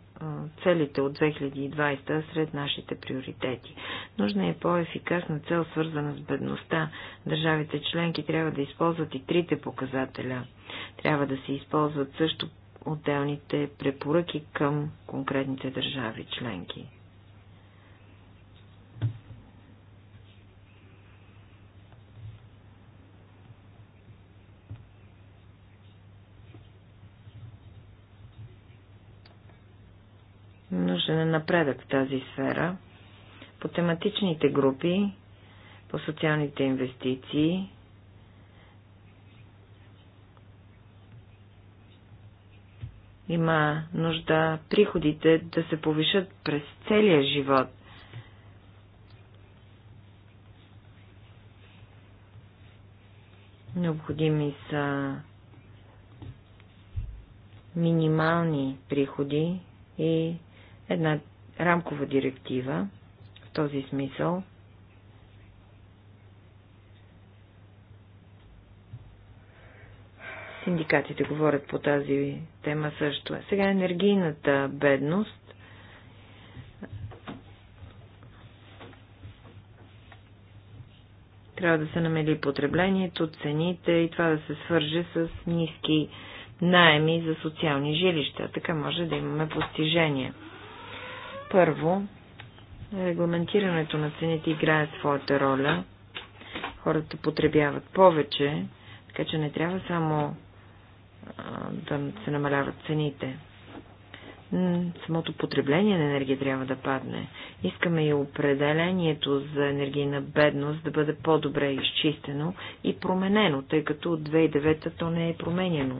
целите от 2020 сред нашите приоритети. Нужна е по-ефикасна цел, свързана с бедността. Държавите членки трябва да използват и трите показателя. Трябва да се използват също отделните препоръки към конкретните държави членки. Нужен е напредък в тази сфера. По тематичните групи, по социалните инвестиции, има нужда приходите да се повишат през целия живот. Необходими са минимални приходи и една рамкова директива в този смисъл. Синдикатите говорят по тази тема също. Сега енергийната бедност трябва да се намели потреблението, цените и това да се свърже с ниски найеми за социални жилища. Така може да имаме постижения. Първо, регламентирането на цените играе своята роля. Хората потребяват повече, така че не трябва само да се намаляват цените. Самото потребление на енергия трябва да падне. Искаме и определението за енергийна бедност да бъде по-добре изчистено и променено, тъй като от 2009 то не е променено.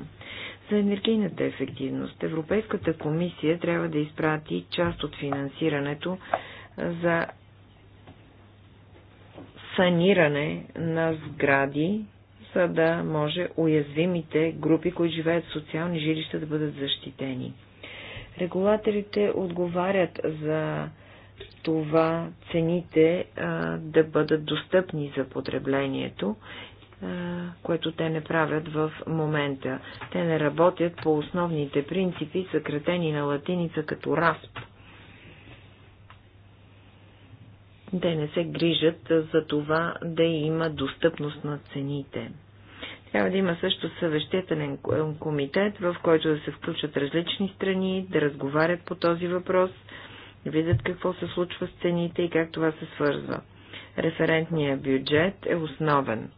За енергийната ефективност Европейската комисия трябва да изпрати част от финансирането за саниране на сгради, за да може уязвимите групи, които живеят в социални жилища, да бъдат защитени. Регулаторите отговарят за това цените а, да бъдат достъпни за потреблението което те не правят в момента. Те не работят по основните принципи, съкратени на латиница като расп. Те не се грижат за това да има достъпност на цените. Трябва да има също съвещателен комитет, в който да се включат различни страни, да разговарят по този въпрос, да видят какво се случва с цените и как това се свързва. Референтният бюджет е основен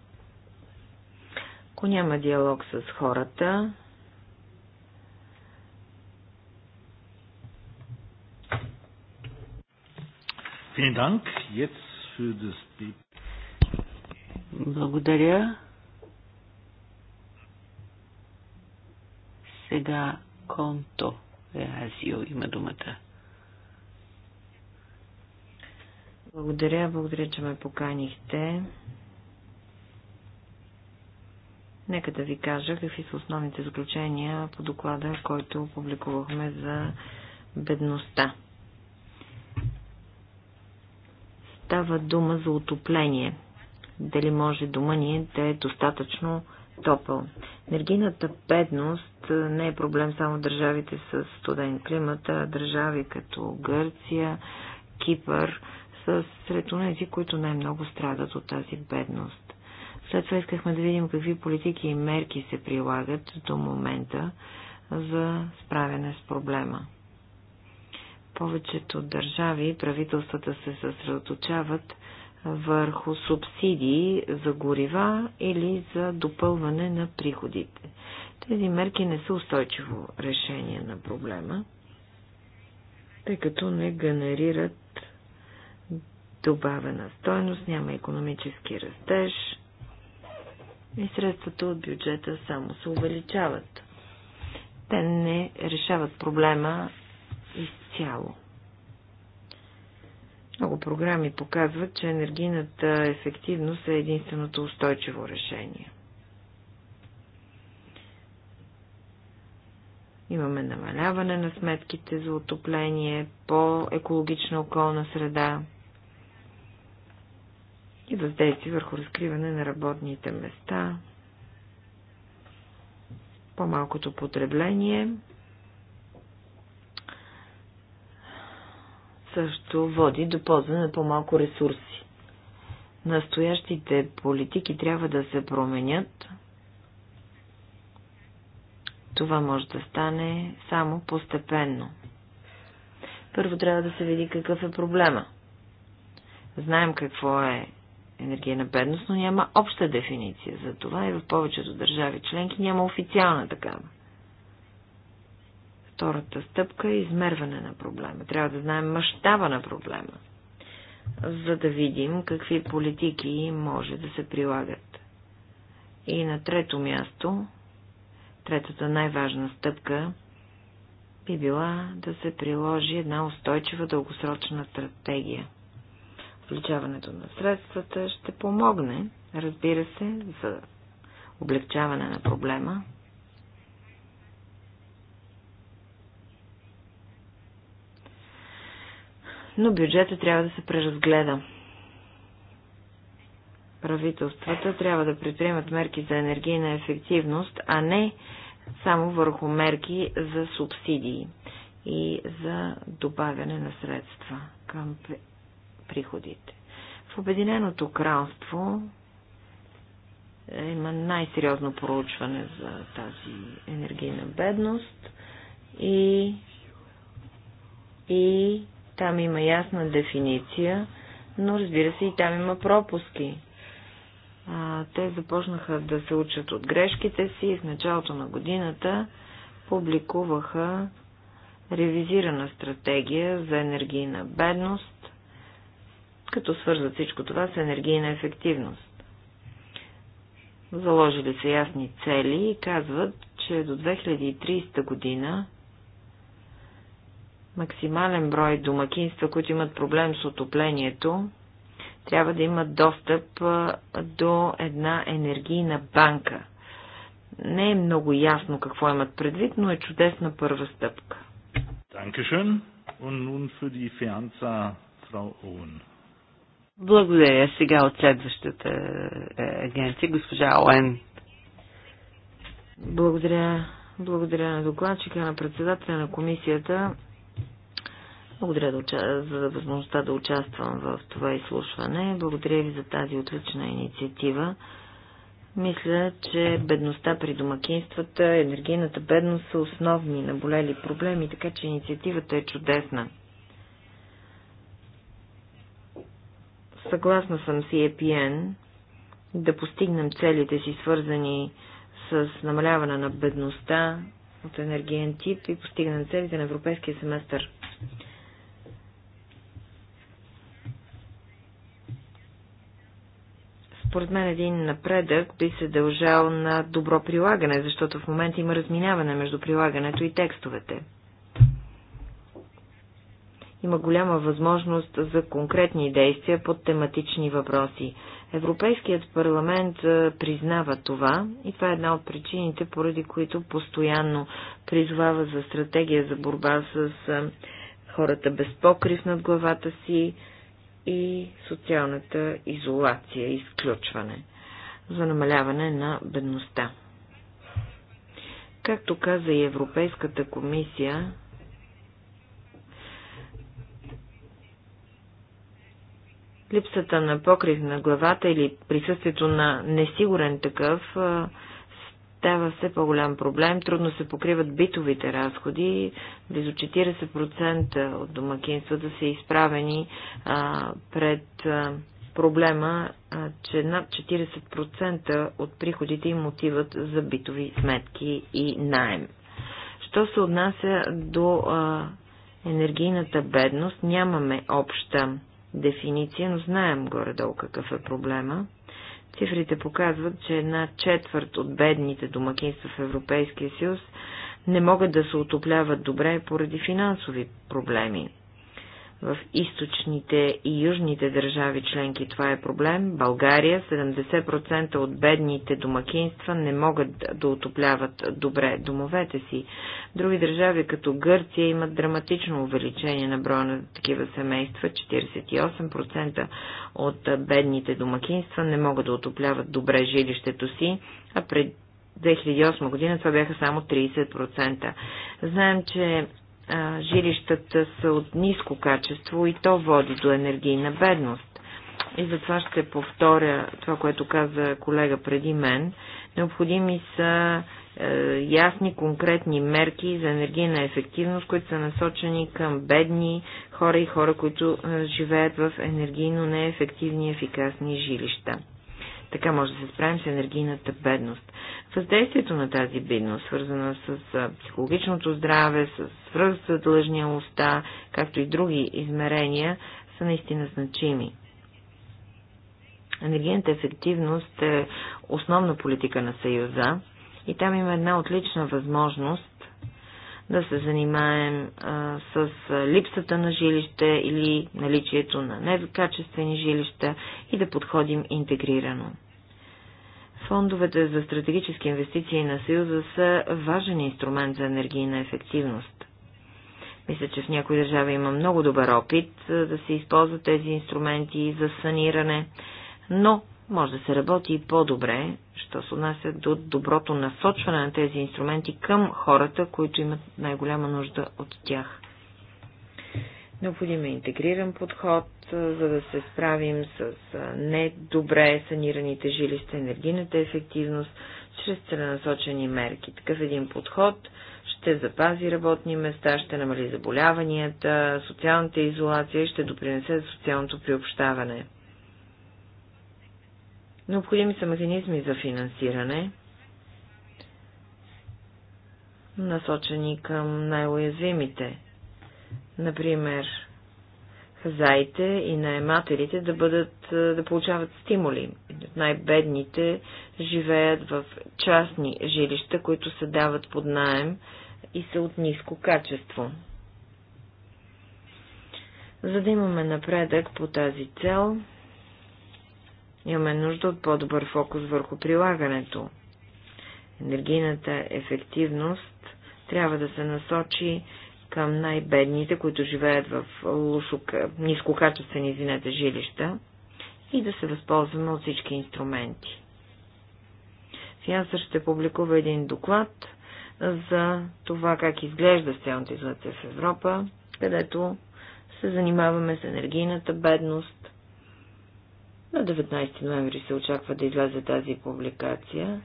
ако няма диалог с хората, Благодаря. Сега Конто Еазио има думата. Благодаря, благодаря, че ме поканихте. Нека да ви кажа какви са основните заключения по доклада, който публикувахме за бедността. Става дума за отопление. Дали може дома ни е да е достатъчно топъл. Енергийната бедност не е проблем само държавите с студен климат, а държави като Гърция, Кипър са сред тези, които най-много страдат от тази бедност. След това искахме да видим какви политики и мерки се прилагат до момента за справяне с проблема. Повечето държави правителствата се съсредоточават върху субсидии за горива или за допълване на приходите. Тези мерки не са устойчиво решение на проблема, тъй като не генерират добавена стойност, няма економически растеж, и средствата от бюджета само се увеличават. Те не решават проблема изцяло. Много програми показват, че енергийната ефективност е единственото устойчиво решение. Имаме намаляване на сметките за отопление, по-екологична околна среда, и въздействие върху разкриване на работните места, по-малкото потребление, също води до ползване на по-малко ресурси. Настоящите политики трябва да се променят. Това може да стане само постепенно. Първо трябва да се види какъв е проблема. Знаем какво е енергийна бедност, но няма обща дефиниция за това и в повечето държави членки няма официална такава. Втората стъпка е измерване на проблема. Трябва да знаем мащаба на проблема, за да видим какви политики може да се прилагат. И на трето място, третата най-важна стъпка би била да се приложи една устойчива дългосрочна стратегия. Увеличаването на средствата ще помогне, разбира се, за облегчаване на проблема. Но бюджета трябва да се преразгледа. Правителствата трябва да предприемат мерки за енергийна ефективност, а не само върху мерки за субсидии и за добавяне на средства към приходите. В Обединеното кралство има най-сериозно проучване за тази енергийна бедност и, и там има ясна дефиниция, но разбира се и там има пропуски. А, те започнаха да се учат от грешките си и в началото на годината публикуваха ревизирана стратегия за енергийна бедност, като свързват всичко това с енергийна ефективност. Заложили са ясни цели и казват, че до 2030 година максимален брой домакинства, които имат проблем с отоплението, трябва да имат достъп до една енергийна банка. Не е много ясно какво имат предвид, но е чудесна първа стъпка. Dankeschön. Und nun für die Fianza Frau Owen. Благодаря. Сега от следващата е, агенция, госпожа Оен. Благодаря. Благодаря на докладчика, на председателя на комисията. Благодаря за възможността да участвам в това изслушване. Благодаря ви за тази отлична инициатива. Мисля, че бедността при домакинствата, енергийната бедност са основни наболели проблеми, така че инициативата е чудесна. съгласна съм с EPN да постигнем целите си, свързани с намаляване на бедността от енергиен тип и постигане целите на европейския семестър. Според мен един напредък би се дължал на добро прилагане, защото в момента има разминаване между прилагането и текстовете има голяма възможност за конкретни действия под тематични въпроси. Европейският парламент признава това и това е една от причините, поради които постоянно призвава за стратегия за борба с хората без покрив над главата си и социалната изолация, изключване за намаляване на бедността. Както каза и Европейската комисия, Липсата на покрив на главата или присъствието на несигурен такъв става все по-голям проблем. Трудно се покриват битовите разходи. Близо 40% от домакинствата са изправени а, пред а, проблема, а, че над 40% от приходите им отиват за битови сметки и найем. Що се отнася до а, енергийната бедност, нямаме обща дефиниция, но знаем горе-долу какъв е проблема. Цифрите показват, че една четвърт от бедните домакинства в Европейския съюз не могат да се отопляват добре поради финансови проблеми в източните и южните държави членки това е проблем. България 70% от бедните домакинства не могат да отопляват добре домовете си. Други държави като Гърция имат драматично увеличение на броя на такива семейства. 48% от бедните домакинства не могат да отопляват добре жилището си, а пред 2008 година това бяха само 30%. Знаем, че а, жилищата са от ниско качество и то води до енергийна бедност. И затова ще повторя това, което каза колега преди мен. Необходими са е, ясни, конкретни мерки за енергийна ефективност, които са насочени към бедни хора и хора, които е, живеят в енергийно неефективни, ефикасни жилища. Така може да се справим с енергийната бедност. Въздействието на тази бедност, свързана с психологичното здраве, с свръхзадлъжнялостта, както и други измерения, са наистина значими. Енергийната ефективност е основна политика на Съюза и там има една отлична възможност да се занимаем а, с липсата на жилище или наличието на некачествени жилища и да подходим интегрирано. Фондовете за стратегически инвестиции на Съюза са важен инструмент за енергийна ефективност. Мисля, че в някои държави има много добър опит да се използват тези инструменти за саниране, но може да се работи и по-добре, що се отнася до доброто насочване на тези инструменти към хората, които имат най-голяма нужда от тях. Необходим е интегриран подход, за да се справим с недобре санираните жилища, енергийната ефективност, чрез целенасочени мерки. Такъв един подход ще запази работни места, ще намали заболяванията, социалната изолация и ще допринесе за социалното приобщаване. Необходими са механизми за финансиране, насочени към най-уязвимите. Например, заите и наемателите да бъдат, е, да получават стимули. Най-бедните живеят в частни жилища, които се дават под наем и са от ниско качество. За да имаме напредък по тази цел, имаме нужда от по-добър фокус върху прилагането. Енергийната ефективност трябва да се насочи към най-бедните, които живеят в нискокачествени извинете, жилища и да се възползваме от всички инструменти. Финансър ще публикува един доклад за това как изглежда селната изолация в Европа, където се занимаваме с енергийната бедност. На 19 ноември се очаква да излезе тази публикация.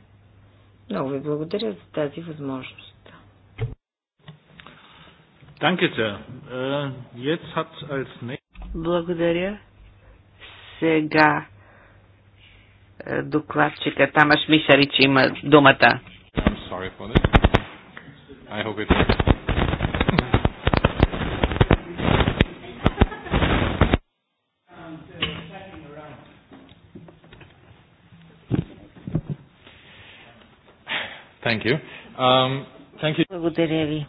Много ви благодаря за тази възможност. Danke sehr. Jetzt hat als Благодаря. Сега докладчика Тамаш Мишарич има думата. I'm sorry for this. I hope it works. Thank you. Um, thank you. Благодаря ви.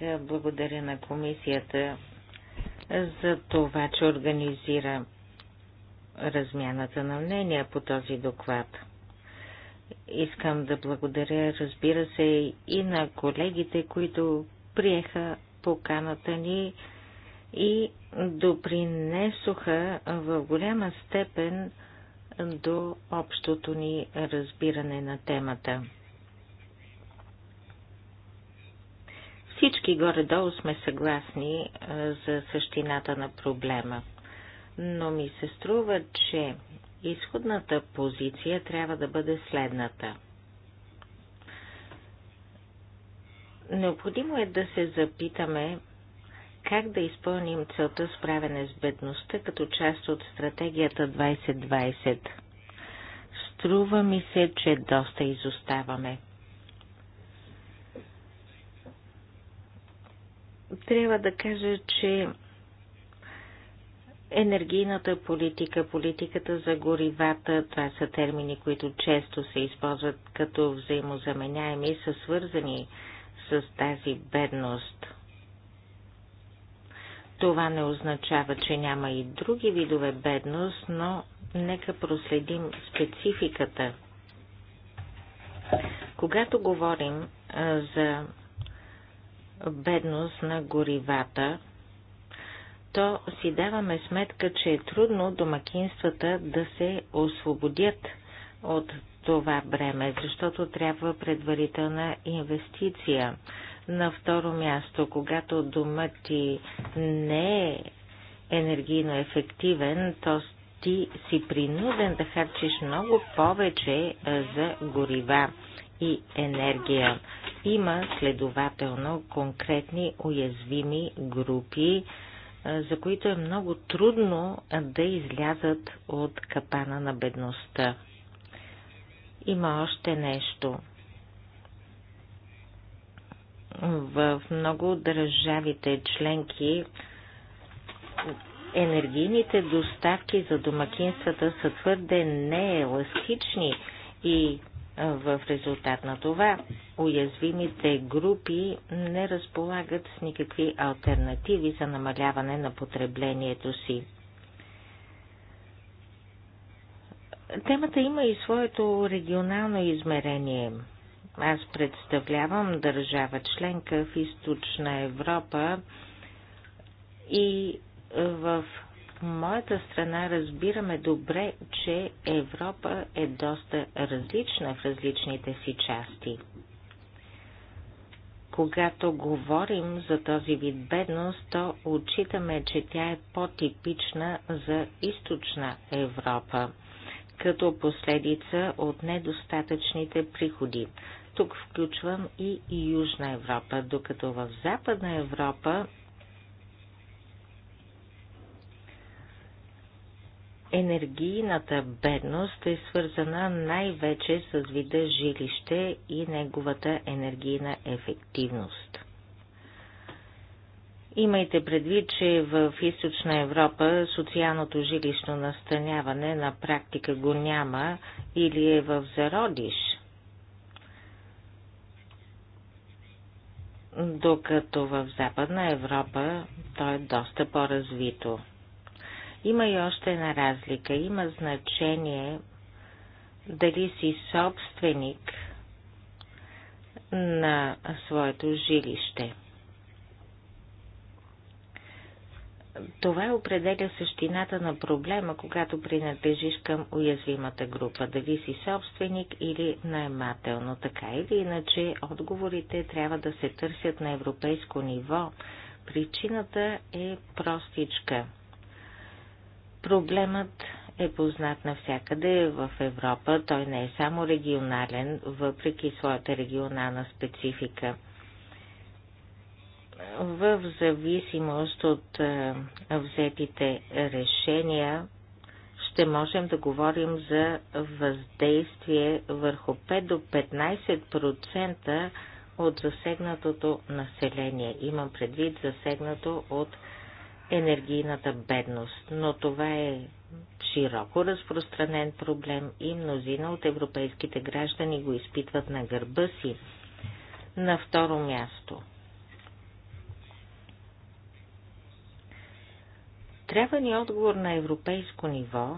Нека благодаря на комисията за това, че организира размяната на мнения по този доклад. Искам да благодаря, разбира се, и на колегите, които приеха поканата ни и допринесоха в голяма степен до общото ни разбиране на темата. Всички горе-долу сме съгласни за същината на проблема. Но ми се струва, че изходната позиция трябва да бъде следната. Необходимо е да се запитаме как да изпълним целта справене с бедността като част от стратегията 2020. Струва ми се, че доста изоставаме. трябва да кажа, че енергийната политика, политиката за горивата, това са термини, които често се използват като взаимозаменяеми са свързани с тази бедност. Това не означава, че няма и други видове бедност, но нека проследим спецификата. Когато говорим за бедност на горивата, то си даваме сметка, че е трудно домакинствата да се освободят от това бреме, защото трябва предварителна инвестиция. На второ място, когато домът ти не е енергийно ефективен, то ти си принуден да харчиш много повече за горива и енергия. Има следователно конкретни уязвими групи, за които е много трудно да излязат от капана на бедността. Има още нещо. В много държавите членки енергийните доставки за домакинствата са твърде нееластични и в резултат на това, уязвимите групи не разполагат с никакви альтернативи за намаляване на потреблението си. Темата има и своето регионално измерение. Аз представлявам държава членка в източна Европа и в моята страна разбираме добре, че Европа е доста различна в различните си части. Когато говорим за този вид бедност, то отчитаме, че тя е по-типична за източна Европа, като последица от недостатъчните приходи. Тук включвам и Южна Европа, докато в Западна Европа енергийната бедност е свързана най-вече с вида жилище и неговата енергийна ефективност. Имайте предвид, че в източна Европа социалното жилищно настаняване на практика го няма или е в зародиш. Докато в Западна Европа то е доста по-развито. Има и още една разлика. Има значение дали си собственик на своето жилище. Това определя същината на проблема, когато принадлежиш към уязвимата група, дали си собственик или наемател, но така или иначе отговорите трябва да се търсят на европейско ниво. Причината е простичка – Проблемът е познат навсякъде в Европа. Той не е само регионален, въпреки своята регионална специфика. В зависимост от взетите решения, ще можем да говорим за въздействие върху 5 до 15% от засегнатото население. Имам предвид засегнато от енергийната бедност, но това е широко разпространен проблем и мнозина от европейските граждани го изпитват на гърба си. На второ място. Трябва ни отговор на европейско ниво,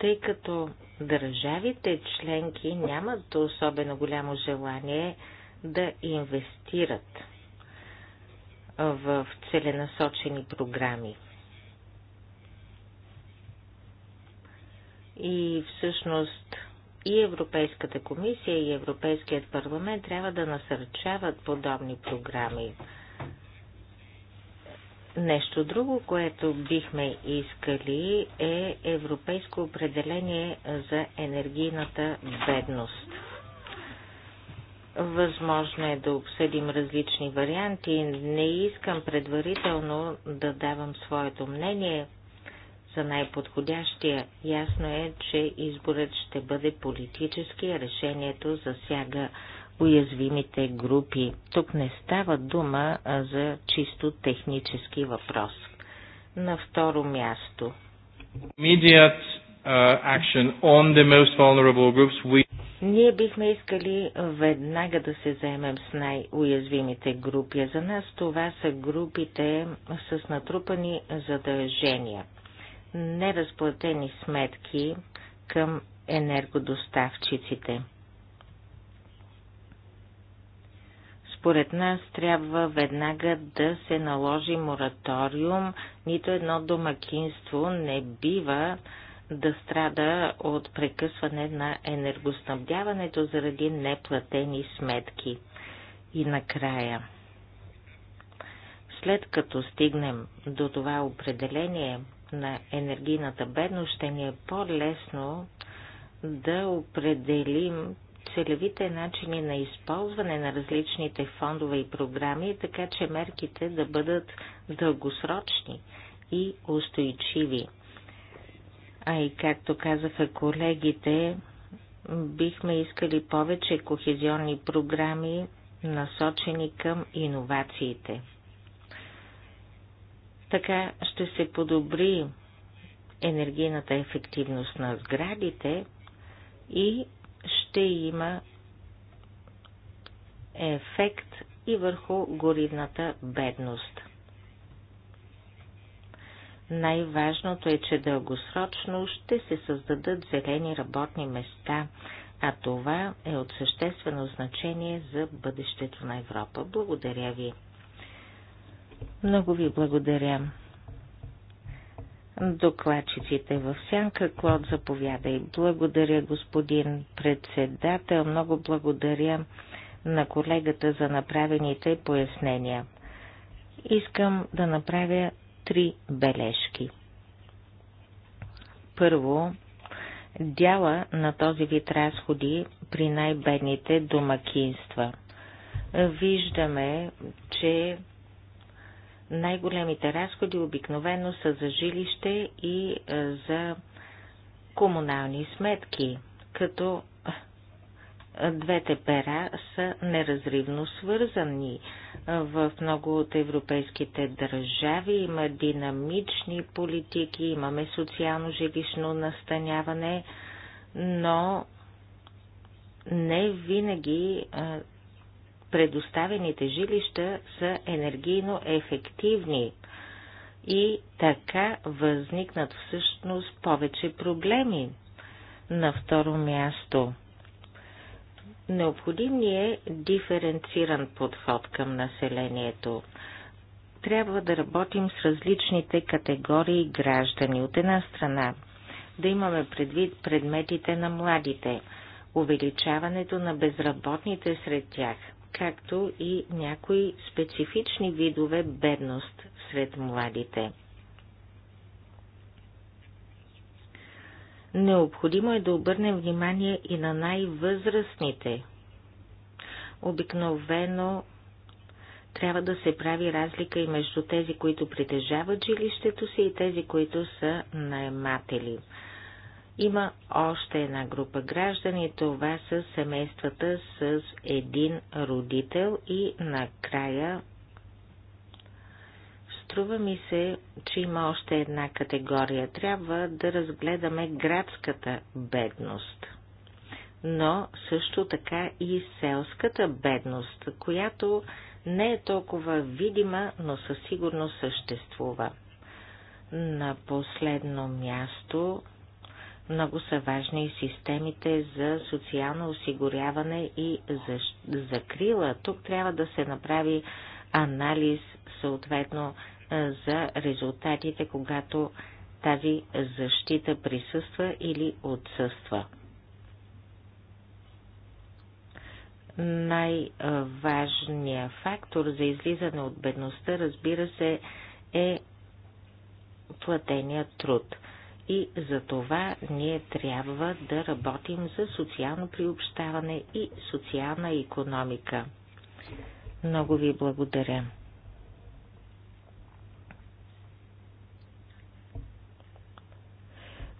тъй като държавите членки нямат особено голямо желание да инвестират в целенасочени програми. И всъщност и Европейската комисия, и Европейският парламент трябва да насърчават подобни програми. Нещо друго, което бихме искали е европейско определение за енергийната бедност. Възможно е да обсъдим различни варианти. Не искам предварително да давам своето мнение за най-подходящия. Ясно е, че изборът ще бъде политически, решението засяга уязвимите групи. Тук не става дума за чисто технически въпрос. На второ място. Ние бихме искали веднага да се заемем с най-уязвимите групи. За нас това са групите с натрупани задължения, неразплатени сметки към енергодоставчиците. Според нас трябва веднага да се наложи мораториум, нито едно домакинство не бива да страда от прекъсване на енергоснабдяването заради неплатени сметки. И накрая, след като стигнем до това определение на енергийната бедност, ще ни е по-лесно да определим целевите начини на използване на различните фондове и програми, така че мерките да бъдат дългосрочни и устойчиви. А и както казаха колегите, бихме искали повече кохезионни програми, насочени към иновациите. Така ще се подобри енергийната ефективност на сградите и ще има ефект и върху горивната бедност. Най-важното е, че дългосрочно ще се създадат зелени работни места, а това е от съществено значение за бъдещето на Европа. Благодаря ви. Много ви благодаря. Докладчиците в сянка, Клод, заповядай. Благодаря, господин председател. Много благодаря на колегата за направените пояснения. Искам да направя три бележки. Първо, дяла на този вид разходи при най-бедните домакинства. Виждаме, че най-големите разходи обикновено са за жилище и за комунални сметки, като двете пера са неразривно свързани в много от европейските държави. Има динамични политики, имаме социално жилищно настаняване, но не винаги предоставените жилища са енергийно ефективни и така възникнат всъщност повече проблеми. На второ място – Необходим ни е диференциран подход към населението. Трябва да работим с различните категории граждани. От една страна да имаме предвид предметите на младите, увеличаването на безработните сред тях, както и някои специфични видове бедност сред младите – Необходимо е да обърнем внимание и на най-възрастните. Обикновено трябва да се прави разлика и между тези, които притежават жилището си и тези, които са наематели. Има още една група граждани, това са семействата с един родител и накрая Струва ми се, че има още една категория. Трябва да разгледаме градската бедност, но също така и селската бедност, която не е толкова видима, но със сигурност съществува. На последно място много са важни и системите за социално осигуряване и закрила. Тук трябва да се направи анализ съответно за резултатите, когато тази защита присъства или отсъства. Най-важният фактор за излизане от бедността, разбира се, е платеният труд. И за това ние трябва да работим за социално приобщаване и социална економика. Много ви благодаря.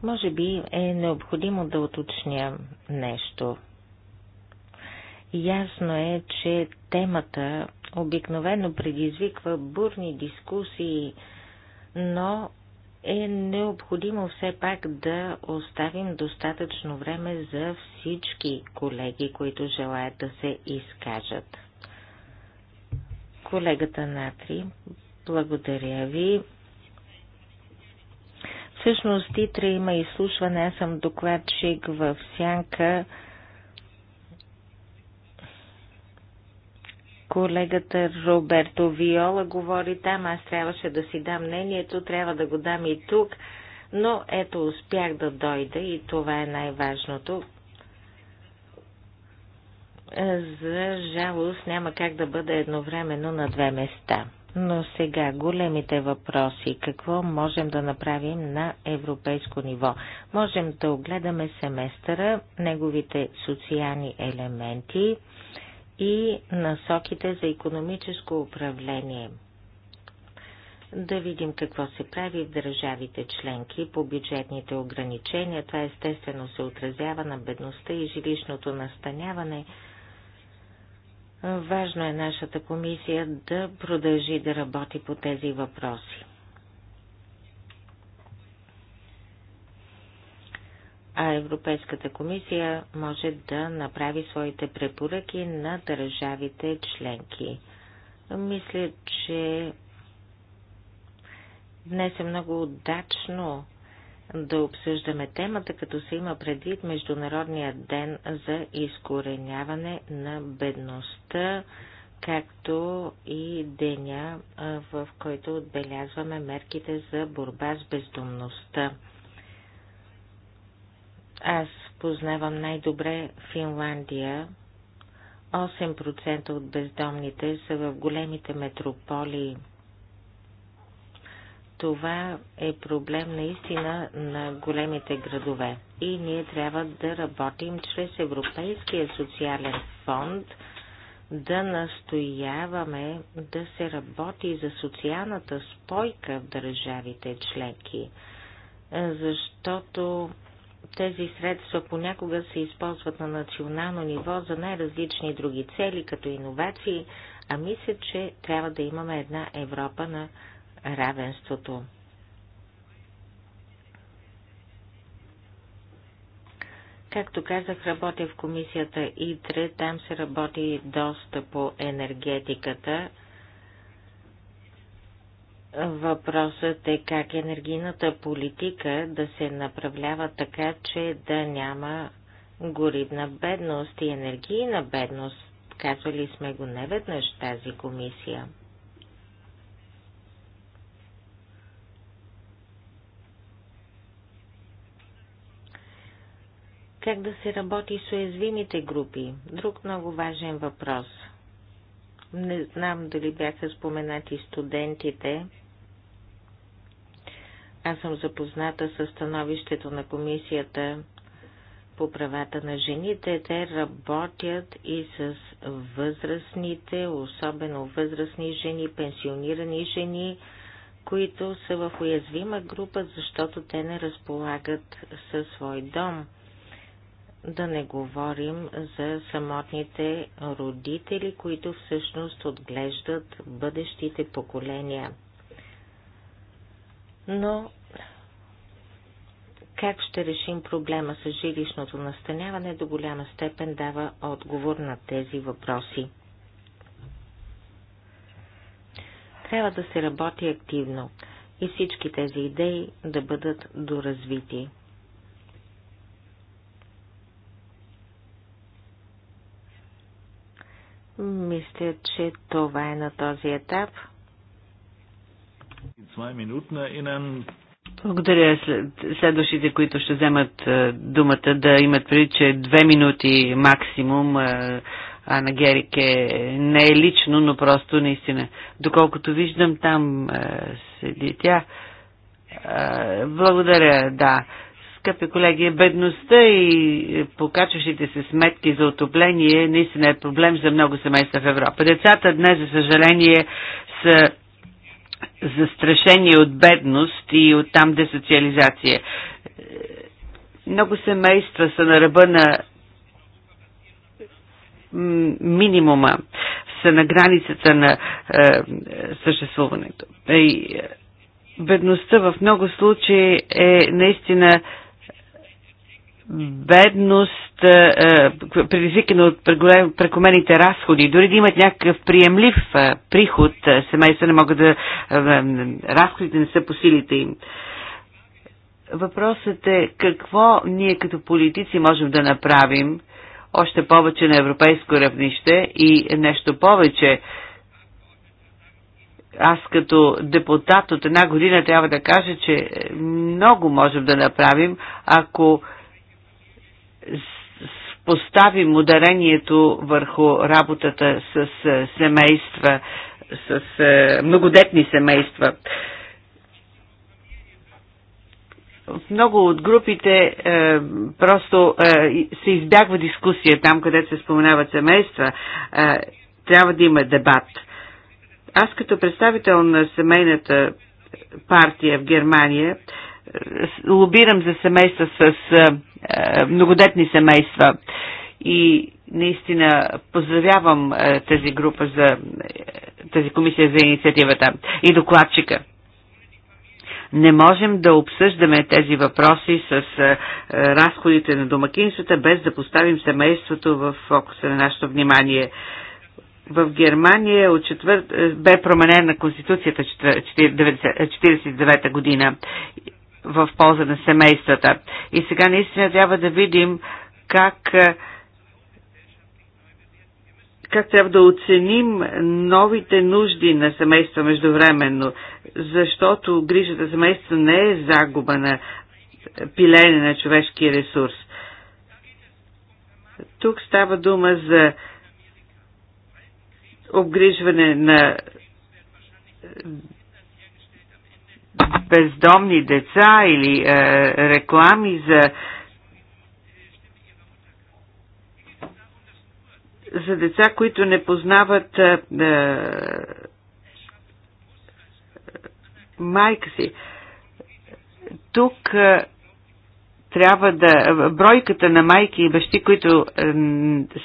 Може би е необходимо да уточня нещо. Ясно е, че темата обикновено предизвиква бурни дискусии, но е необходимо все пак да оставим достатъчно време за всички колеги, които желаят да се изкажат. Колегата Натри, благодаря ви. Всъщност Итра има изслушване, аз съм докладчик в Сянка. Колегата Роберто Виола говори там, аз трябваше да си дам мнението, трябва да го дам и тук, но ето успях да дойда и това е най-важното. За жалост няма как да бъда едновременно на две места. Но сега големите въпроси. Какво можем да направим на европейско ниво? Можем да огледаме семестъра, неговите социални елементи и насоките за економическо управление. Да видим какво се прави в държавите членки по бюджетните ограничения. Това естествено се отразява на бедността и жилищното настаняване – Важно е нашата комисия да продължи да работи по тези въпроси. а Европейската комисия може да направи своите препоръки на държавите членки. Мисля, че днес е много удачно да обсъждаме темата, като се има предвид Международният ден за изкореняване на бедността, както и деня, в който отбелязваме мерките за борба с бездомността. Аз познавам най-добре Финландия. 8% от бездомните са в големите метрополии – това е проблем наистина на големите градове и ние трябва да работим чрез Европейския социален фонд, да настояваме да се работи за социалната спойка в държавите членки, защото тези средства понякога се използват на национално ниво за най-различни други цели, като иновации, а мисля, че трябва да имаме една Европа на равенството. Както казах, работя в комисията ИТРЕ, там се работи доста по енергетиката. Въпросът е как енергийната политика да се направлява така, че да няма горивна бедност и енергийна бедност. Казвали сме го неведнъж тази комисия. Как да се работи с уязвимите групи? Друг много важен въпрос. Не знам дали бяха споменати студентите. Аз съм запозната с становището на комисията по правата на жените. Те работят и с възрастните, особено възрастни жени, пенсионирани жени, които са в уязвима група, защото те не разполагат със свой дом. Да не говорим за самотните родители, които всъщност отглеждат бъдещите поколения. Но как ще решим проблема с жилищното настаняване до голяма степен дава отговор на тези въпроси. Трябва да се работи активно и всички тези идеи да бъдат доразвити. Мисля, че това е на този етап. Благодаря след, следващите, които ще вземат е, думата, да имат преди, че две минути максимум. Е, Ана Герике не е лично, но просто наистина. Доколкото виждам, там е, седи тя. Благодаря, да. Скъпи колеги, бедността и покачващите се сметки за отопление наистина е проблем за много семейства в Европа. Децата днес, за съжаление, са застрашени от бедност и от там десоциализация. Много семейства са на ръба на минимума, са на границата на е, съществуването. И, е, бедността в много случаи е наистина бедност, е, е, предизвикана от прекомерните разходи. Дори да имат някакъв приемлив е, приход, семейства не могат да... разходите не са по силите им. Въпросът е какво ние като политици можем да направим, още повече на европейско равнище и нещо повече. Аз като депутат от една година трябва да кажа, че много можем да направим, ако поставим ударението върху работата с е, семейства, с е, многодетни семейства. В много от групите е, просто е, се избягва дискусия там, където се споменават семейства. Е, трябва да има дебат. Аз като представител на семейната партия в Германия е, лобирам за семейства с е, е, многодетни семейства. И наистина поздравявам е, тази група за е, тази комисия за инициативата и докладчика. Не можем да обсъждаме тези въпроси с разходите на домакинствата, без да поставим семейството в фокуса на нашето внимание. В Германия от четвър... бе променена Конституцията 1949 година в полза на семействата. И сега наистина трябва да видим как е, как трябва да оценим новите нужди на семейства междувременно, защото грижата за семейство не е загуба на пилене на човешки ресурс. Тук става дума за обгрижване на бездомни деца или е, реклами за за деца, които не познават е, е, майка си. Тук е, трябва да. Бройката на майки и бащи, които е,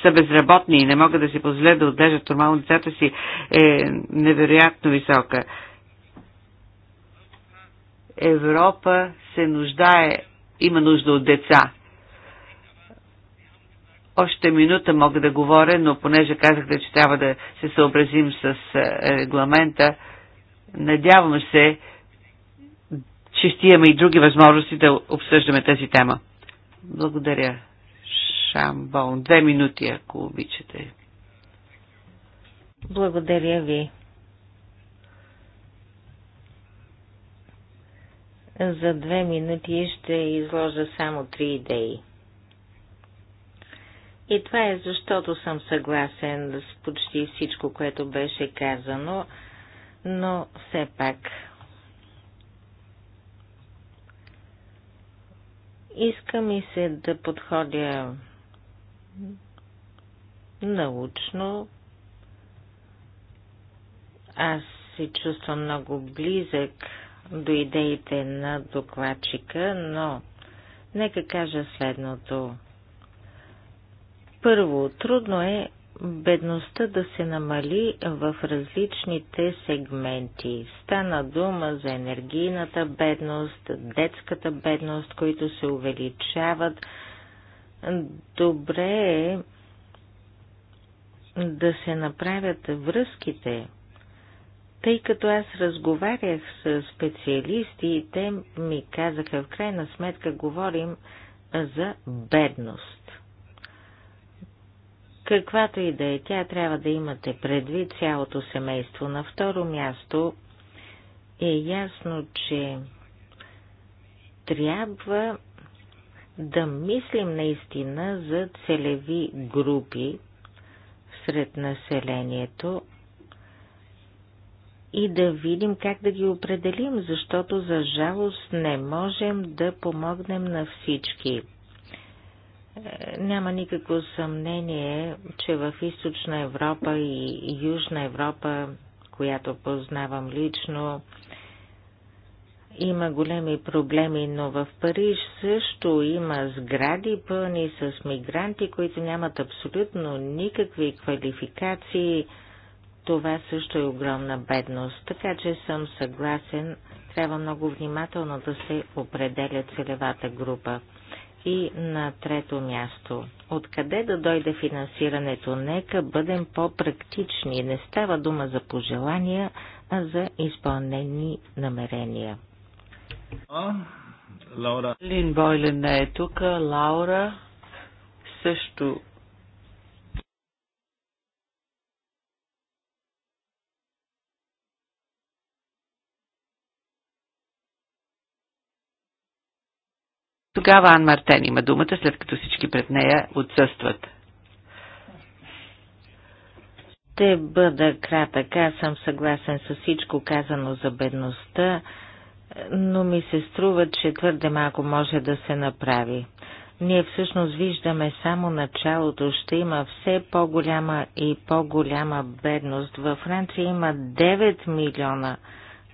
са безработни и не могат да си позволят да отдържат нормално децата си, е невероятно висока. Е, Европа се нуждае, има нужда от деца. Още минута мога да говоря, но понеже казахте, че трябва да се съобразим с е, регламента, надявам се, че ще имаме и други възможности да обсъждаме тази тема. Благодаря. Шамбон. Две минути, ако обичате. Благодаря ви. За две минути ще изложа само три идеи. И това е защото съм съгласен с почти всичко, което беше казано, но все пак иска ми се да подходя научно. Аз се чувствам много близък до идеите на докладчика, но нека кажа следното. Първо, трудно е бедността да се намали в различните сегменти. Стана дума за енергийната бедност, детската бедност, които се увеличават. Добре е да се направят връзките тъй като аз разговарях с специалисти и те ми казаха, в крайна сметка говорим за бедност. Каквато и да е тя, трябва да имате предвид цялото семейство. На второ място е ясно, че трябва да мислим наистина за целеви групи сред населението, и да видим как да ги определим, защото за жалост не можем да помогнем на всички. Е, няма никакво съмнение, че в Източна Европа и Южна Европа, която познавам лично, има големи проблеми, но в Париж също има сгради пълни с мигранти, които нямат абсолютно никакви квалификации, това също е огромна бедност, така че съм съгласен, трябва много внимателно да се определя целевата група. И на трето място. Откъде да дойде финансирането? Нека бъдем по-практични. Не става дума за пожелания, а за изпълнени намерения. А, Лаура. Лин Бойлен не е тук. Лаура също Тогава Ан Мартен има думата, след като всички пред нея отсъстват. Ще бъда кратък. Аз съм съгласен с всичко казано за бедността, но ми се струва, че твърде малко може да се направи. Ние всъщност виждаме само началото. Ще има все по-голяма и по-голяма бедност. Във Франция има 9 милиона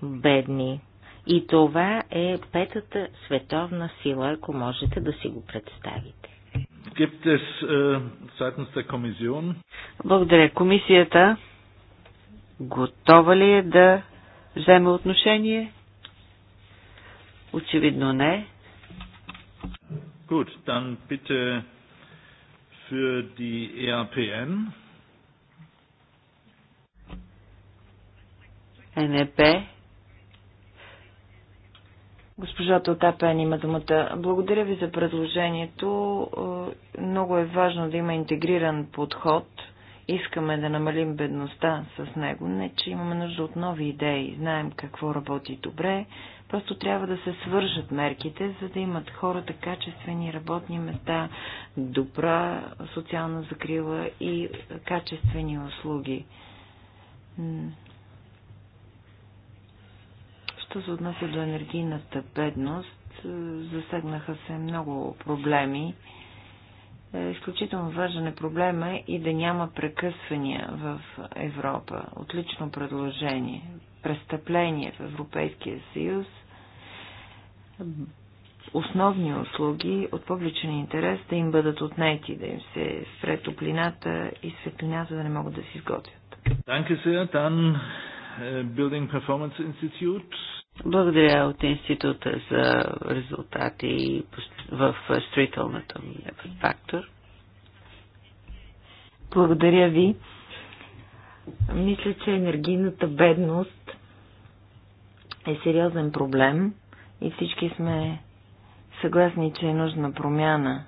бедни. И това е петата световна сила, ако можете да си го представите. Е, Благодаря. Комисията готова ли е да вземе отношение? Очевидно не. Gut, dann bitte für die ERPN. НП е Госпожа Тотапен има думата. Благодаря ви за предложението. Е, много е важно да има интегриран подход. Искаме да намалим бедността с него. Не, че имаме нужда от нови идеи. Знаем какво работи добре. Просто трябва да се свържат мерките, за да имат хората качествени работни места, добра социална закрила и качествени услуги що се отнася до енергийната бедност, е, засегнаха се много проблеми. Е, изключително важен е проблема и да няма прекъсвания в Европа. Отлично предложение. Престъпление в Европейския съюз. Основни услуги от публичен интерес да им бъдат отнети, да им се спре топлината и светлината да не могат да си изготвят. Danke sehr. Dann е, Building Performance Institute. Благодаря от Института за резултати в строителната фактор. Благодаря ви. Мисля, че енергийната бедност е сериозен проблем и всички сме съгласни, че е нужна промяна.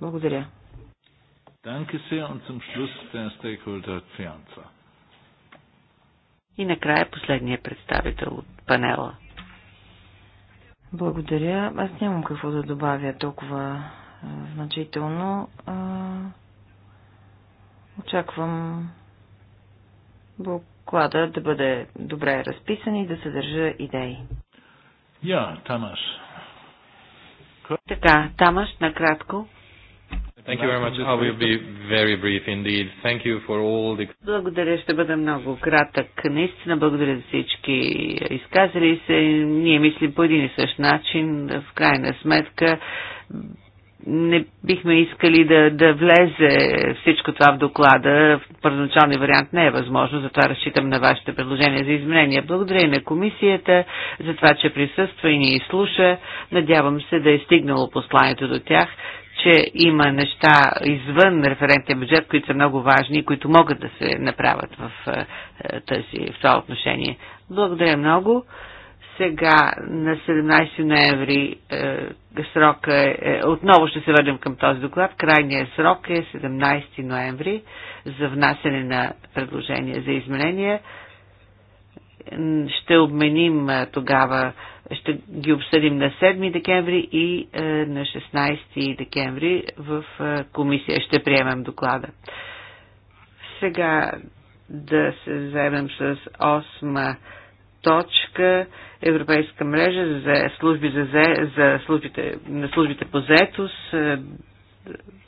Благодаря. Danke sehr und zum Schluss der Stakeholder и накрая последния представител от панела. Благодаря. Аз нямам какво да добавя толкова а, значително. А, очаквам доклада да бъде добре разписан и да съдържа идеи. Я, yeah, Тамаш. Така, Тамаш, накратко. Thank you very much. I will be very brief indeed. Thank you for all the... Благодаря, ще бъда много кратък. Наистина благодаря за всички изказали се. Ние мислим по един и същ начин. В крайна сметка не бихме искали да, да влезе всичко това в доклада. В първоначалния вариант не е възможно, затова разчитам на вашите предложения за изменения. Благодаря и на комисията за това, че присъства и ни изслуша. Надявам се да е стигнало посланието до тях че има неща извън референтния бюджет, които са много важни и които могат да се направят в, е, е, тази, в това отношение. Благодаря много. Сега на 17 ноември е, срока е, е, отново ще се върнем към този доклад. Крайният срок е 17 ноември за внасене на предложения за изменения ще обменим тогава ще ги обсъдим на 7 декември и е, на 16 декември в е, комисия ще приемем доклада. Сега да се заемем с 8 точка Европейска мрежа за служби за, за, за службите, на службите по заетост, е,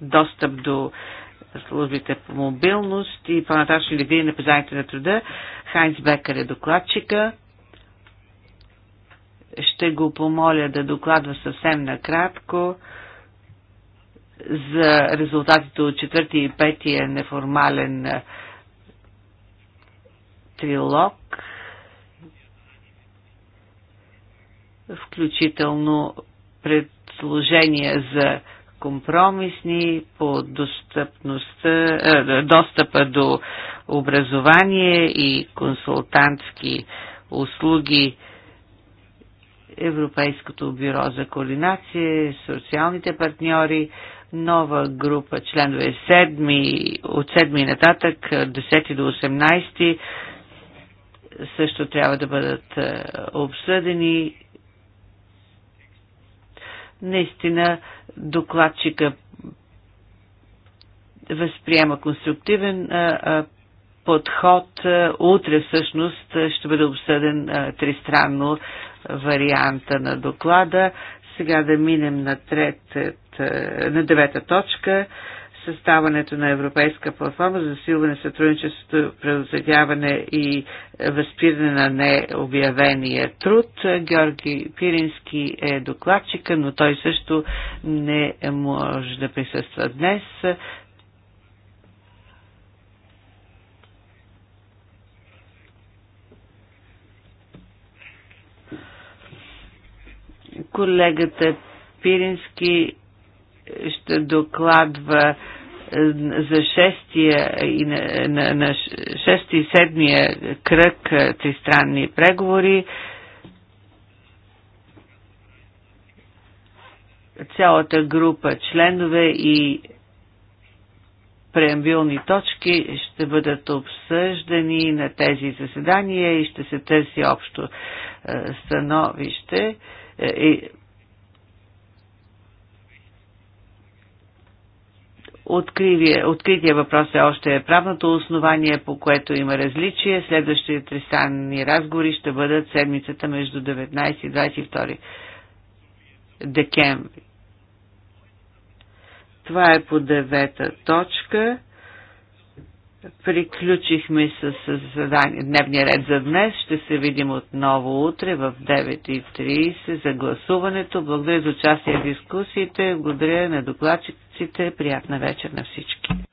достъп до службите по мобилност и по натачни лидери на пазарите на труда. Хайнц Бекър е докладчика. Ще го помоля да докладва съвсем накратко за резултатите от четвърти и петия неформален трилог, включително предложения за компромисни по достъпността, достъпа до образование и консултантски услуги Европейското бюро за координация, социалните партньори, нова група, членове 7, от 7 нататък, 10 до 18, също трябва да бъдат е, обсъдени. Наистина, докладчика възприема конструктивен е, е, подход. Утре всъщност ще бъде обсъден тристранно варианта на доклада. Сега да минем на, третът, е, на девета точка съставането на Европейска платформа за засилване сътрудничеството, предотвратяване и възпиране на необявения труд. Георги Пирински е докладчика, но той също не може да присъства днес. Колегата Пирински ще докладва е, за шестия и на, на, на шести и седмия кръг е, тристранни преговори. Цялата група членове и преамбилни точки ще бъдат обсъждани на тези заседания и ще се търси общо е, становище. Е, открития въпрос е още е правното основание, по което има различие. Следващите тристранни разговори ще бъдат седмицата между 19 и 22 декември. Това е по девета точка. Приключихме с, дневния ред за днес. Ще се видим отново утре в 9.30 за гласуването. Благодаря за участие в дискусиите. Благодаря на докладчиците. Приятна вечер на всички.